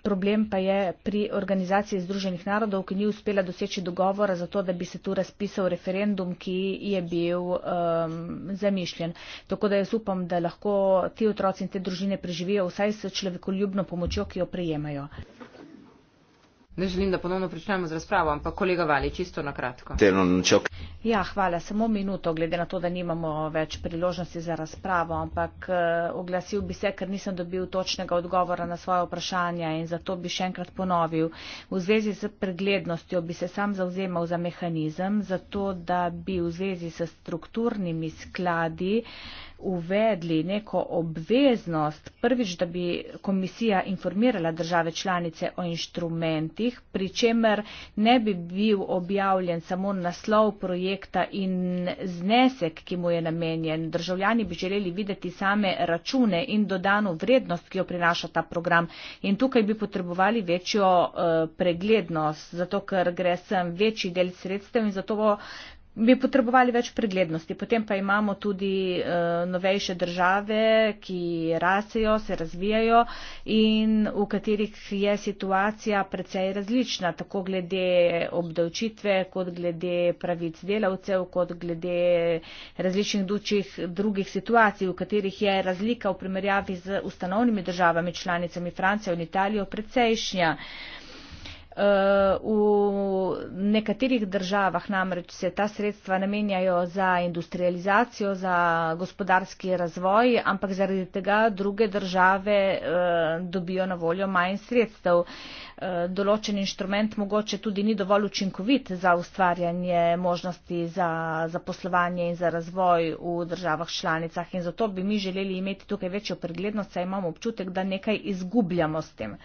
problem pa je pri organizaciji Združenih narodov, ki ni uspela doseči dogovora za to, da bi se tu razpisal referendum, ki je bil um, zamišljen. Tako da jaz upam, da lahko ti otroci in te družine preživijo vsaj s človekoljubno pomočjo, ki jo prejemajo. Ne želim, da ponovno pričnemo z razpravo, ampak kolega Vali, čisto na kratko. No, no, ja, hvala, samo minuto, glede na to, da nimamo več priložnosti za razpravo, ampak eh, oglasil bi se, ker nisem dobil točnega odgovora na svoje vprašanja in zato bi še enkrat ponovil. V zvezi s preglednostjo bi se sam zauzemal za mehanizem, zato da bi v zvezi s strukturnimi skladi uvedli neko obveznost, prvič, da bi komisija informirala države članice o inštrumentih, pri čemer ne bi bil objavljen samo naslov projekta in znesek, ki mu je namenjen. Državljani bi želeli videti same račune in dodano vrednost, ki jo prinaša ta program. In tukaj bi potrebovali večjo uh, preglednost, zato ker gre sem večji del sredstev in zato bo bi potrebovali več preglednosti. Potem pa imamo tudi uh, novejše države, ki rasejo, se razvijajo in v katerih je situacija precej različna, tako glede obdavčitve, kot glede pravic delavcev, kot glede različnih dučih drugih situacij, v katerih je razlika v primerjavi z ustanovnimi državami, članicami Francijo in Italijo, precejšnja. Uh, Eh, v nekaterih državah namreč se ta sredstva namenjajo za industrializacijo, za gospodarski razvoj, ampak zaradi tega druge države eh, dobijo na voljo manj sredstev. Eh, določen inštrument mogoče tudi ni dovolj učinkovit za ustvarjanje možnosti za zaposlovanje in za razvoj v državah članicah in zato bi mi želeli imeti tukaj večjo preglednost, saj imamo občutek, da nekaj izgubljamo s tem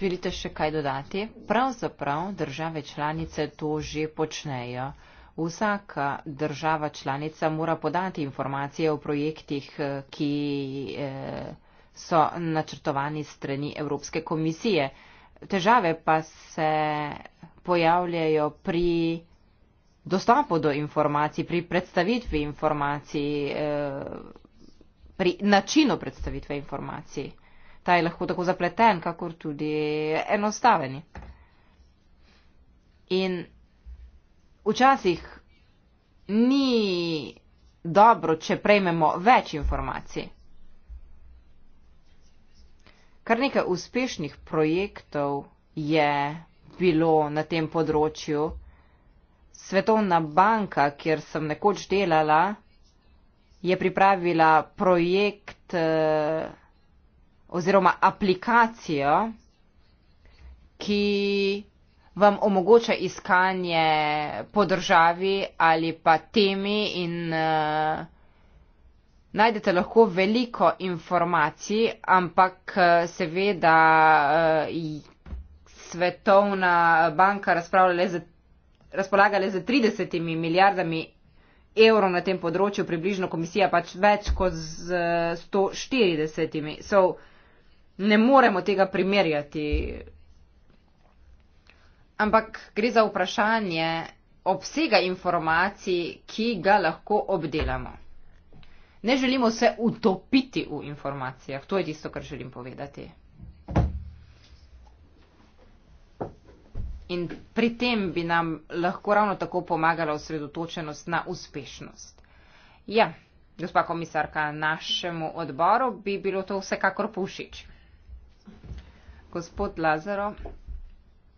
želite še kaj dodati? pravzaprav države članice to že počnejo. vsaka država članica mora podati informacije o projektih, eh, ki eh, so načrtovani strani Evropske komisije. Težave pa se pojavljajo pri dostopu do informacij, pri predstavitvi informacij, eh, pri načinu predstavitve informacij. Ta je lahko tako zapleten, kakor tudi enostaven. In včasih ni dobro, če prejmemo več informacij. Kar nekaj uspešnih projektov je bilo na tem področju. Svetovna banka, kjer sem nekoč delala, je pripravila projekt. Eh, oziroma aplikacijo, ki vam omogoča iskanje po državi ali pa temi in uh, najdete lahko veliko informacij, ampak eh, seveda uh, Svetovna banka razpolaga le za 30 milijardami evrov na tem področju, približno komisija pač več kot z 140. So, ne moremo tega primerjati. Ampak gre za vprašanje obsega informacij, ki ga lahko obdelamo. Ne želimo se utopiti v informacijah, to je tisto, kar želim povedati. In pri tem bi nam lahko ravno tako pomagala osredotočenost na uspešnost. Ja, gospa komisarka, našemu odboru bi bilo to vsekakor povšeči. Gospod Lazaro,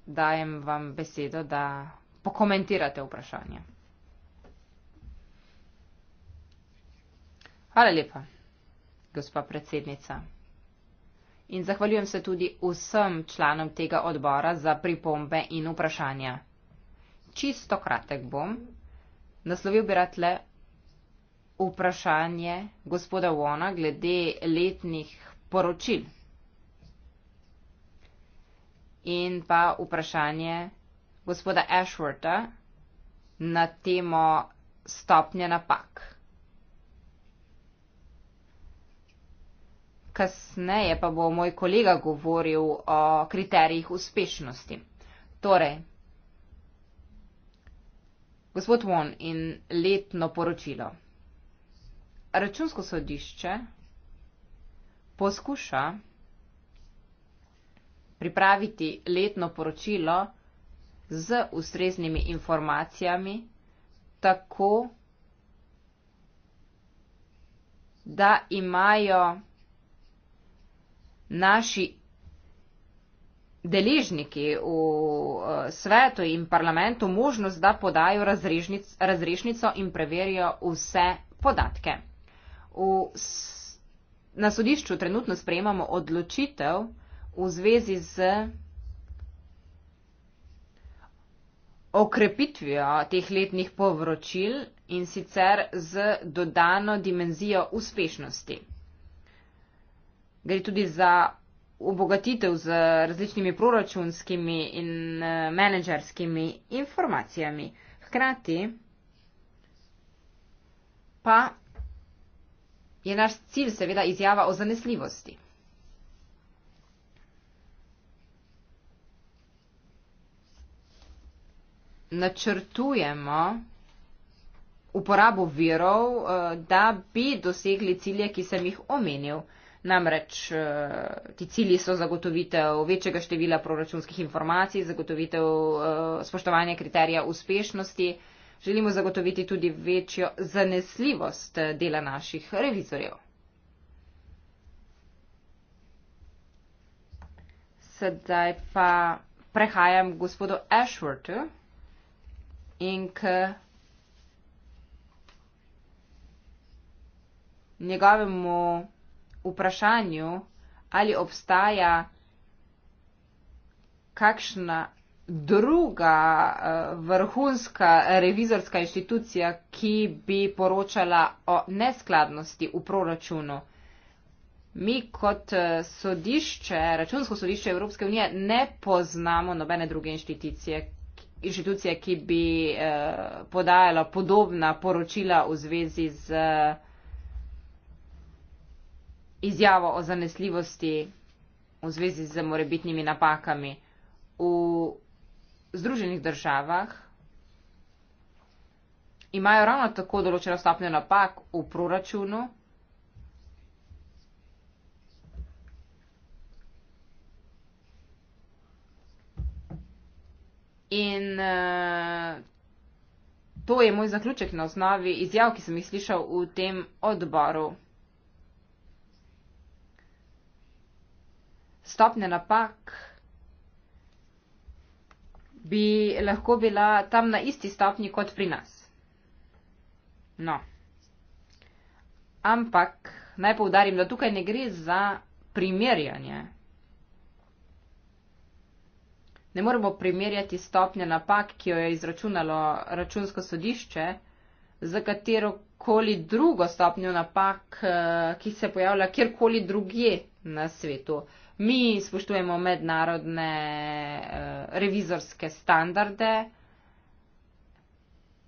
dajem vam besedo, da pokomentirate vprašanje. Hvala lepa, gospa predsednica. In zahvaljujem se tudi vsem članom tega odbora za pripombe in vprašanja. Čisto kratek bom. Naslovil bi rad le vprašanje gospoda Vona glede letnih poročil in pa vprašanje gospoda Ashworta na temo stopnje napak. Kasneje pa bo moj kolega govoril o kriterijih uspešnosti. Torej, gospod Won in letno poročilo. Računsko sodišče poskuša pripraviti letno poročilo z ustreznimi informacijami, tako da imajo naši deležniki v eh, svetu in parlamentu možnost, da podajo razrešnico in preverijo vse podatke. V, na sodišču trenutno sprejemamo odločitev, v zvezi z okrepitvijo teh letnih povročil in sicer z dodano dimenzijo uspešnosti. Gre tudi za obogatitev z različnimi proračunskimi in eh, menedžerskimi informacijami. Hkrati pa je naš cilj seveda izjava o zanesljivosti. načrtujemo uporabo virov, eh, da bi dosegli cilje, ki sem jih omenil. Namreč eh, ti cilji so zagotovitev večjega števila proračunskih informacij, zagotovitev eh, spoštovanja kriterija uspešnosti. Želimo zagotoviti tudi večjo zanesljivost dela naših revizorjev. Sedaj pa prehajam gospodu Ashwortu in k njegovemu vprašanju, ali obstaja kakšna druga eh, vrhunska revizorska inštitucija, ki bi poročala o neskladnosti v proračunu. Mi kot eh, sodišče, računsko sodišče Evropske unije ne poznamo nobene druge inštitucije, inštitucije, ki bi eh, podajala podobna poročila v zvezi z eh, izjavo o zanesljivosti v zvezi z morebitnimi napakami. V Združenih državah imajo ravno tako določeno stopnjo napak v proračunu. In uh, to je moj zaključek na osnovi izjav, ki sem jih slišal v tem odboru. Stopne napak bi lahko bila tam na isti stopni kot pri nas. No. Ampak naj poudarim, da tukaj ne gre za primerjanje ne moremo primerjati stopnje napak, ki jo je izračunalo računsko sodišče, za katero koli drugo stopnjo napak, eh, ki se pojavlja kjerkoli drugje na svetu. Mi spoštujemo mednarodne eh, revizorske standarde,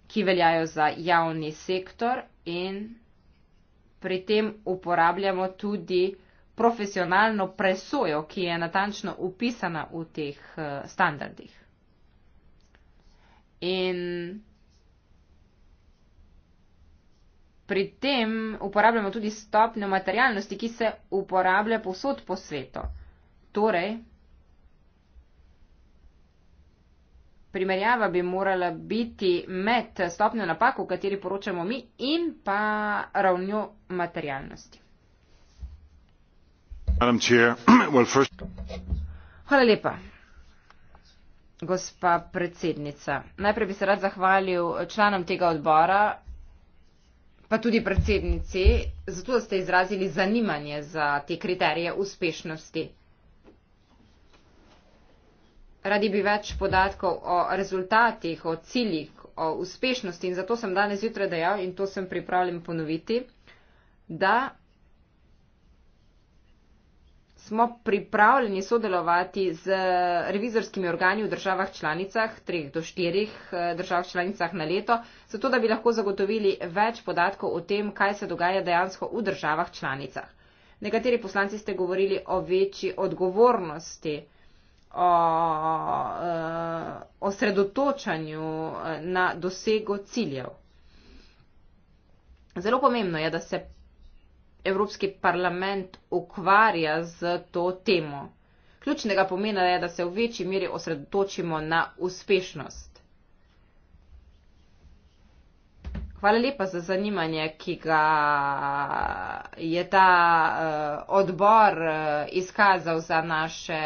ki veljajo za javni sektor in pri tem uporabljamo tudi profesionalno presojo, ki je natančno upisana v teh eh, standardih. In pri tem uporabljamo tudi stopnjo materialnosti, ki se uporablja posod po svetu. Torej, primerjava bi morala biti med stopnjo napako, v kateri poročamo mi, in pa ravnjo materialnosti. *clears throat* gospa predsednica najprej bi se rad zahvalil članom tega odbora pa tudi predsednici zato da ste izrazili zanimanje za te kriterije uspešnosti radi bi več podatkov o rezultatih o ciljih o uspešnosti in zato sem danes zjutraj dejal in to sem pripravljen ponoviti da smo pripravljeni sodelovati z eh, revizorskimi organi v državah članicah, treh do štirih eh, držav članicah na leto, zato da bi lahko zagotovili več podatkov o tem, kaj se dogaja dejansko v državah članicah. Nekateri poslanci ste govorili o večji odgovornosti, o eh, osredotočanju na dosego ciljev. Zelo pomembno je, da se Evropski parlament ukvarja z to temo. Ključnega pomena je, da se v večji meri osredotočimo na uspešnost. Hvala lepa za zanimanje, ki ga je ta uh, odbor uh, izkazal za naše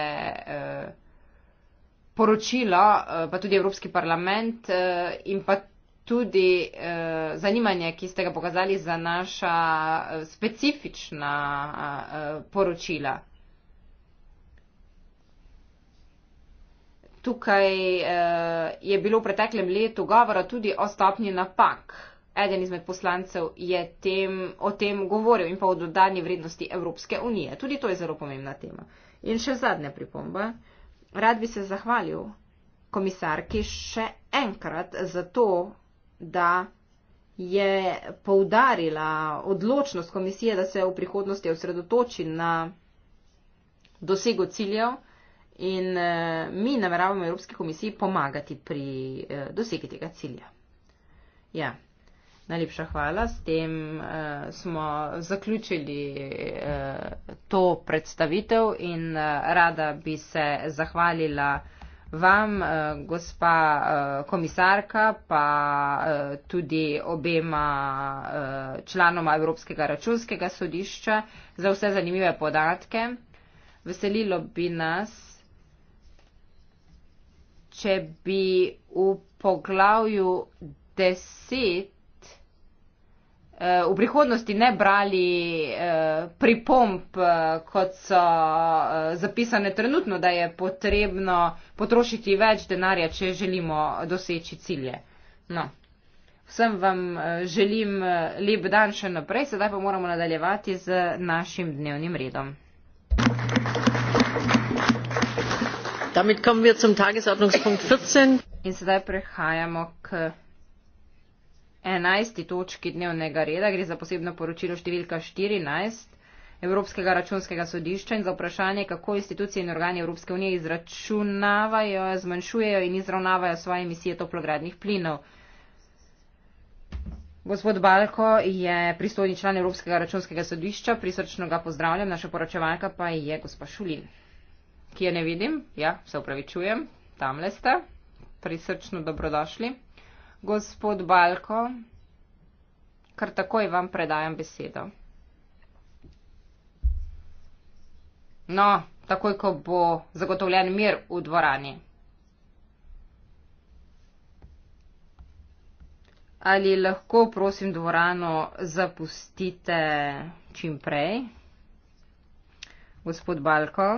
uh, poročilo, uh, pa tudi Evropski parlament uh, in pa tudi uh, zanimanje, ki ste ga pokazali za naša eh, specifična uh, poročila. Tukaj uh, je bilo v preteklem letu govora tudi o stopni napak. Eden izmed poslancev je tem, o tem govoril in pa o dodani vrednosti Evropske unije. Tudi to je zelo pomembna tema. In še zadnja pripomba. Rad bi se zahvalil komisarki še enkrat za to, da je poudarila odločnost komisije, da se v prihodnosti osredotoči na dosego ciljev in eh, mi nameravamo Evropski komisiji pomagati pri eh, dosegi tega cilja. Ja, najlepša hvala. S tem uh, smo zaključili uh, to predstavitev in uh, rada bi se zahvalila vam, eh, gospa eh, komisarka, pa eh, tudi obema članoma Evropskega računskega sodišča za vse zanimive podatke. Veselilo bi nas, če bi v poglavju 10 Eh, v prihodnosti ne brali eh, pripomp, eh, kot so zapisane trenutno, da je potrebno potrošiti več denarja, če želimo doseči cilje. No. Vsem vam želim lep dan še naprej, sedaj pa moramo nadaljevati z našim dnevnim redom. Damit kommen wir zum Tagesordnungspunkt 14. In sedaj prehajamo k 11. točki dnevnega reda, gre za posebno poročilo številka 14 Evropskega računskega sodišča in za vprašanje, kako institucije in organi Evropske unije izračunavajo, zmanjšujejo in izravnavajo svoje emisije toplogradnih plinov. Gospod Balko je pristojni član Evropskega računskega sodišča, prisrčno ga pozdravljam, naša poročevalka pa je gospa Šulin, ki je ne vidim, ja, se upravičujem, tamle ste, prisrčno dobrodošli. Gospod Balko, kar takoj vam predajam besedo. No, takoj, ko bo zagotovljen mir v dvorani. Ali lahko, prosim, dvorano zapustite čim prej? Gospod Balko,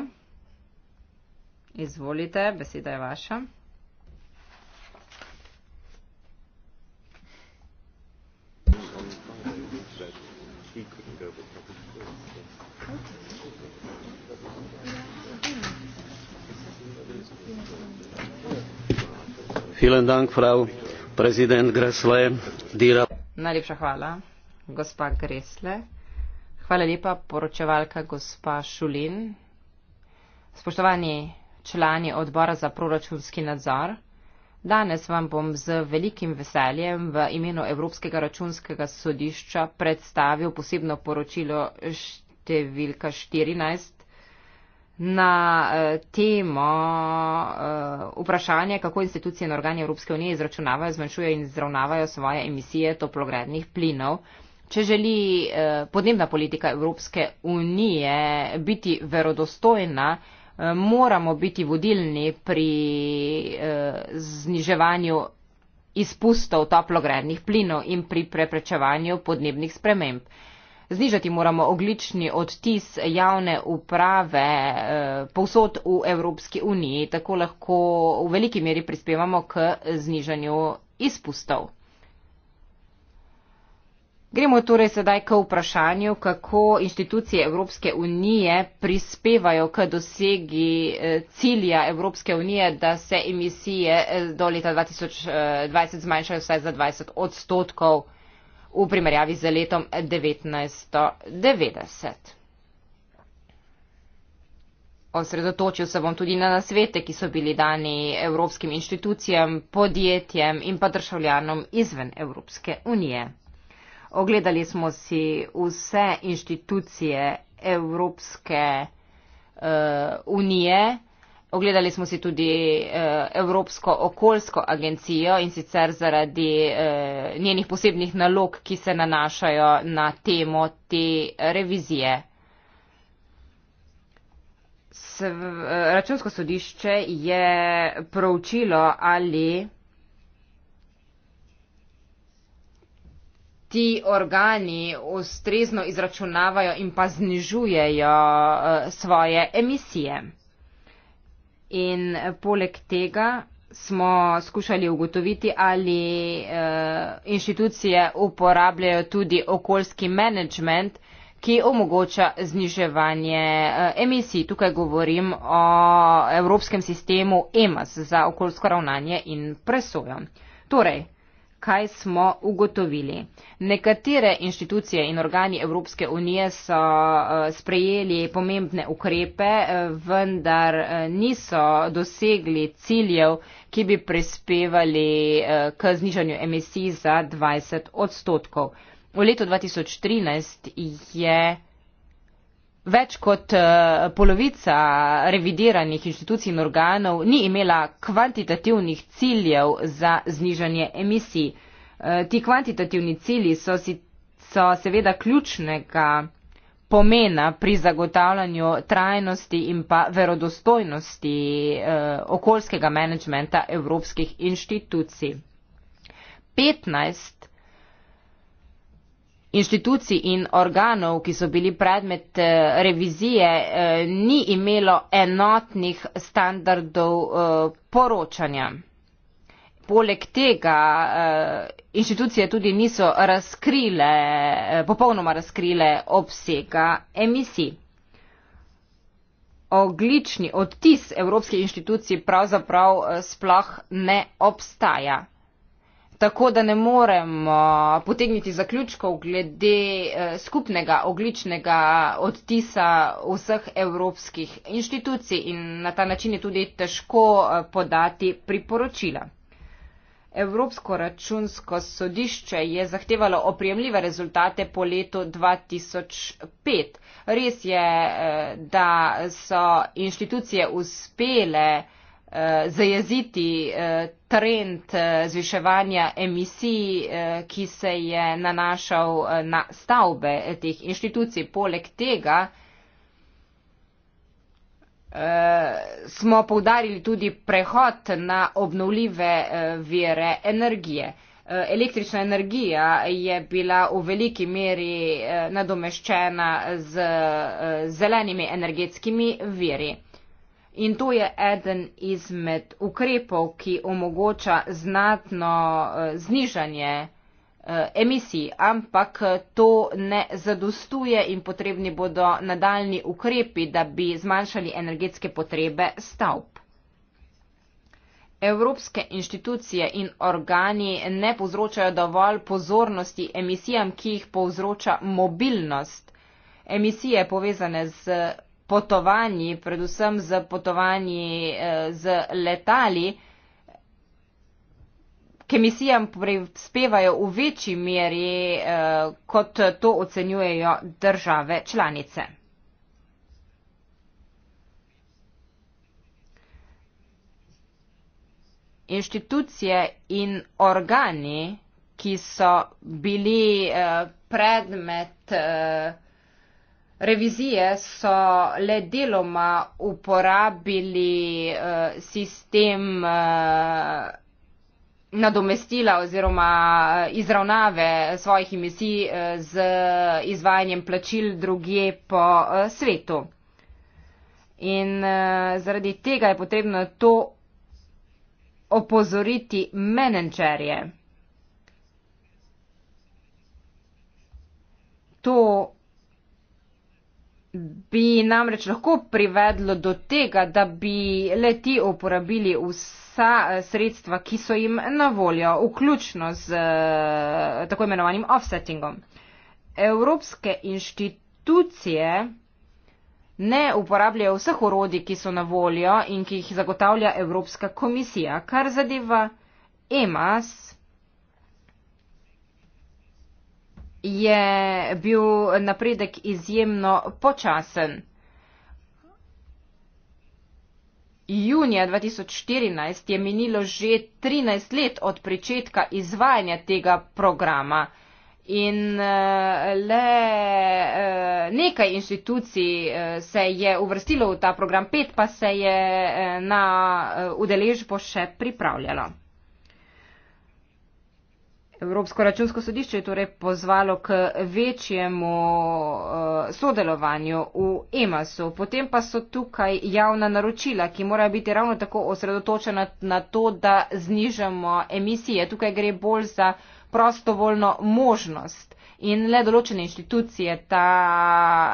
izvolite, beseda je vaša. Najlepša hvala, gospa Gresle. Hvala lepa, poročevalka gospa Šulin. Spoštovani člani odbora za proračunski nadzor, danes vam bom z velikim veseljem v imenu Evropskega računskega sodišča predstavil posebno poročilo številka 14 na eh, temo eh, vprašanja, kako institucije in organi Evropske unije izračunavajo, zmanjšujejo in zdravnavajo svoje emisije toplogrednih plinov. Če želi eh, podnebna politika Evropske unije biti verodostojna, moramo biti vodilni pri zniževanju izpustov toplogrednih plinov in pri preprečevanju podnebnih sprememb znižati moramo oglični odtis javne uprave eh, povsod v Evropski uniji, tako lahko v veliki meri prispevamo k znižanju izpustov. Gremo torej sedaj k vprašanju, kako inštitucije Evropske unije prispevajo k dosegi eh, cilja Evropske unije, da se emisije eh, do leta 2020 zmanjšajo vsaj za 20 odstotkov v primerjavi z letom 1990. Osredotočil se bom tudi na nasvete, ki so bili dani evropskim inštitucijam, podjetjem in pa državljanom izven Evropske unije. Ogledali smo si vse inštitucije Evropske uh, unije, Ogledali smo si tudi eh, Evropsko okoljsko agencijo in sicer zaradi eh, njenih posebnih nalog, ki se nanašajo na temo te revizije. Eh, Računsko sodišče je proučilo, ali ti organi ustrezno izračunavajo in pa znižujejo svoje emisije. In eh, poleg tega smo skušali ugotoviti, ali uh, inštitucije uporabljajo tudi okoljski menedžment, ki omogoča zniževanje uh, emisij. Tukaj govorim o Evropskem sistemu EMAS za okoljsko ravnanje in presojo. Torej, kaj smo ugotovili. Nekatere inštitucije in organi Evropske unije so eh, sprejeli pomembne ukrepe, eh, vendar eh, niso dosegli ciljev, ki bi prispevali k znižanju emisij za 20 odstotkov. V letu 2013 je več kot eh, polovica revidiranih inštitucij in organov ni imela kvantitativnih ciljev za znižanje emisij. Eh, ti kvantitativni cilji so, si, so seveda ključnega pomena pri zagotavljanju trajnosti in pa verodostojnosti eh, okoljskega menedžmenta evropskih inštitucij. 15 institucij in organov, ki so bili predmet eh, revizije, eh, ni imelo enotnih standardov eh, poročanja. Poleg tega inštitucije tudi niso razkrile, popolnoma razkrile obsega emisij. Oglični odtis evropskih inštitucij pravzaprav sploh ne obstaja. Tako da ne morem eh, potegniti zaključkov glede eh, skupnega ogličnega odtisa vseh evropskih inštitucij in na ta način je tudi težko eh, podati priporočila. Evropsko računsko sodišče je zahtevalo opremljive rezultate po letu 2005. Res je, da so inštitucije uspele Eh, zajeziti eh, trend eh, zviševanja emisij, ki se je nanašal na stavbe teh inštitucij. Poleg tega smo povdarili tudi prehod na obnovljive vire energije. Električna energija je bila v veliki meri nadomeščena z zelenimi energetskimi viri in to je eden izmed ukrepov, ki omogoča znatno eh, znižanje eh, emisij, ampak eh, to ne zadostuje in potrebni bodo nadaljni ukrepi, da bi zmanjšali energetske potrebe stavb. Evropske inštitucije in organi ne povzročajo dovolj pozornosti emisijam, ki jih povzroča mobilnost. Emisije povezane z potovanji, predvsem z potovanji eh, z letali, k emisijam prispevajo v večji meri, eh, kot to ocenjujejo države članice. Inštitucije in organi, ki so bili eh, predmet Revizije so le deloma uporabili uh, sistem uh, nadomestila oziroma eh, izravnave svojih emisij z izvajanjem plačil druge po svetu. In zaradi tega je potrebno to opozoriti menedžerje. To bi namreč lahko privedlo do tega, da bi leti uporabili vsa eh, sredstva, ki so jim na voljo, vključno z eh, tako imenovanim offsettingom. Evropske inštitucije ne uporabljajo vseh orodij, ki so na voljo in ki jih zagotavlja Evropska komisija, kar zadeva EMAS, je bil napredek izjemno počasen. Junija 2014 je minilo že 13 let od pričetka izvajanja tega programa in eh, le eh, nekaj inštitucij eh, se je uvrstilo v ta program, pet pa se je na udeležbo še pripravljalo. Evropsko računsko sodišče je torej pozvalo k večjemu eh, sodelovanju v EMAS-u. Potem pa so tukaj javna naročila, ki morajo biti ravno tako osredotočena na to, da znižamo emisije. Tukaj gre bolj za prostovoljno možnost in le določene inštitucije ta,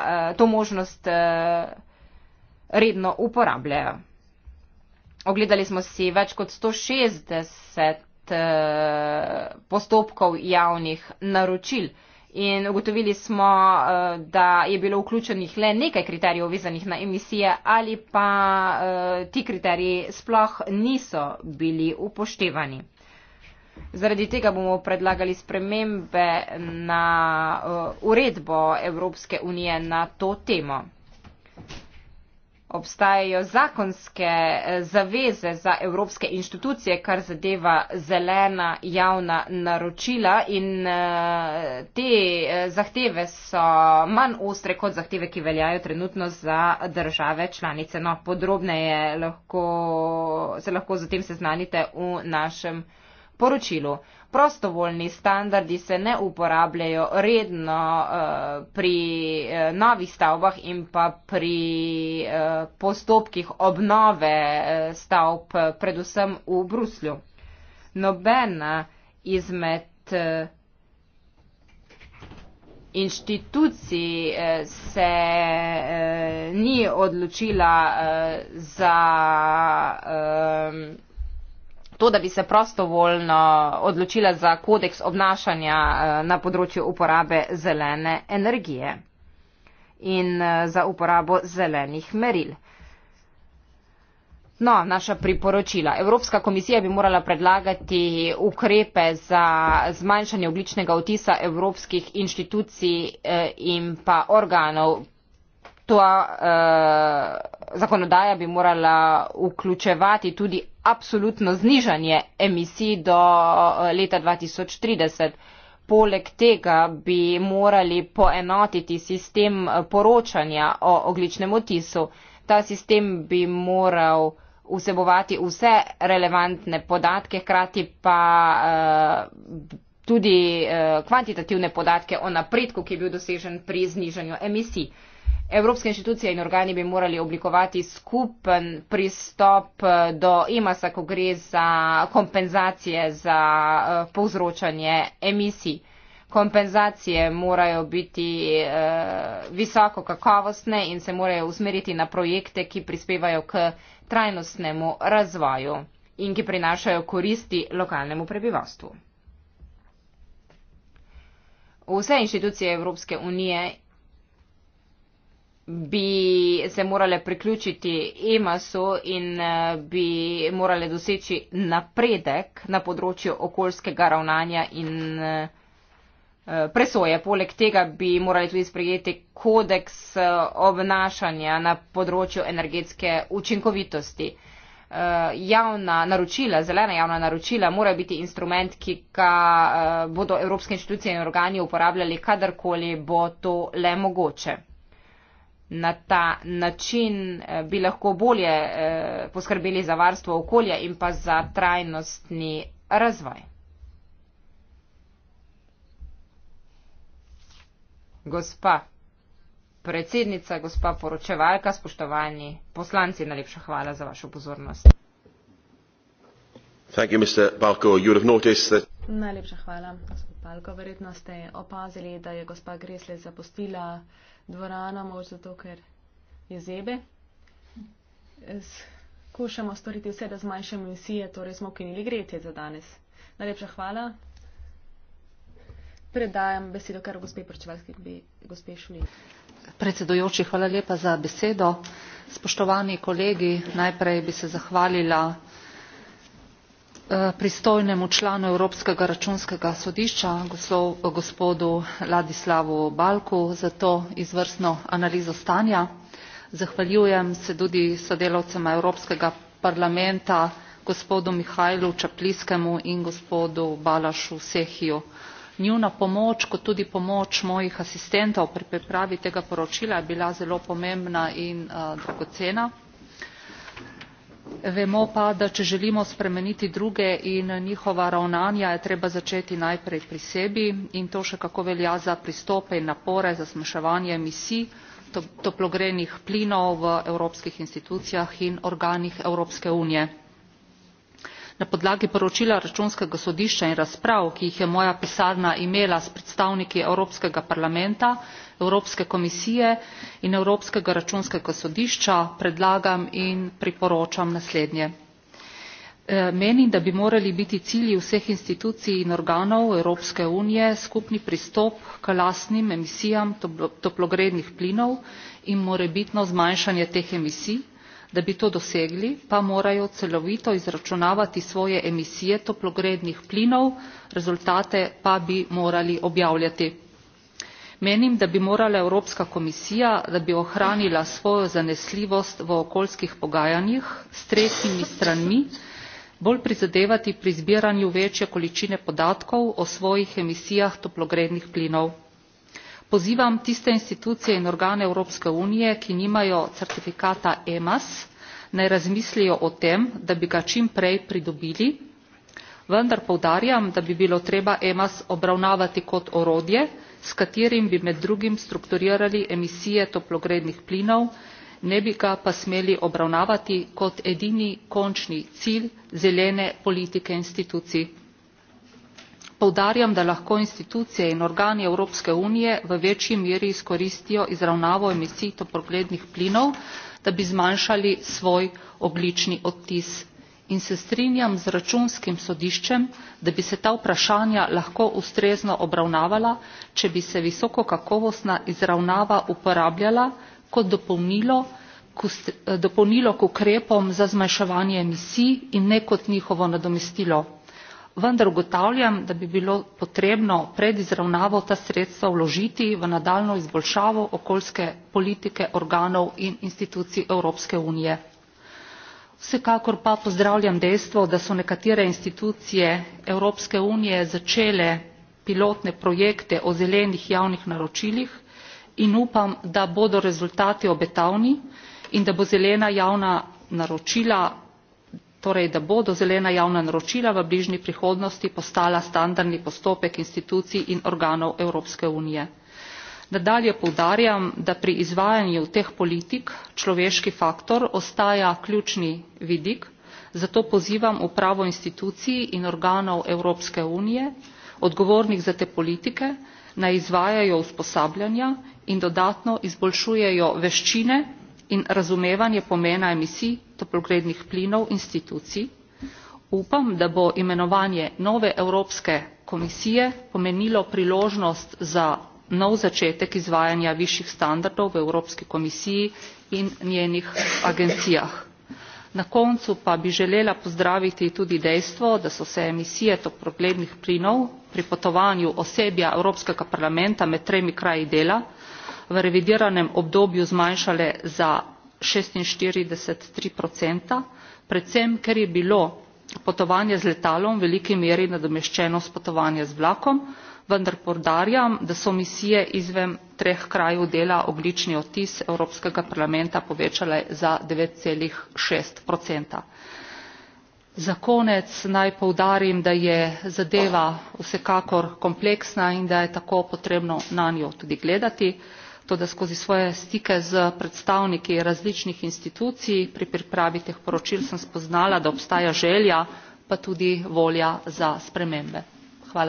eh, to možnost eh, redno uporabljajo. Ogledali smo si več kot 160 Eh, postopkov javnih naročil. In ugotovili smo, eh, da je bilo vključenih le nekaj kriterijev vezanih na emisije ali pa eh, ti kriteriji sploh niso bili upoštevani. Zaradi tega bomo predlagali spremembe na uredbo Evropske unije na to temo obstajajo zakonske eh, zaveze za evropske inštitucije, kar zadeva zelena javna naročila in eh, te eh, zahteve so manj ostre kot zahteve, ki veljajo trenutno za države članice. No, podrobneje lahko, se lahko zatem seznanite v našem poročilu prostovoljni standardi se ne uporabljajo redno uh, pri uh, novih stavbah in pa pri uh, postopkih obnove uh, stavb, predvsem v Bruslju. Nobena izmed uh, inštitucij uh, se uh, ni odločila uh, za. Uh, to, da bi se prostovoljno odločila za kodeks obnašanja eh, na področju uporabe zelene energije in eh, za uporabo zelenih meril. No, naša priporočila. Evropska komisija bi morala predlagati ukrepe za zmanjšanje ogličnega otisa evropskih inštitucij eh, in pa organov. To eh, zakonodaja bi morala vključevati tudi absolutno znižanje emisij do eh, leta 2030. Poleg tega bi morali poenotiti sistem eh, poročanja o ogličnem otisu. Ta sistem bi moral vsebovati vse relevantne podatke, hkrati pa eh, tudi kvantitativne podatke o napredku, ki je bil dosežen pri znižanju emisij. Evropske inštitucije in organi bi morali oblikovati skupen pristop eh, do EMAS-a, ko gre za kompenzacije za eh, povzročanje emisij. Kompenzacije morajo biti eh, visoko kakovostne in se morajo usmeriti na projekte, ki prispevajo k trajnostnemu razvoju in ki prinašajo koristi lokalnemu prebivalstvu. Vse inštitucije Evropske unije bi se morale priključiti EMAS-u in eh, bi morale doseči napredek na področju okoljskega ravnanja in eh, eh, presoje. Poleg tega bi morali tudi sprejeti kodeks obnašanja na področju energetske učinkovitosti. Javna naročila, zelena javna naročila morajo biti instrument, ki ga bodo evropske inštitucije in organi uporabljali, kadarkoli bo to le mogoče na ta način eh, bi lahko bolje eh, poskrbeli za varstvo okolja in pa za trajnostni razvoj. Gospa predsednica, gospa poročevalka, spoštovani poslanci, najlepša hvala za vašo pozornost. Thank you, Mr. Balko. You have noticed that... Najlepša hvala, gospod Balko. Verjetno ste opazili, da je gospa Gresle zapustila dvorana, mož zato, ker je zebe. Skušamo storiti vse, da zmanjšamo emisije, torej smo ukinili gretje za danes. Najlepša hvala. Predajam besedo kar gospe Pročevalski, bi gospe Šulin. Predsedujoči, hvala lepa za besedo. Spoštovani kolegi, najprej bi se zahvalila Eh, pristojnemu članu evropskega računskega sodišča gospodu ladislavu balku za to izvrstno analizo stanja. zahvaljujem se tudi sodelavcema evropskega parlamenta gospodu mihaelu capleskemu in gospodu balazsu sehiju. njuna pomoč kot tudi pomoč mojih asistentov pri pripravi tega poročila je bila zelo pomembna in eh, dragocena vemo pa da če želimo spremeniti druge in njihova ravnanja je treba začeti najprej pri sebi in to še kako velja za pristope in napore za zmanjševanje emisij toplogrednih plinov v evropskih institucijah in organih evropske unije na podlagi poročila računskega sodišča in razprav ki jih je moja pisarna imela s predstavniki evropskega parlamenta evropske komisije in evropskega računskega sodišča predlagam in priporočam naslednje e, menim da bi morali biti cilji vseh institucij in organov evropske unije skupni pristop k lastnim emisijam toplogrednih plinov in morebitno zmanjšanje teh emisij da bi to dosegli pa morajo celovito izračunavati svoje emisije toplogrednih plinov rezultate pa bi morali objavljati. menim da bi morala evropska komisija da bi ohranila svojo zanesljivost v okoljskih pogajanjih s tretjimi stranmi bolj prizadevati pri zbiranju večje količine podatkov o svojih emisijah toplogrednih plinov pozivam tiste institucije in organe evropske unije ki nimajo certifikata emas naj razmislijo o tem da bi ga čim prej pridobili vendar poudarjam da bi bilo treba emas obravnavati kot orodje s katerim bi med drugim strukturirali emisije toplogrednih plinov ne bi ga pa smeli obravnavati kot edini končni cilj zelene politike institucij poudarjam da lahko institucije in organi evropske unije v večji meri izkoristijo izravnavo emisij toplogrednih plinov da bi zmanjšali svoj ogljični odtis in se strinjam z računskim sodiščem da bi se ta vprašanja lahko ustrezno obravnavala če bi se visokokakovostna izravnava uporabljala kot dopolnilo dopolnilo k ukrepom za zmanjševanje emisij in ne kot njihovo nadomestilo vendar ugotavljam da bi bilo potrebno pred izravnavo ta sredstva vložiti v nadaljnjo izboljšavo okoljske politike organov in institucij evropske unije. vsekakor pa pozdravljam dejstvo da so nekatere institucije evropske unije začele pilotne projekte o zelenih javnih naročilih in upam da bodo rezultati obetavni in da bo zelena javna naročila torej da bodo zelena javna naročila v bližnji prihodnosti postala standardni postopek institucij in organov evropske unije. nadalje poudarjam da pri izvajanju teh politik človeški faktor ostaja ključni vidik zato pozivam upravo institucij in organov evropske unije odgovornih za te politike naj izvajajo usposabljanja in dodatno izboljšujejo veščine in razumevanje pomena emisij toplogrednih plinov institucij upam da bo imenovanje nove evropske komisije pomenilo priložnost za nov začetek izvajanja višjih standardov v evropski komisiji in njenih agencijah. na koncu pa bi želela pozdraviti tudi dejstvo da so se emisije toplogrednih plinov pri potovanju osebja evropskega parlamenta med tremi kraji dela v revidiranem obdobju zmanjšale za šestinštirideset tri predvsem ker je bilo potovanje z letalom v veliki meri nadomeščeno s potovanjem z vlakom vendar poudarjam da so misije izven treh krajev dela ogljični odtis evropskega parlamenta povečale za devet šest za konec naj poudarim da je zadeva vsekakor kompleksna in da je tako potrebno nanjo tudi gledati toda skozi svoje stike s predstavniki različnih institucij pri pripravi teh poročil sem spoznala da obstaja želja pa tudi volja za spremembe. Uh,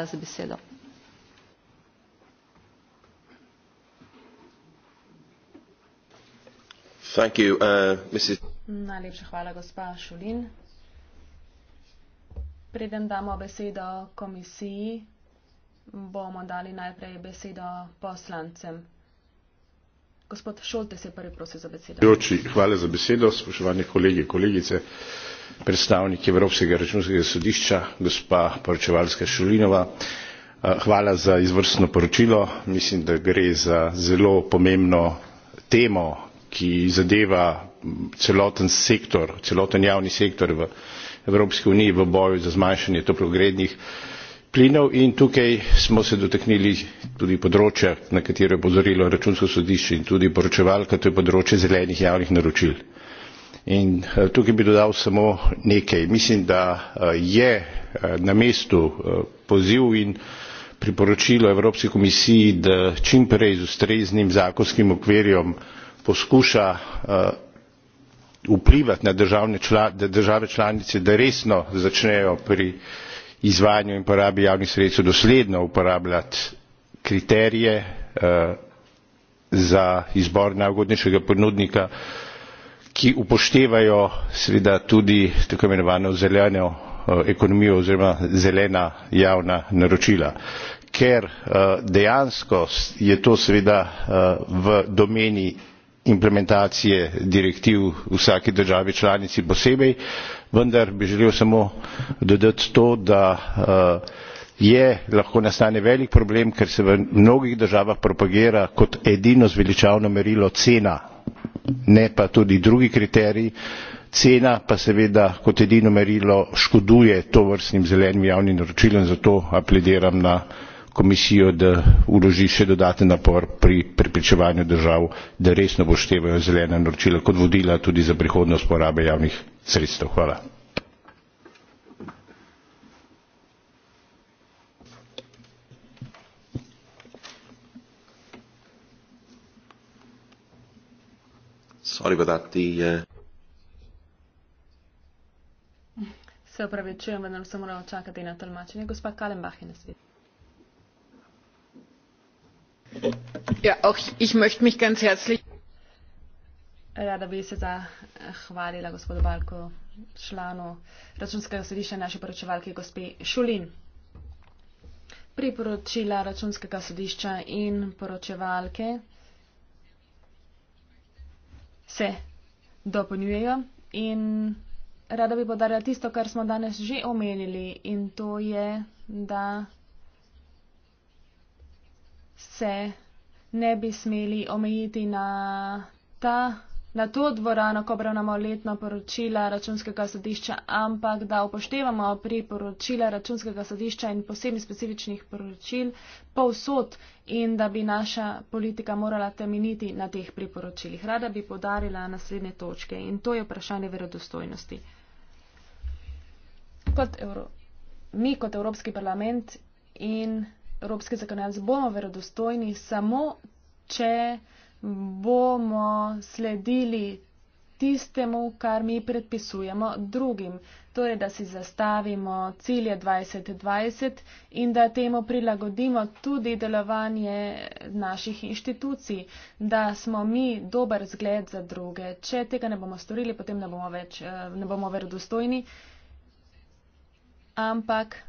preden damo besedo komisiji bomo dali najprej besedo poslancem. Gospod Šolte se prvi prosi za besedo. Hvala za besedo, spoštovani kolegi in kolegice, predstavniki Evropskega računskega sodišča, gospa poročevalska Šulinova. Eh, hvala za izvrstno poročilo. Mislim, da gre za zelo pomembno temo, ki zadeva celoten sektor, celoten javni sektor v Evropski uniji v boju za zmanjšanje toplogrednih plinov in tukaj smo se dotaknili tudi področja, na katero je pozorilo računsko sodišče in tudi poročevalka, to je področje zelenih javnih naročil. In eh, tukaj bi dodal samo nekaj. Mislim, da eh, je eh, na mestu poziv in priporočilo Evropske komisiji, da čim prej z ustreznim zakonskim okvirjem poskuša vplivati na, člani, na države članice, da resno začnejo pri izvajanju in porabi javnih sredstev dosledno uporabljati kriterije eh, za izbor najugodnejšega ponudnika ki upoštevajo seveda tudi tako imenovano zeleno eh, ekonomijo oziroma zelena javna naročila ker eh, dejansko je to seveda v domeni implementacije direktiv vsake države članice posebej vendar bi želel samo dodati to da eh, je lahko nastane velik problem ker se v mnogih državah propagira kot edino zveličavno merilo cena ne pa tudi drugi kriteriji cena pa seveda kot edino merilo škoduje tovrstnim zelenim javnim naročilom zato aplediram na komisijo, da uloži še dodaten napor pri pripričevanju držav, da resno poštevajo zelena naročila kot vodila tudi za prihodnost porabe javnih sredstev. Hvala. Sorry about that, the, uh... Se opravičujem, vendar sem moral čakati na tolmačenje. Gospa Kalenbach je na svetu. Ja, auch ich möchte mich ganz herzlich Rada bi se zahvalila gospodu Balko, članu računskega sodišča naše poročevalke gospe Šulin. Priporočila računskega sodišča in poročevalke se dopolnjujejo in rada bi podarila tisto, kar smo danes že omenili in to je, da se ne bi smeli omejiti na, ta, na to dvorano, ko obravnamo letno poročila računskega sodišča, ampak da upoštevamo pri poročila računskega sodišča in posebnih specifičnih poročil povsod in da bi naša politika morala temeniti na teh priporočilih. Rada bi podarila naslednje točke in to je vprašanje verodostojnosti. Kot Evro, mi kot Evropski parlament in evropski zakonodajalec bomo verodostojni, samo če bomo sledili tistemu, kar mi predpisujemo drugim. Torej, da si zastavimo cilje 2020 in da temu prilagodimo tudi delovanje naših inštitucij, da smo mi dober zgled za druge. Če tega ne bomo storili, potem ne bomo, več, eh, ne bomo verodostojni. Ampak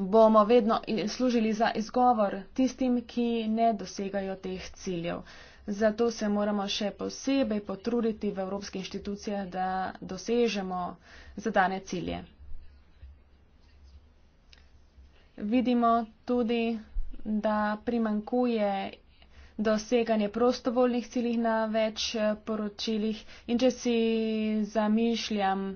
bomo vedno služili za izgovor tistim, ki ne dosegajo teh ciljev. Zato se moramo še posebej potruditi v evropske inštitucije, da dosežemo zadane cilje. Vidimo tudi, da primankuje doseganje prostovoljnih ciljih na več poročilih in če si zamišljam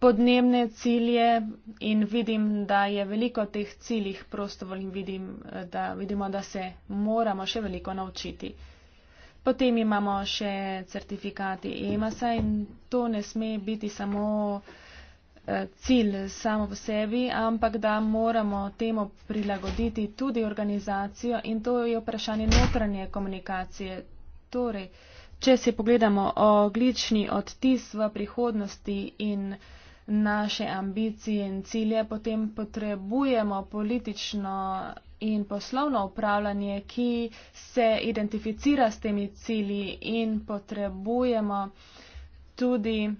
podnebne cilje in vidim, da je veliko teh ciljih prostovolj in vidim, da vidimo, da se moramo še veliko naučiti. Potem imamo še certifikati EMAS-a in to ne sme biti samo eh, cilj samo v sebi, ampak da moramo temu prilagoditi tudi organizacijo in to je vprašanje notranje komunikacije. Torej, če si pogledamo oglični odtis v prihodnosti in naše ambicije in cilje, potem potrebujemo politično in poslovno upravljanje, ki se identificira s temi cilji in potrebujemo tudi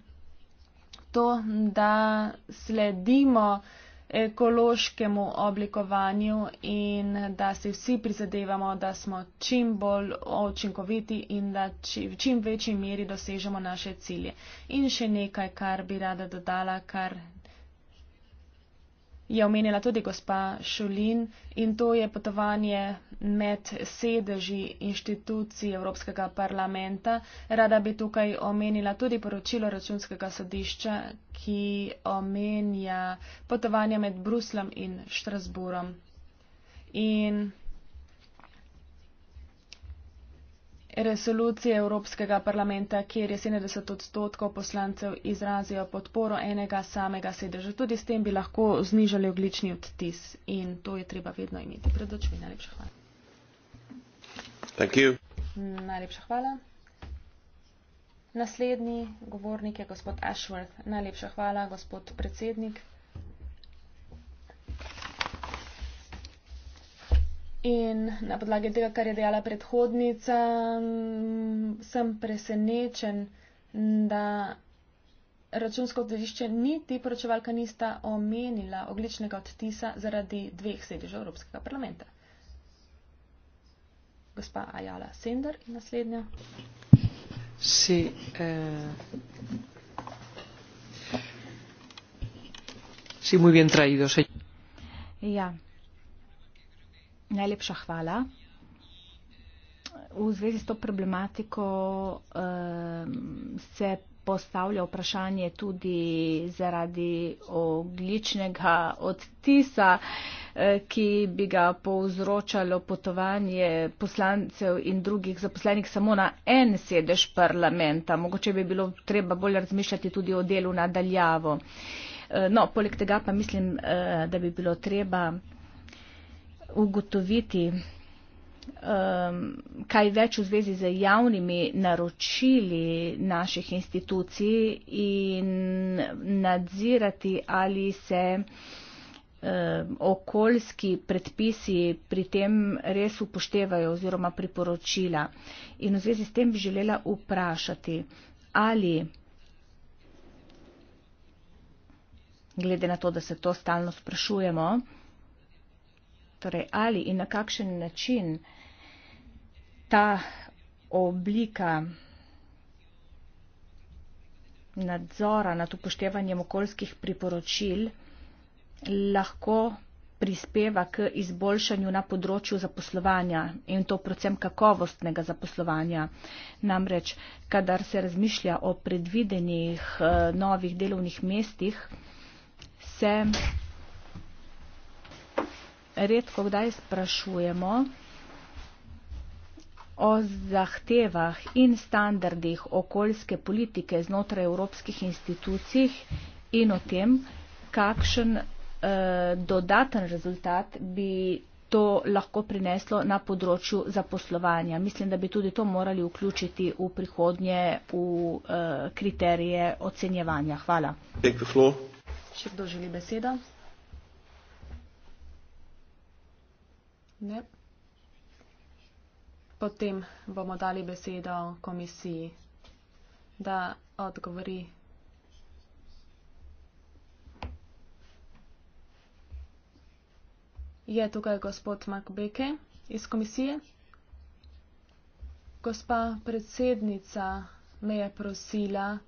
to, da sledimo ekološkemu oblikovanju in da si vsi prizadevamo, da smo čim bolj očinkoviti in da v čim večji meri dosežemo naše cilje. In še nekaj, kar bi rada dodala, kar je omenjala tudi gospa Šulin in to je potovanje med sedeži inštitucij Evropskega parlamenta. Rada bi tukaj omenila tudi poročilo računskega sodišča, ki omenja potovanje med Bruslem in Štrasburom. In resolucije Evropskega parlamenta, kjer je 70 odstotkov poslancev izrazijo podporo enega samega sedeža. Tudi s tem bi lahko znižali oglični odtis in to je treba vedno imeti pred očmi. Najlepša hvala. Najlepša hvala. Naslednji govornik je gospod Ashworth. Najlepša hvala, gospod predsednik. In na podlagi tega, kar je dejala predhodnica, mm, sem presenečen, da računsko odložišče niti poročevalka nista omenila ogličnega odtisa zaradi dveh sedežev Evropskega parlamenta. Gospa Ajala Sender in naslednja. Si, eh, si muy bien traído, señor. Ja. Najlepša hvala. V zvezi s to problematiko se postavlja vprašanje tudi zaradi ogličnega odtisa, e, ki bi ga povzročalo potovanje poslancev in drugih zaposlenih samo na en sedež parlamenta. Mogoče bi bilo treba bolj razmišljati tudi o delu nadaljavo. E, no, poleg tega pa mislim, e, da bi bilo treba ugotoviti um, kaj več v zvezi z javnimi naročili naših institucij in nadzirati, ali se um, okoljski predpisi pri tem res upoštevajo oziroma priporočila. In v zvezi s tem bi želela vprašati, ali. Glede na to, da se to stalno sprašujemo, torej ali in na kakšen način ta oblika nadzora nad upoštevanjem okoljskih priporočil lahko prispeva k izboljšanju na področju zaposlovanja in to predvsem kakovostnega zaposlovanja. Namreč, kadar se razmišlja o predvidenih eh, novih delovnih mestih, se redko kdaj sprašujemo o zahtevah in standardih okoljske politike znotraj evropskih institucij in o tem, kakšen eh, dodaten rezultat bi to lahko prineslo na področju zaposlovanja. Mislim, da bi tudi to morali vključiti v prihodnje v eh, kriterije ocenjevanja. Hvala. Še kdo želi besedo? Ne. Potem bomo dali besedo komisiji, da odgovori. Je tukaj gospod Makbeke iz komisije? Gospa predsednica me je prosila,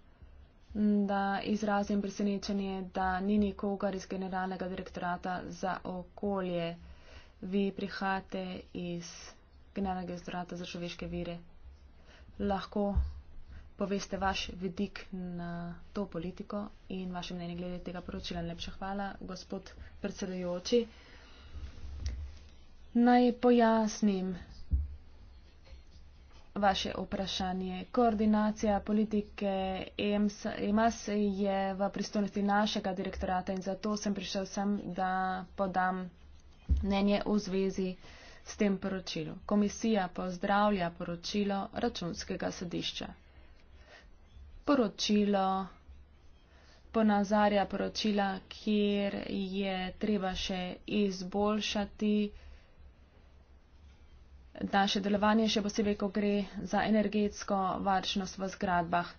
da izrazim presenečenje, da ni nikogar iz generalnega direktorata za okolje vi prihajate iz Gnanega zdrata za človeške vire. Lahko poveste vaš vidik na to politiko in vaše mnenje glede tega poročila. Lepša hvala, gospod predsedujoči. Naj pojasnim vaše vprašanje. Koordinacija politike EMAS je v pristojnosti našega direktorata in zato sem prišel sem, da podam mnenje v zvezi s tem poročilom. Komisija pozdravlja poročilo računskega sodišča. Poročilo ponazarja poročila, kjer je treba še izboljšati naše delovanje, še posebej, ko gre za energetsko varčnost v zgradbah.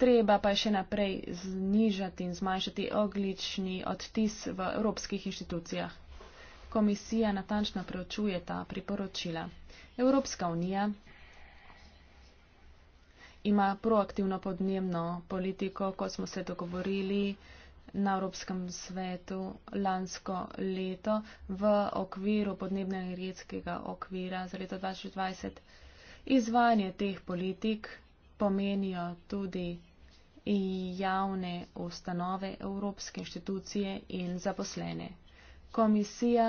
Treba pa je še naprej znižati in zmanjšati oglični odtis v evropskih inštitucijah. Komisija natančno preučuje ta priporočila. Evropska unija ima proaktivno podnebno politiko, kot smo se dogovorili na Evropskem svetu lansko leto v okviru podnebnega energetskega okvira za leto 2020. Izvajanje teh politik pomenijo tudi javne ustanove, evropske inštitucije in zaposlene. Komisija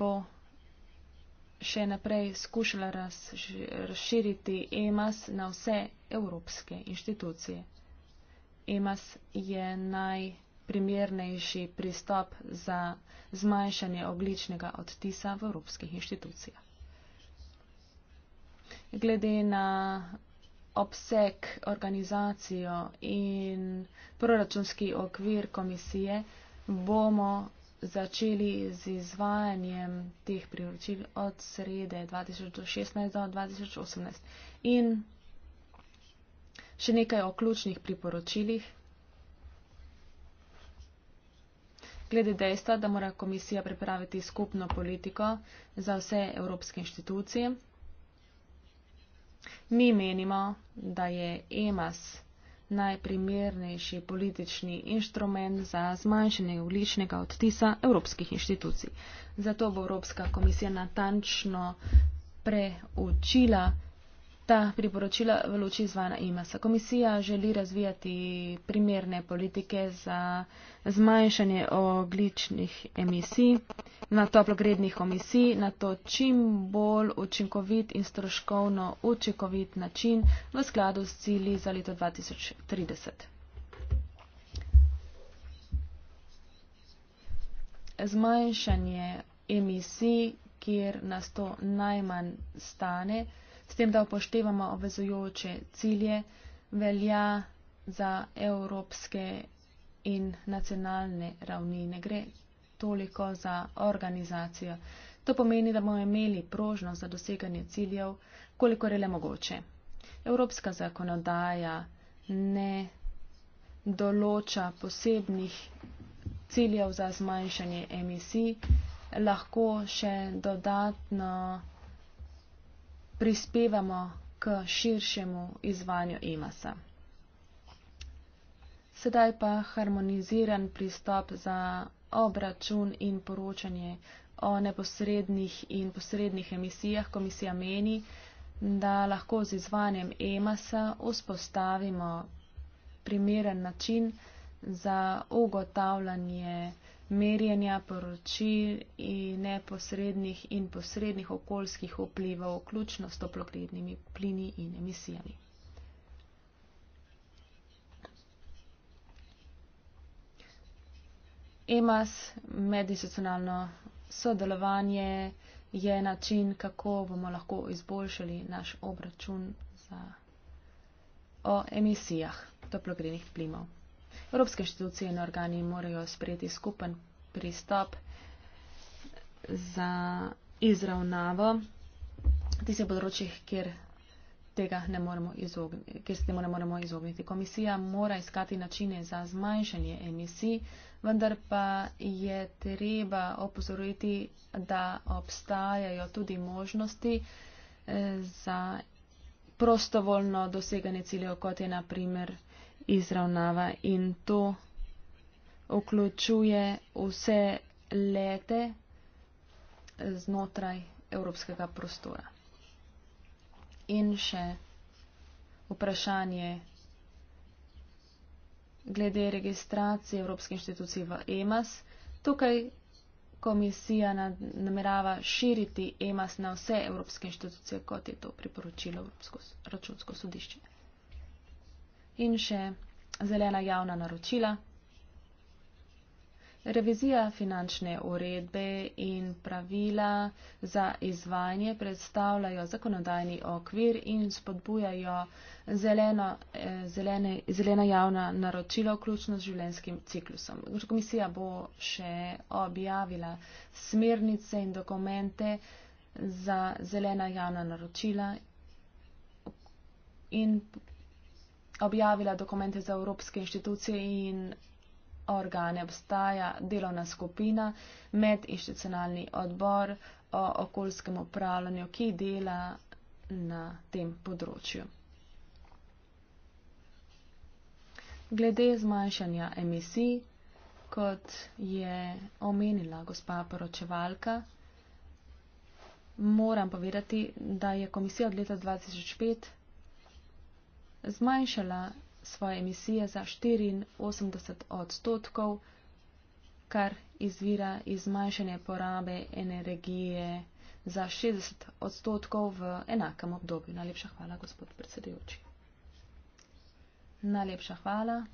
bo še naprej skušala razširiti EMAS na vse evropske inštitucije. EMAS je najprimernejši pristop za zmanjšanje ogličnega odtisa v evropskih inštitucijah glede na obseg organizacijo in proračunski okvir komisije, bomo začeli z izvajanjem teh priročil od srede 2016 do 2018. In še nekaj o ključnih priporočilih. Glede dejstva, da mora komisija pripraviti skupno politiko za vse evropske inštitucije. Mi menimo, da je EMAS najprimernejši politični inštrument za zmanjšanje ugličnega odtisa evropskih inštitucij. Zato bo Evropska komisija natančno preučila ta priporočila v luči zvana IMAS. Komisija želi razvijati primerne politike za zmanjšanje ogličnih emisij, na toplogrednih emisij, na to čim bolj učinkovit in stroškovno učinkovit način v skladu s cili za leto 2030. Zmanjšanje emisij, kjer nas to najmanj stane, S tem, da upoštevamo obvezujoče cilje, velja za evropske in nacionalne ravni. Ne gre toliko za organizacijo. To pomeni, da bomo imeli prožnost za doseganje ciljev, koliko je le mogoče. Evropska zakonodaja ne določa posebnih ciljev za zmanjšanje emisij, lahko še dodatno prispevamo k širšemu izvanju emasa. Sedaj pa harmoniziran pristop za obračun in poročanje o neposrednih in posrednih emisijah. Komisija meni, da lahko z izvanjem emasa vzpostavimo primeren način za ugotavljanje merjenja poročil in neposrednih in posrednih okoljskih vplivov, vključno s toplogrednimi plini in emisijami. EMAS, medinstitucionalno sodelovanje, je način, kako bomo lahko izboljšali naš obračun za, o emisijah toplogrednih plinov. Evropske inštitucije in organi morajo sprejeti skupen pristop za izravnavo tistih področjih, kjer, kjer se temu ne moremo izogniti. Komisija mora iskati načine za zmanjšanje emisij, vendar pa je treba opozoriti, da obstajajo tudi možnosti eh, za prostovoljno doseganje ciljev, kot je naprimer izravnava in to vključuje vse lete znotraj evropskega prostora. In še vprašanje glede registracije Evropske inštitucije v EMAS. Tukaj komisija namerava širiti EMAS na vse evropske inštitucije, kot je to priporočilo Evropsko računsko sodišče in še zelena javna naročila. Revizija finančne uredbe in pravila za izvajanje predstavljajo zakonodajni okvir in spodbujajo zeleno, eh, zelene, zelena javna naročila, vključno z življenjskim ciklusom. Komisija bo še objavila smernice in dokumente za zelena javna naročila in objavila dokumente za evropske inštitucije in organe. Obstaja delovna skupina med inštitucionalni odbor o okoljskem upravljanju, ki dela na tem področju. Glede zmanjšanja emisij, kot je omenila gospa poročevalka, moram povedati, da je komisija od leta 2005 zmanjšala svoje emisije za 84 odstotkov, kar izvira iz zmanjšanja porabe energije za 60 odstotkov v enakem obdobju. Najlepša hvala, gospod predsedujoči. Najlepša hvala.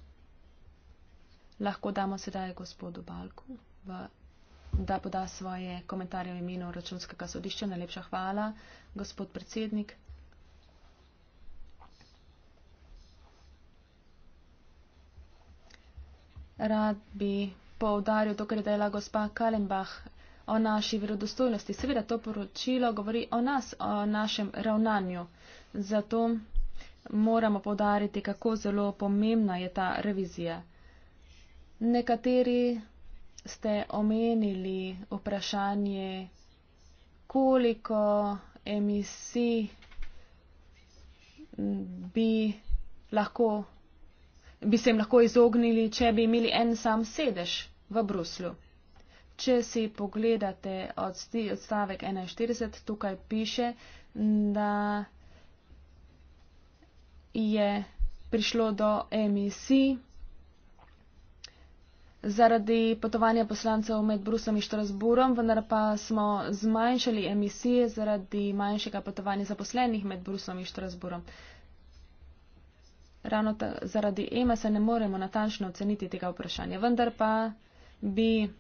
Lahko damo sedaj gospodu Balku, v, da poda svoje komentarje v imenu računskega sodišča. Najlepša hvala, gospod predsednik. rad bi poudaril to, kar je dejala gospa Kalenbach o naši verodostojnosti. Seveda to poročilo govori o nas, o našem ravnanju. Zato moramo povdariti, kako zelo pomembna je ta revizija. Nekateri ste omenili vprašanje, koliko emisij bi lahko bi se jim lahko izognili, če bi imeli en sam sedež v Bruslju. Če si pogledate odstavek 41, tukaj piše, da je prišlo do emisij zaradi potovanja poslancev med Bruslom in Štrasburom, vendar pa smo zmanjšali emisije zaradi manjšega potovanja zaposlenih med Bruslom in Štrasburom ravno ta, zaradi EMA-sa ne moremo natančno oceniti tega vprašanja. Vendar pa bi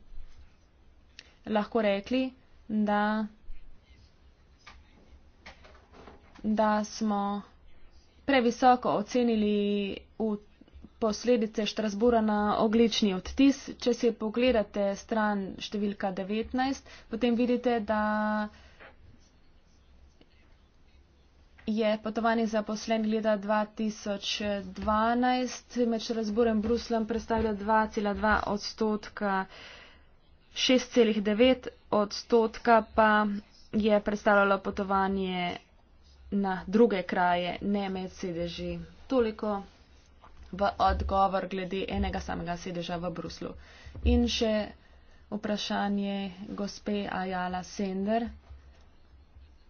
lahko rekli, da, da smo previsoko ocenili v posledice Štrasbura na oglični odtis. Če si pogledate stran številka 19, potem vidite, da je potovani zaposlen leta 2012 med Šrazburem Bruslem predstavlja 2,2 odstotka, 6,9 odstotka pa je predstavljalo potovanje na druge kraje, ne med sedeži. Toliko v odgovor glede enega samega sedeža v Bruslu. In še vprašanje gospe Ajala Sender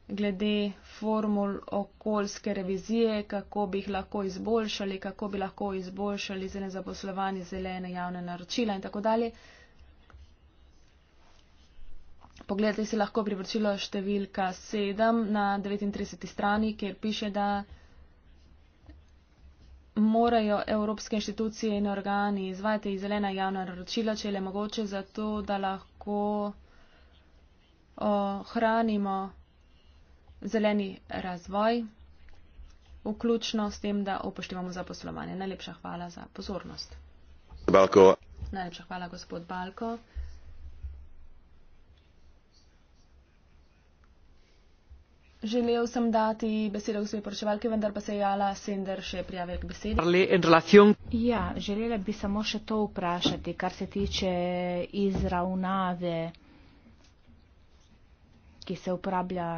glede formul okoljske revizije, kako bi jih lahko izboljšali, kako bi lahko izboljšali zelen zaposlovanje, zelene javne naročila in tako dalje. Pogledajte si lahko privrčilo številka 7 na 39. strani, kjer piše, da morajo evropske inštitucije in organi izvajati zelena javna naročila, če je mogoče, zato da lahko ohranimo uh, zeleni razvoj, vključno s tem, da upoštevamo zaposlovanje. Najlepša hvala za pozornost. Balko. Najlepša hvala, gospod Balko. Želel sem dati besedo gospodi poročevalki, vendar pa se je Jala Sender še prijavil k besedi. Ja, želela bi samo še to vprašati, kar se tiče izravnave, ki se uporablja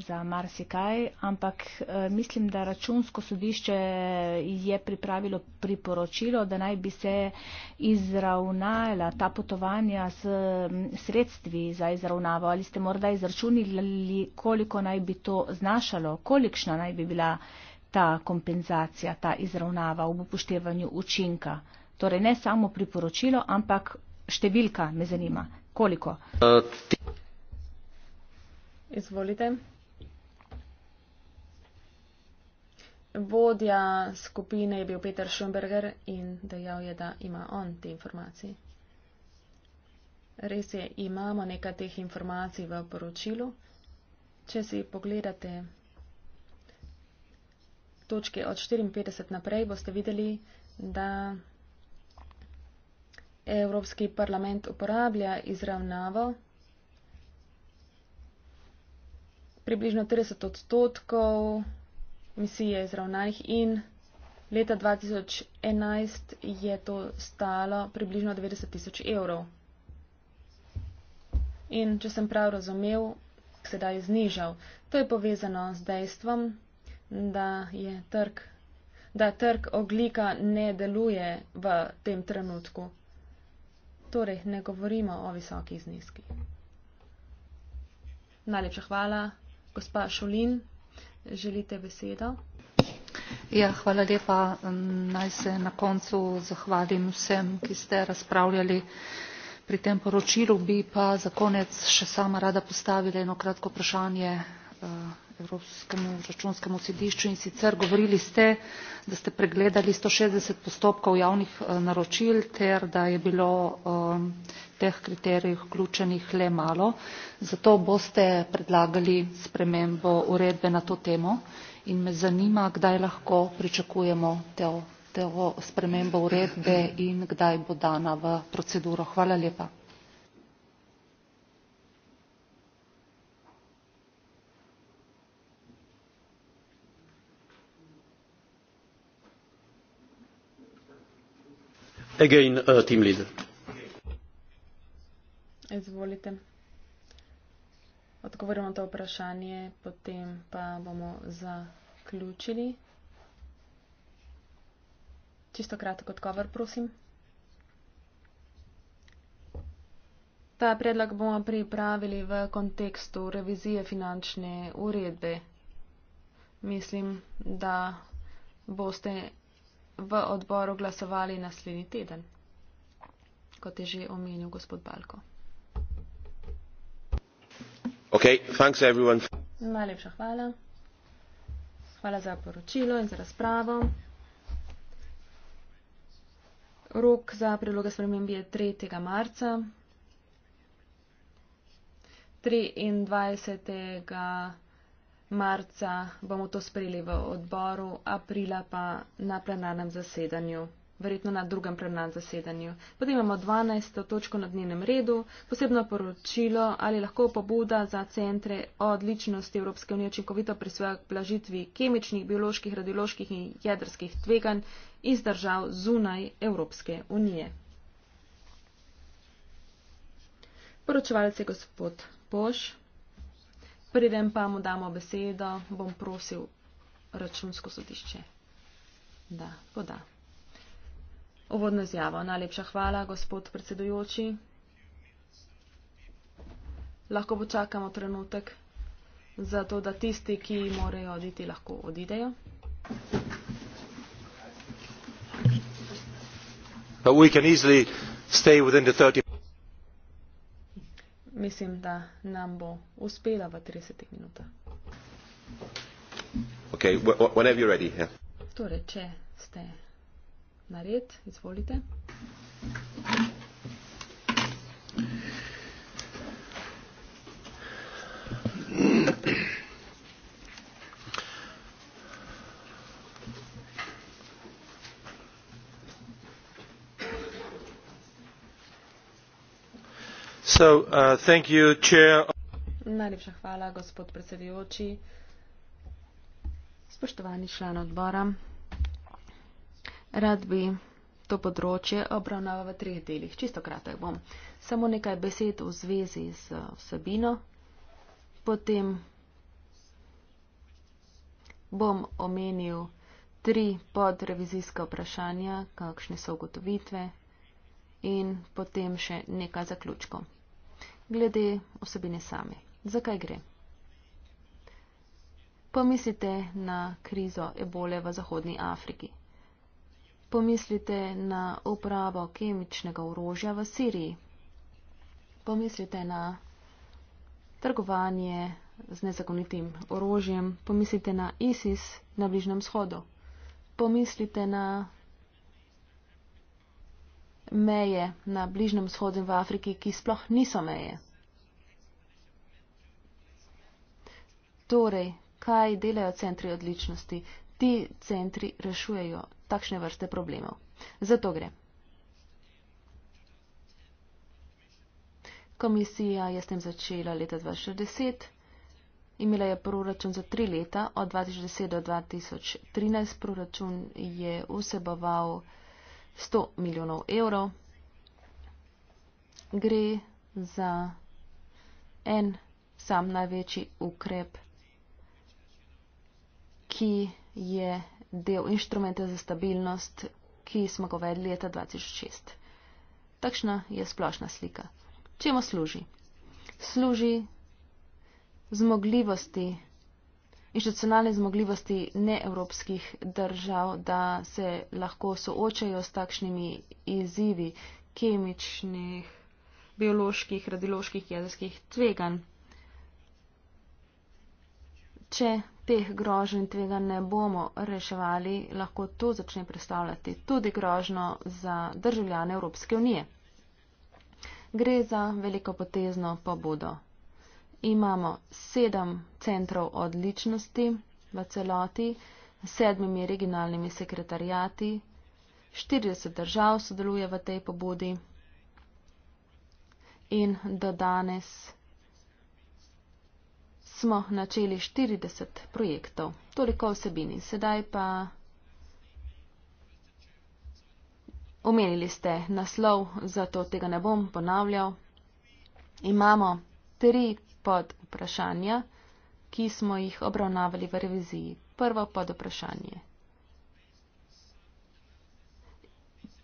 za marsikaj, ampak eh, mislim, da računsko sodišče je pripravilo priporočilo, da naj bi se izravnala ta potovanja s sredstvi za izravnavo. Ali ste morda izračunili, koliko naj bi to znašalo, kolikšna naj bi bila ta kompenzacija, ta izravnava v upoštevanju učinka? Torej ne samo priporočilo, ampak številka me zanima. Koliko? Izvolite. Vodja skupine je bil Peter Schumberger in dejal je, da ima on te informacije. Res je, imamo nekaj teh informacij v poročilu. Če si pogledate točke od 54 naprej, boste videli, da Evropski parlament uporablja izravnavo. Približno 30 odstotkov misije izravnanih in leta 2011 je to stalo približno 90 tisoč evrov. In če sem prav razumel, sedaj je znižal. To je povezano z dejstvom, da je trg, da trg oglika ne deluje v tem trenutku. Torej, ne govorimo o visokih zneskih. Najlepša hvala, gospa Šulin želite besedo? Ja, hvala lepa. Naj se na koncu zahvalim vsem, ki ste razpravljali pri tem poročilu. Bi pa za konec še sama rada postavila eno kratko vprašanje uh, Evropskemu računskemu sodišču in sicer govorili ste, da ste pregledali 160 postopkov javnih eh, naročil ter da je bilo eh, teh kriterijev vključenih le malo. Zato boste predlagali spremembo uredbe na to temo in me zanima, kdaj lahko pričakujemo te, te spremembo uredbe in kdaj bo dana v proceduro. Hvala lepa. again a uh, team leader. Izvolite. Odgovorimo to vprašanje, potem pa bomo zaključili. Čisto kratko odgovor, prosim. Ta predlog bomo pripravili v kontekstu revizije finančne uredbe. Mislim, da boste v odboru glasovali naslednji teden, kot je že omenil gospod Balko. Okay, Najlepša hvala. Hvala za poročilo in za razpravo. Rok za priloge spremembe je 3. marca. 23. Marca bomo to sprejeli v odboru, aprila pa na plenarnem zasedanju, verjetno na drugem plenarnem zasedanju. Potem imamo 12. točko na dnevnem redu, posebno poročilo ali lahko pobuda za centre o odličnosti Evropske unije učinkovito pri svoji blažitvi kemičnih, bioloških, radioloških in jedrskih tveganj iz držav zunaj Evropske unije. Poročevalce gospod Poš. Preden pa mu damo besedo, bom prosil računsko sodišče, da poda. Uvodno izjavo. Najlepša hvala, gospod predsedujoči. Lahko počakamo trenutek, zato da tisti, ki morejo oditi, lahko odidejo. But we can easily stay within the 30 mislim, da nam bo uspela v 30 minutah. Okay, whenever you're ready. Yeah. Torej, če ste nared, izvolite. Thank you. So, uh, thank you, chair. Najlepša hvala, gospod predsedujoči. Spoštovani član odbora, rad bi to področje obravnaval v treh delih. Čisto kratek bom. Samo nekaj besed v zvezi z vsebino. Potem bom omenil tri podrevizijske vprašanja, kakšne so ugotovitve in potem še nekaj zaključkov glede osebine same. Zakaj gre? Pomislite na krizo ebole v Zahodnji Afriki. Pomislite na upravo kemičnega orožja v Siriji. Pomislite na trgovanje z nezakonitim orožjem. Pomislite na ISIS na Bližnjem shodu. Pomislite na meje na Bližnjem shodu v Afriki, ki sploh niso meje. Torej, kaj delajo centri odličnosti? Ti centri rešujejo takšne vrste problemov. Zato gre. Komisija je s tem začela leta 2060. Imela je proračun za tri leta, od 2010 do 2013 proračun je vseboval 100 milijonov evrov, gre za en sam največji ukrep, ki je del inštrumenta za stabilnost, ki smo ga vedli leta 2006. Takšna je splošna slika. Čemu služi? Služi zmogljivosti inštitucionalne zmogljivosti neevropskih držav, da se lahko soočajo s takšnimi izzivi kemičnih, bioloških, radioloških, jedrskih tvegan. Če teh grožen tvega ne bomo reševali, lahko to začne predstavljati tudi grožno za državljane Evropske unije. Gre za veliko potezno pobudo. Po imamo sedem centrov odličnosti v celoti, sedmimi regionalnimi sekretarijati, 40 držav sodeluje v tej pobudi in do danes smo načeli 40 projektov. Toliko vsebini. Sedaj pa omenili ste naslov, zato tega ne bom ponavljal. Imamo tri pod vprašanja, ki smo jih obravnavali v reviziji. Prvo pod vprašanje.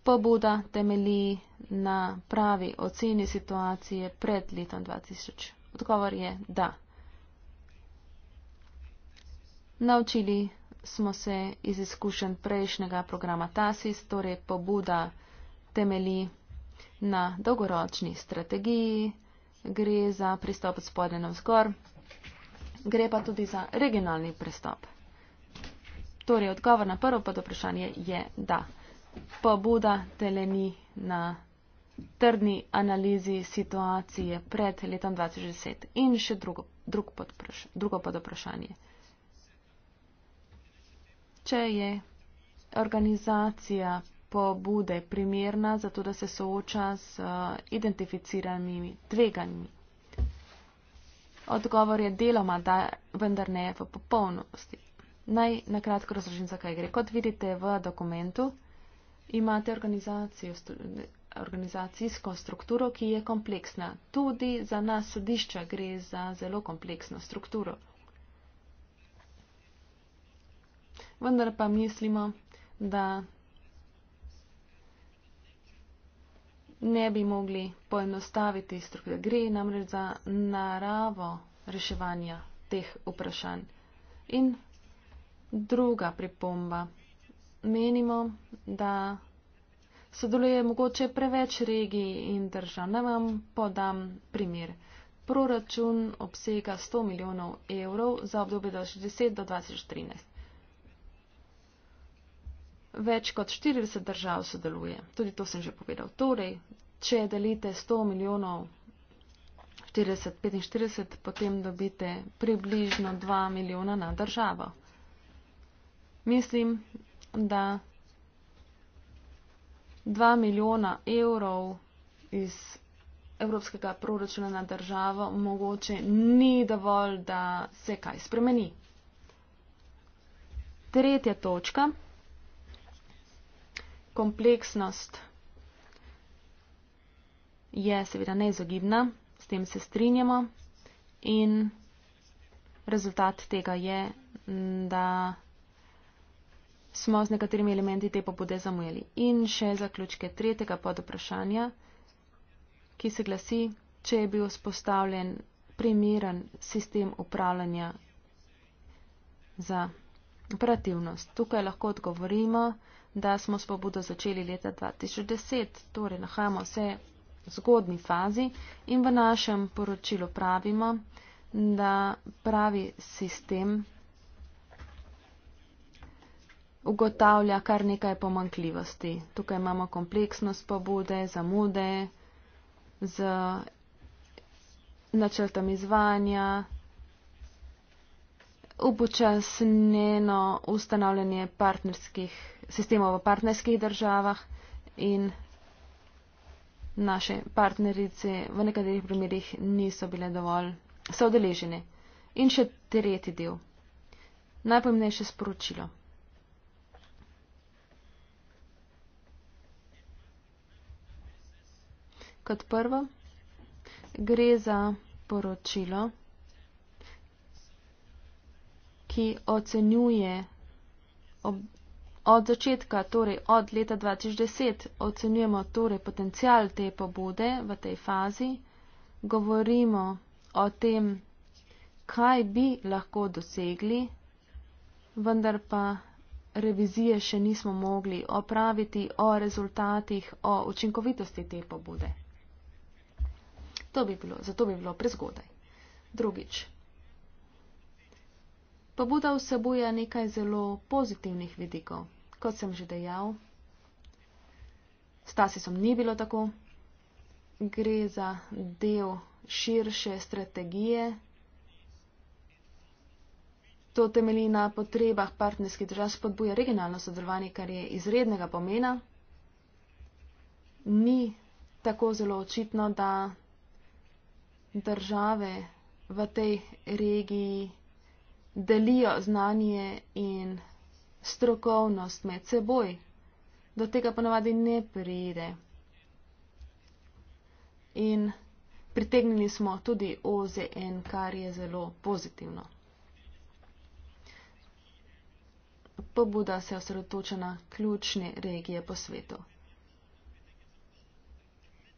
Pobuda temeli na pravi oceni situacije pred letom 2000. Odgovor je da. Naučili smo se iz izkušenj prejšnjega programa TASIS, torej pobuda temeli na dolgoročni strategiji, gre za pristop od spodne navzgor, gre pa tudi za regionalni pristop. Torej, odgovor na prvo pod vprašanje je, da pobuda teleni na trdni analizi situacije pred letom 2010. In še drugo, drug pod, drugo pod vprašanje. Če je organizacija pobude primerna, zato da se sooča z eh, identificiranimi tveganji. Odgovor je deloma, da vendar ne v popolnosti. Naj nakratko razložim, zakaj gre. Kot vidite v dokumentu, imate organizacijsko strukturo, ki je kompleksna. Tudi za nas sodišča gre za zelo kompleksno strukturo. Vendar pa mislimo, da ne bi mogli poenostaviti strukture. Gre namreč za naravo reševanja teh vprašanj. In druga pripomba. Menimo, da sodeluje mogoče preveč regij in držav. Naj vam podam primer. Proračun obsega 100 milijonov evrov za obdobje 2010 do 2013 več kot 40 držav sodeluje. Tudi to sem že povedal. Torej, če delite 100 milijonov 40-45, potem dobite približno 2 milijona na državo. Mislim, da 2 milijona evrov iz evropskega proračuna na državo mogoče ni dovolj, da se kaj spremeni. Tretja točka kompleksnost je seveda neizogibna, s tem se strinjamo in rezultat tega je, da smo z nekaterimi elementi te pobude zamujeli. In še zaključke tretjega podoprašanja, ki se glasi, če je bil spostavljen primeren sistem upravljanja za operativnost. Tukaj lahko odgovorimo, da smo s pobudo začeli leta 2010, torej nahajamo se v zgodni fazi in v našem poročilu pravimo, da pravi sistem ugotavlja kar nekaj pomankljivosti. Tukaj imamo kompleksnost pobude, zamude z načrtom izvanja, upočasneno ustanavljanje partnerskih sistemov v partnerskih državah in naše partnerice v nekaterih primerjih niso bile dovolj sodeležene. In še tretji del. Najpomembnejše sporočilo. Kot prvo, gre za poročilo, ki ocenjuje ob, Od začetka, torej od leta 2010, ocenjujemo torej potencial te pobude v tej fazi, govorimo o tem, kaj bi lahko dosegli, vendar pa revizije še nismo mogli opraviti o rezultatih, o učinkovitosti te pobude. To bi bilo, zato bi bilo prezgodaj. Drugič, Pobuda vsebuje nekaj zelo pozitivnih vidikov, kot sem že dejal. Stasisom ni bilo tako. Gre za del širše strategije. To temelji na potrebah partnerskih držav, spodbuja regionalno sodelovanje, kar je izrednega pomena. Ni tako zelo očitno, da države v tej regiji delijo znanje in strokovnost med seboj. Do tega ponavadi ne pride. In pritegnili smo tudi OZN, kar je zelo pozitivno. Pobuda se osredotoča na ključne regije po svetu.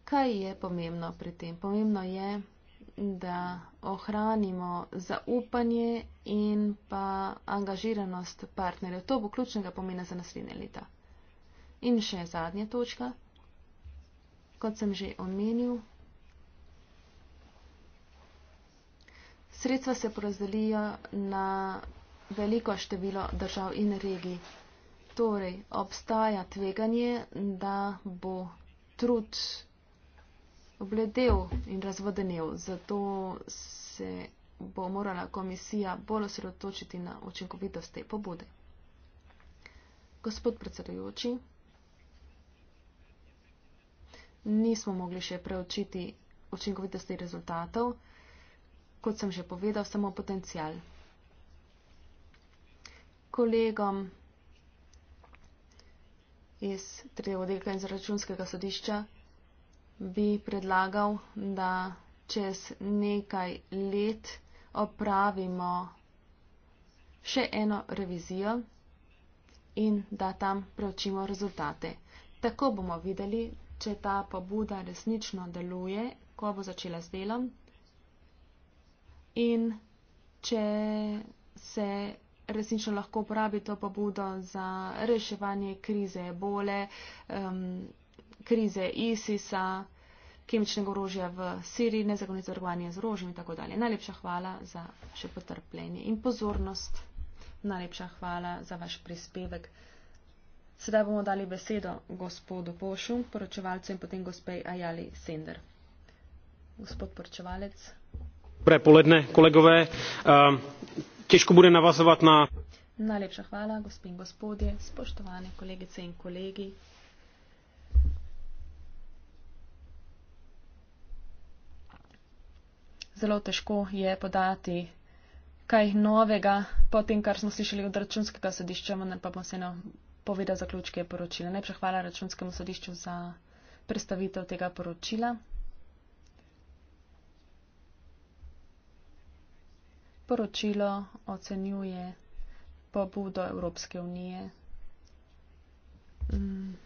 Kaj je pomembno pri tem? Pomembno je, da ohranimo zaupanje in pa angažiranost partnerjev. To bo ključnega pomena za naslednje leta. In še zadnja točka, kot sem že omenil. Sredstva se porazdelijo na veliko število držav in regij. Torej, obstaja tveganje, da bo trud obledel in razvodenil. Zato se bo morala komisija bolj osredotočiti na učinkovitost te pobude. Gospod predsedujoči, nismo mogli še preučiti učinkovitosti rezultatov, kot sem že povedal, samo potencial. Kolegom iz tretjega oddelka in z računskega sodišča bi predlagal, da čez nekaj let opravimo še eno revizijo in da tam preučimo rezultate. Tako bomo videli, če ta pobuda resnično deluje, ko bo začela z delom in če se resnično lahko uporabi to pobudo za reševanje krize ebole. Um, krize ISIS-a, kemičnega orožja v Siriji, nezakonito trgovanje z orožjem in tako dalje. Najlepša hvala za še potrpljenje in pozornost. Najlepša hvala za vaš prispevek. Sedaj bomo dali besedo gospodu Pošu, poročevalcu in potem gospej Ajali Sender. Gospod poročevalec. Dobre poledne, kolegové. Ehm, Težko bude navazovat na. Najlepša hvala, gospod in gospodje, spoštovane kolegice in kolegi. zelo težko je podati kaj novega, potem, kar smo slišali od računskega sodišča, vendar pa bom se eno povedal zaključke poročila. Najprej hvala računskemu sodišču za predstavitev tega poročila. Poročilo ocenjuje pobudo Evropske unije mm,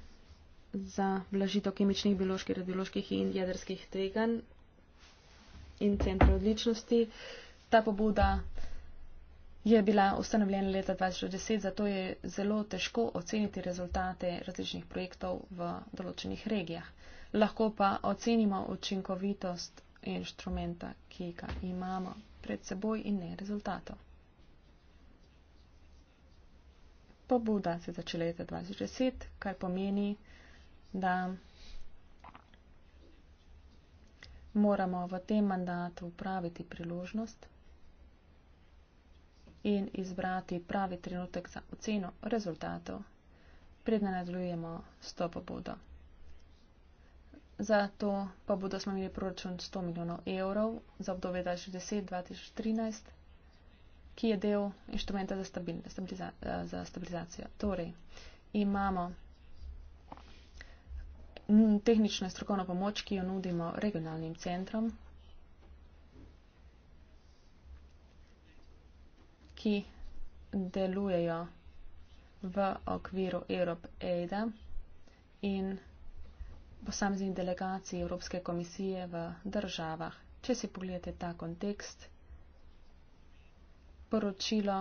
za vlažitev kemičnih, bioloških, radioloških in jedrskih tveganj in centre odličnosti. Ta pobuda je bila ustanovljena leta 2010, zato je zelo težko oceniti rezultate različnih projektov v določenih regijah. Lahko pa ocenimo učinkovitost inštrumenta, ki ga imamo pred seboj in ne rezultatov. Pobuda se je začela leta 2010, kar pomeni, da moramo v tem mandatu upraviti priložnost in izbrati pravi trenutek za oceno rezultatov, predna nadaljujemo s to pobudo. Za to pobudo smo imeli proračun 100 milijonov evrov za obdobje 2010-2013, ki je del inštrumenta za, stabiliza za stabilizacijo. Torej, imamo tehnično in strokovno pomoč, ki jo nudimo regionalnim centrom, ki delujejo v okviru Europe-Aida in posameznih delegacij Evropske komisije v državah. Če si pogledate ta kontekst, poročilo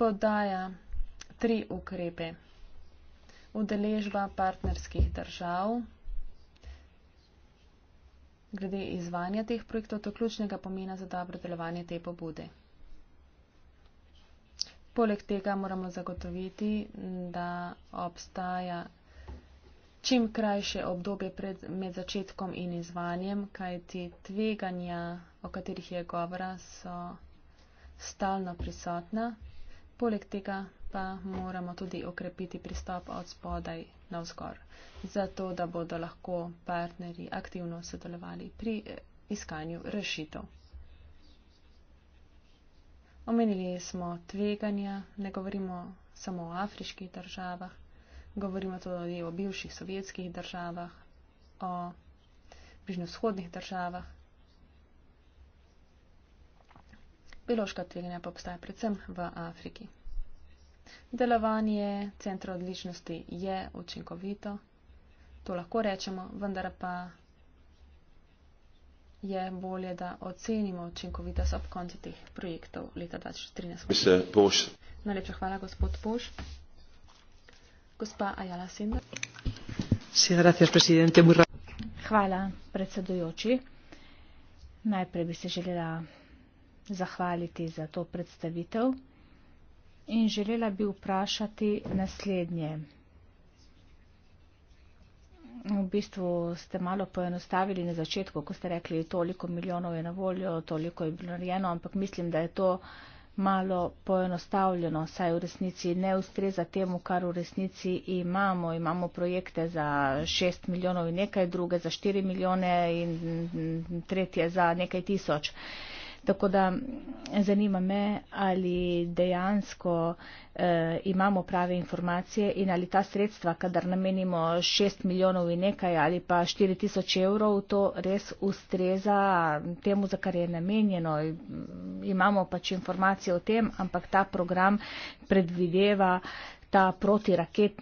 podaja tri ukrepe udeležba partnerskih držav glede izvanja teh projektov, to ključnega pomena za dobro delovanje te pobude. Poleg tega moramo zagotoviti, da obstaja čim krajše obdobje pred, med začetkom in izvanjem, kajti tveganja, o katerih je govora, so stalno prisotna. Poleg tega pa moramo tudi okrepiti pristop od spodaj na vzgor, zato da bodo lahko partnerji aktivno sodelovali pri eh, iskanju rešitev. Omenili smo tveganja, ne govorimo samo o afriških državah, govorimo tudi o bivših sovjetskih državah, o bližnjo vzhodnih državah. Biološka tveganja pa obstaja predvsem v Afriki. Delovanje centra odličnosti je učinkovito, to lahko rečemo, vendar pa je bolje, da ocenimo učinkovitost ob koncu teh projektov leta 2013. Najlepša hvala, gospod Poš. Gospa Ajala Sinda. Sí, gracias, presidente. Muy hvala, predsedujoči. Najprej bi se želela zahvaliti za to predstavitev in želela bi vprašati naslednje. V bistvu ste malo poenostavili na začetku, ko ste rekli, toliko milijonov je na voljo, toliko je bilo narejeno, ampak mislim, da je to malo poenostavljeno, saj v resnici ne ustreza temu, kar v resnici imamo. Imamo projekte za 6 milijonov in nekaj, druge za 4 milijone in tretje za nekaj tisoč. Uh, Tako da zanima me, ali dejansko eh, imamo prave informacije in ali ta sredstva, kadar namenimo 6 milijonov in nekaj ali pa 4 tisoč evrov, to res ustreza temu, za kar je namenjeno. Imamo pač informacije o tem, ampak ta program predvideva eh, ta protiraket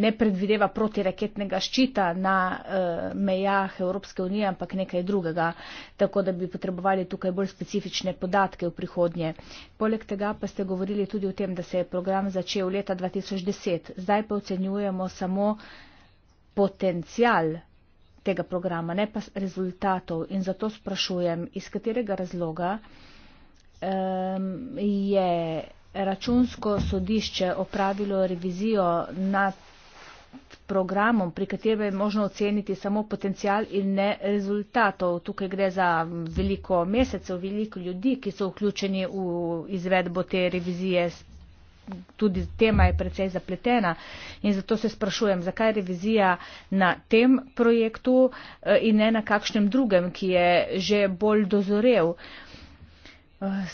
ne predvideva protiraketnega ščita na uh, mejah Evropske unije, ampak nekaj drugega, tako da bi potrebovali tukaj bolj specifične podatke v prihodnje. Poleg tega pa ste govorili tudi o tem, da se je program začel leta 2010. Zdaj pa ocenjujemo samo potencial tega programa, ne pa rezultatov. In zato sprašujem, iz katerega razloga um, je računsko sodišče opravilo revizijo nad programom, pri katerem je možno oceniti samo potencial in ne rezultatov. Tukaj gre za veliko mesecev, veliko ljudi, ki so vključeni v izvedbo te revizije. Tudi tema je precej zapletena in zato se sprašujem, zakaj je revizija na tem projektu eh, in ne na kakšnem drugem, ki je že bolj dozorev. Um,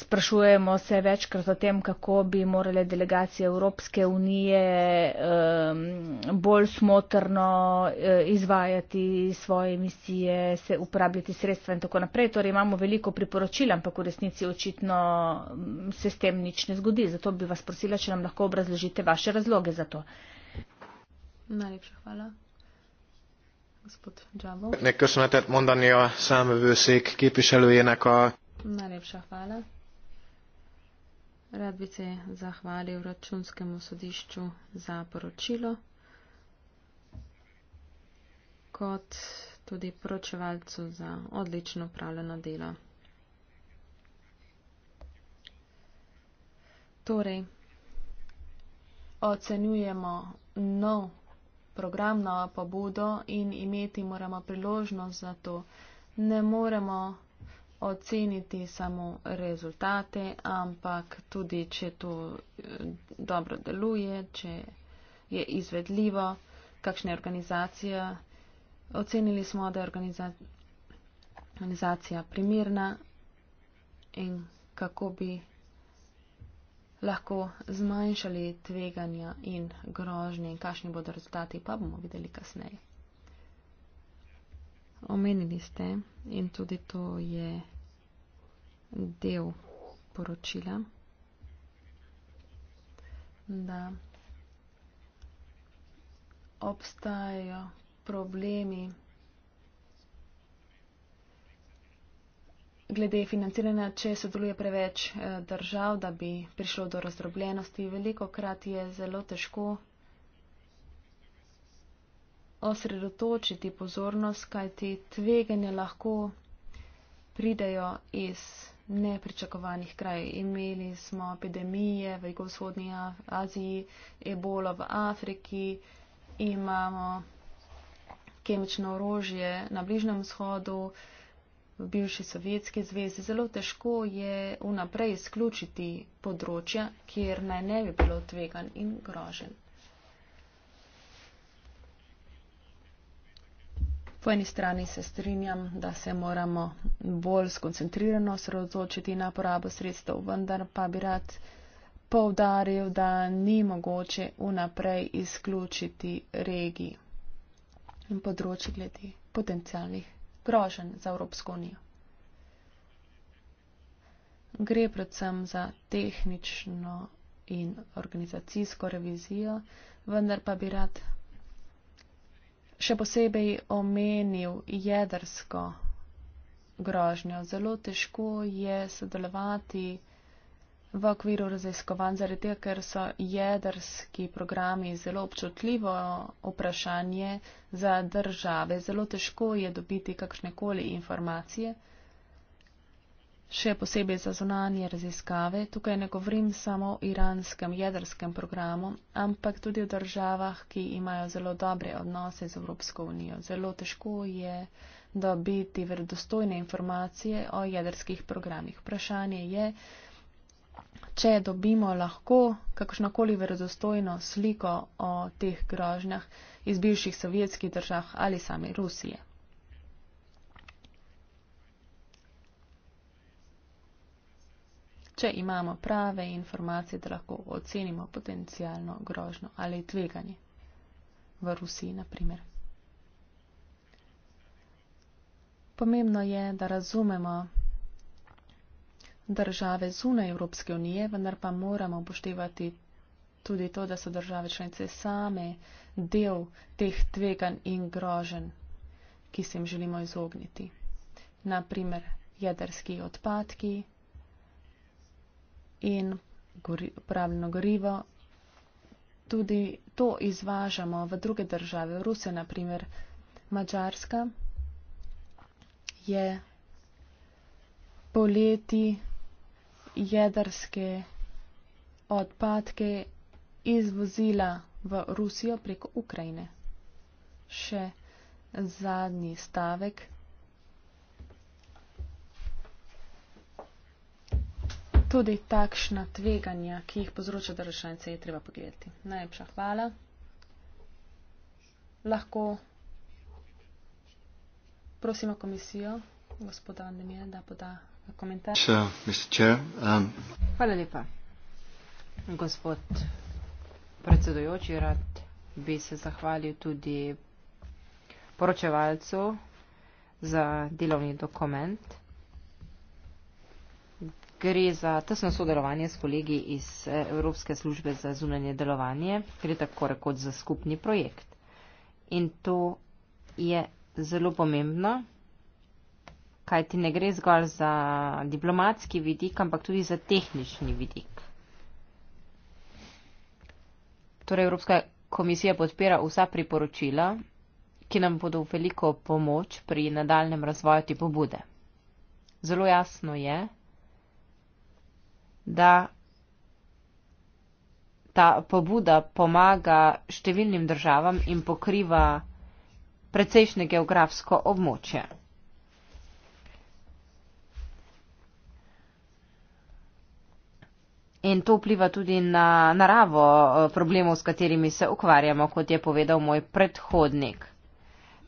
Sprašujemo se večkrat o tem, kako bi morale delegacije Evropske unije bolj smotrno e, izvajati svoje misije, se uporabljati sredstva in tako naprej. Torej imamo veliko priporočil, ampak v resnici očitno se s tem nič ne zgodi. Zato bi vas prosila, če nam lahko obrazložite vaše razloge za to. Najlepša hvala. Gospod Džamov. Nekaj smete mondanijo samo v vseh, ki pišelujenako. Najlepša hvala. Rad bi se zahvalil računskemu sodišču za poročilo, kot tudi poročevalcu za odlično upravljeno delo. Torej, ocenjujemo nov program, novo pobudo in imeti moramo priložnost za to. Ne moremo oceniti samo rezultate, ampak tudi, če to eh, dobro deluje, če je izvedljivo, kakšna je organizacija. Ocenili smo, da je organizacija primirna in kako bi lahko zmanjšali tveganja in grožnje in kakšni bodo rezultati, pa bomo videli kasneje. Omenili ste in tudi to je del poročila. Da obstajajo problemi glede financiranja, če sodeluje preveč eh, držav, da bi prišlo do razdrobljenosti. Veliko krat je zelo težko osredotočiti pozornost, kajti tveganja lahko pridejo iz nepričakovanih kraj. Imeli smo epidemije v jugovzhodni Aziji, ebolo v Afriki, imamo kemično orožje na Bližnjem vzhodu, v bivši Sovjetski zvezi. Zelo težko je vnaprej izključiti področja, kjer naj ne bi bilo tvegan in grožen. Po eni strani se strinjam, da se moramo bolj skoncentrirano sredotočiti na porabo sredstev, vendar pa bi rad povdaril, da ni mogoče vnaprej izključiti regij in področji glede potencijalnih groženj za Evropsko unijo. Gre predvsem za tehnično in organizacijsko revizijo, vendar pa bi rad še posebej omenil jedrsko grožnjo. Zelo težko je sodelovati v okviru raziskovanj, zaradi tega, ker so jedrski programi zelo občutljivo vprašanje za države. Zelo težko je dobiti kakršnekoli informacije še posebej za zunanje raziskave. Tukaj ne govorim samo o iranskem jedrskem programu, ampak tudi o državah, ki imajo zelo dobre odnose z Evropsko unijo. Zelo težko je dobiti verodostojne informacije o jedrskih programih. Vprašanje je, če dobimo lahko kakšnokoli verodostojno sliko o teh grožnjah iz bivših sovjetskih držav ali same Rusije. če imamo prave informacije, da lahko ocenimo potencijalno grožno ali tveganje v Rusiji, na primer. Pomembno je, da razumemo države zunaj Evropske unije, vendar pa moramo upoštevati tudi to, da so države članice same del teh tvegan in grožen, ki se jim želimo izogniti. Naprimer, jedrski odpadki, in gori, uporabljeno gorivo. Tudi to izvažamo v druge države. Rusija, na primer, Mačarska je poleti jedrske odpadke izvozila v Rusijo preko Ukrajine. Še zadnji stavek tudi takšna tveganja, ki jih povzroča državljanice, je treba pogledati. Najlepša hvala. Lahko prosimo komisijo, gospoda Andemija, da poda komentar. Um, hvala lepa. Gospod predsedojoči, rad bi se zahvalil tudi poročevalcu za delovni dokument gre za tesno sodelovanje s kolegi iz eh, Evropske službe za zunanje delovanje, gre tako rekoč za skupni projekt. In to je zelo pomembno, kaj ti ne gre zgolj za diplomatski vidik, ampak tudi za tehnični vidik. Torej Evropska komisija podpira vsa priporočila, ki nam bodo veliko pomoč pri nadaljem razvoju te pobude. Zelo jasno je, da ta pobuda pomaga številnim državam in pokriva precejšnje geografsko območje. In to vpliva tudi na naravo eh, problemov, s katerimi se ukvarjamo, kot je povedal moj predhodnik.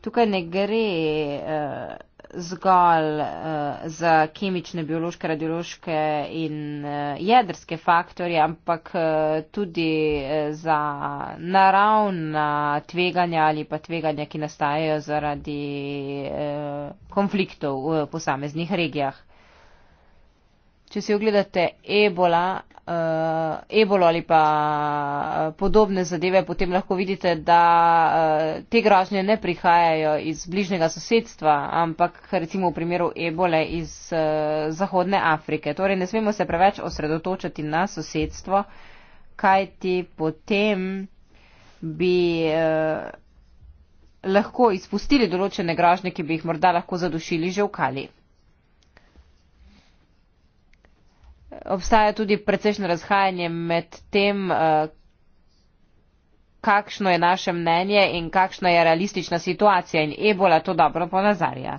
Tukaj ne gre. Uh, zgolj uh, za kemične, biološke, radiološke in uh, jedrske faktorje, ampak uh, tudi uh, za naravna tveganja ali pa tveganja, ki nastajajo zaradi uh, konfliktov v posameznih regijah če si ogledate ebola, uh, ebolo ali pa eh, podobne zadeve, potem lahko vidite, da uh, te grožnje ne prihajajo iz bližnjega sosedstva, ampak recimo v primeru ebole iz uh, Zahodne Afrike. Torej ne smemo se preveč osredotočati na sosedstvo, kajti potem bi. Uh, lahko izpustili določene gražne, ki bi jih morda lahko zadušili že v Kali. obstaja tudi precejšnje razhajanje med tem, eh, kakšno je naše mnenje in kakšna je realistična situacija in ebola to dobro ponazarja.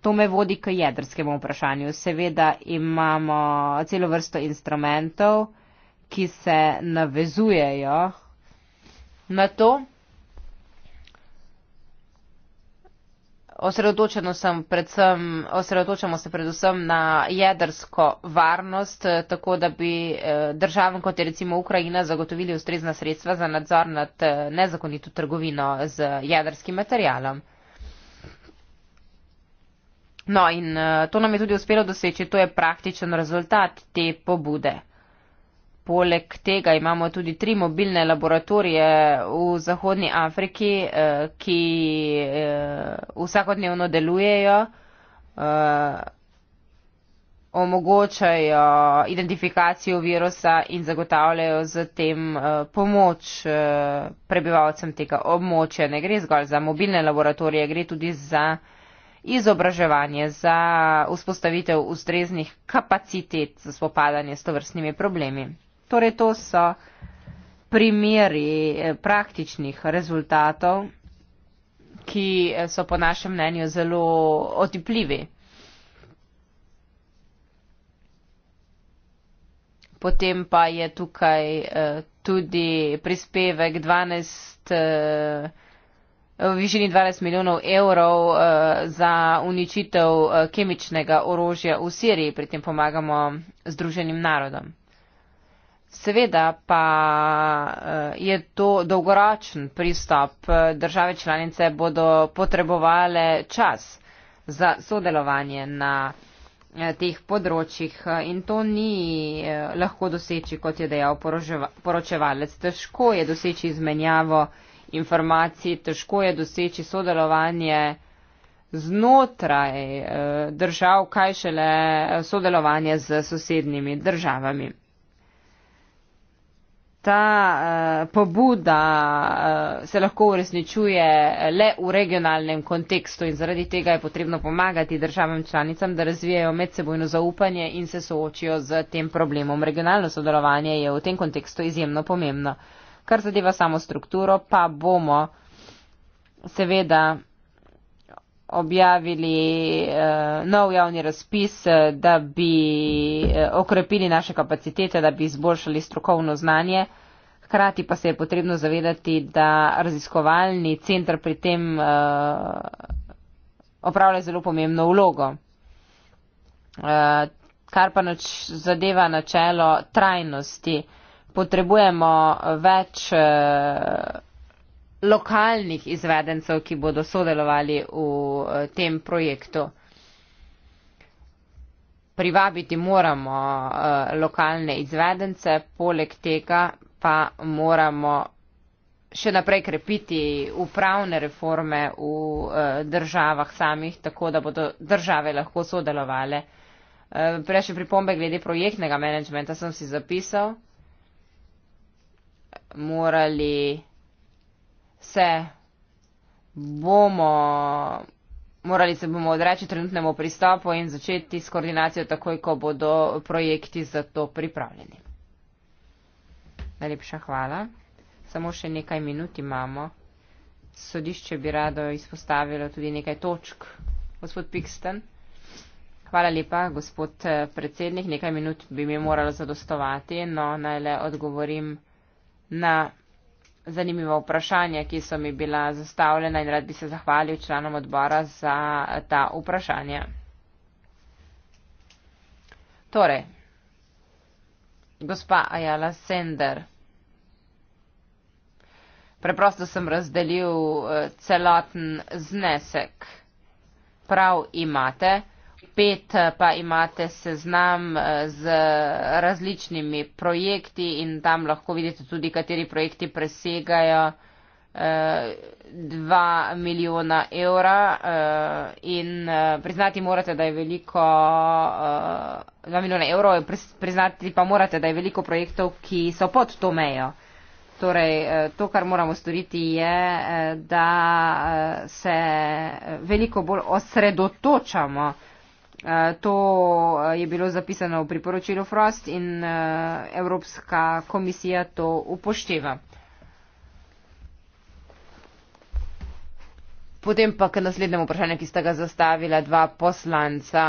To me vodi k jedrskemu vprašanju. Seveda imamo celo vrsto instrumentov, ki se navezujejo na to, Osredotočeno sem predvsem, osredotočamo se predvsem na jedrsko varnost, tako da bi eh, državam, kot je recimo Ukrajina, zagotovili ustrezna sredstva za nadzor nad eh, nezakonito trgovino z jedrskim materialom. No in eh, to nam je tudi uspelo doseči, to je praktičen rezultat te pobude. Poleg tega imamo tudi tri mobilne laboratorije v Zahodnji Afriki, eh, ki eh, vsakodnevno delujejo, eh, omogočajo identifikacijo virusa in zagotavljajo z tem pomoč prebivalcem tega območja. Ne gre zgolj za mobilne laboratorije, gre tudi za izobraževanje, za vzpostavitev ustreznih kapacitet za spopadanje s to vrstnimi problemi. Torej, to so primeri eh, praktičnih rezultatov, ki eh, so po našem mnenju zelo otipljivi. Potem pa je tukaj eh, tudi prispevek 12, v višini 12 milijonov evrov za uničitev kemičnega orožja v Siriji, pri tem pomagamo Združenim narodom. Seveda pa eh, je to dolgoročen pristop. Države članice bodo potrebovale čas za sodelovanje na eh, teh področjih eh, in to ni lahko doseči, kot je dejal poročevalec. Težko je doseči izmenjavo informacij, težko je doseči sodelovanje znotraj držav, kaj šele sodelovanje z sosednjimi državami ta eh, pobuda eh, se lahko uresničuje le v regionalnem kontekstu in zaradi tega je potrebno pomagati državam članicam, da razvijajo medsebojno zaupanje in se soočijo z tem problemom. Regionalno sodelovanje je v tem kontekstu izjemno pomembno. Kar zadeva samo strukturo, pa bomo seveda objavili uh, nov javni razpis, eh, da bi uh, okrepili naše kapacitete, da bi izboljšali strokovno znanje. Hkrati pa se je potrebno zavedati, da raziskovalni center pri tem uh, opravlja zelo pomembno vlogo. Uh, kar pa nač zadeva načelo trajnosti. Potrebujemo več. Uh, lokalnih izvedencev, ki bodo sodelovali v eh, tem projektu. Privabiti moramo eh, lokalne izvedence, poleg tega pa moramo še naprej krepiti upravne reforme v eh, državah samih, tako da bodo države lahko sodelovale. Prej še pripombe glede projektnega menedžmenta sem si zapisal. Morali se bomo, morali se bomo odreči trenutnemu pristopu in začeti s koordinacijo takoj, ko bodo projekti za to pripravljeni. Najlepša hvala. Samo še nekaj minut imamo. Sodišče bi rado izpostavilo tudi nekaj točk. Gospod Pikston. Hvala lepa, gospod predsednik. Nekaj minut bi mi moralo zadostovati, no naj le odgovorim na zanimiva vprašanja, ki so mi bila zastavljena in rad bi se zahvalil članom odbora za ta vprašanja. Torej, gospa Ajala Sender, preprosto sem razdelil eh, celoten znesek. Prav imate pet eh, pa imate seznam eh, z različnimi projekti in tam lahko vidite tudi, kateri projekti presegajo 2 eh, milijona evra in priznati morate, da je veliko 2 milijona evrov, priznati pa morate, da je veliko projektov, ki so pod to mejo. Torej, to, kar moramo storiti, je, da se veliko bolj osredotočamo Eh, to eh, je bilo zapisano v priporočilu Frost in eh, Evropska komisija to upošteva. Potem pa k naslednjemu vprašanju, ki sta ga zastavila dva poslanca.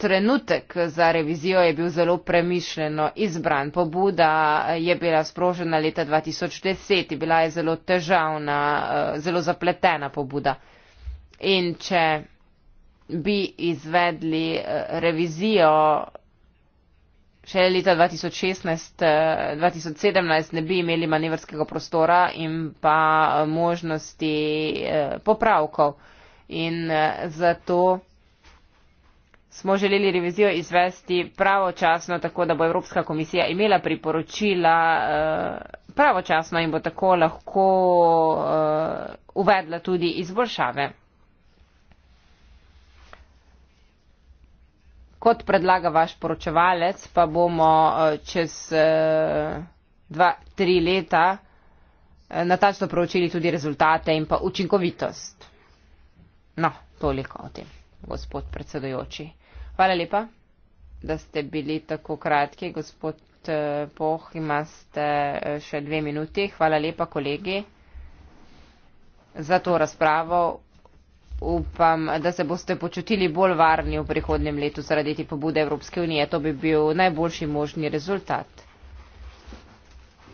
Trenutek za revizijo je bil zelo premišljeno izbran. Pobuda je bila sprožena leta 2010, bila je zelo težavna, zelo zapletena pobuda. In če bi izvedli eh, revizijo šele leta 2016-2017, eh, ne bi imeli manevrskega prostora in pa eh, možnosti popravkov. In zato smo želeli revizijo izvesti pravočasno, tako da bo Evropska komisija imela priporočila pravočasno in bo tako lahko uvedla tudi izboljšave. kot predlaga vaš poročevalec, pa bomo eh, čez eh, dva, tri leta eh, natačno proučili tudi rezultate in pa učinkovitost. No, toliko o tem, gospod predsedojoči. Hvala lepa, da ste bili tako kratki, gospod. Poh, imate še dve minuti. Hvala lepa, kolegi, za to razpravo upam, da se boste počutili bolj varni v prihodnjem letu zaradi te pobude Evropske unije. To bi bil najboljši možni rezultat.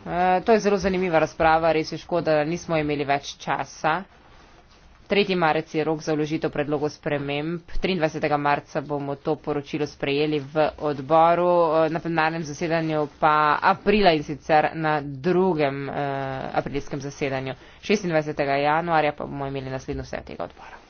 E, to je zelo zanimiva razprava, res je škoda, da nismo imeli več časa. 3. marec je rok za vložitev predlogo sprememb. 23. marca bomo to poročilo sprejeli v odboru, eh, na plenarnem zasedanju pa aprila in sicer na drugem eh, aprilskem zasedanju. 26. januarja pa bomo imeli naslednjo sejo tega odbora.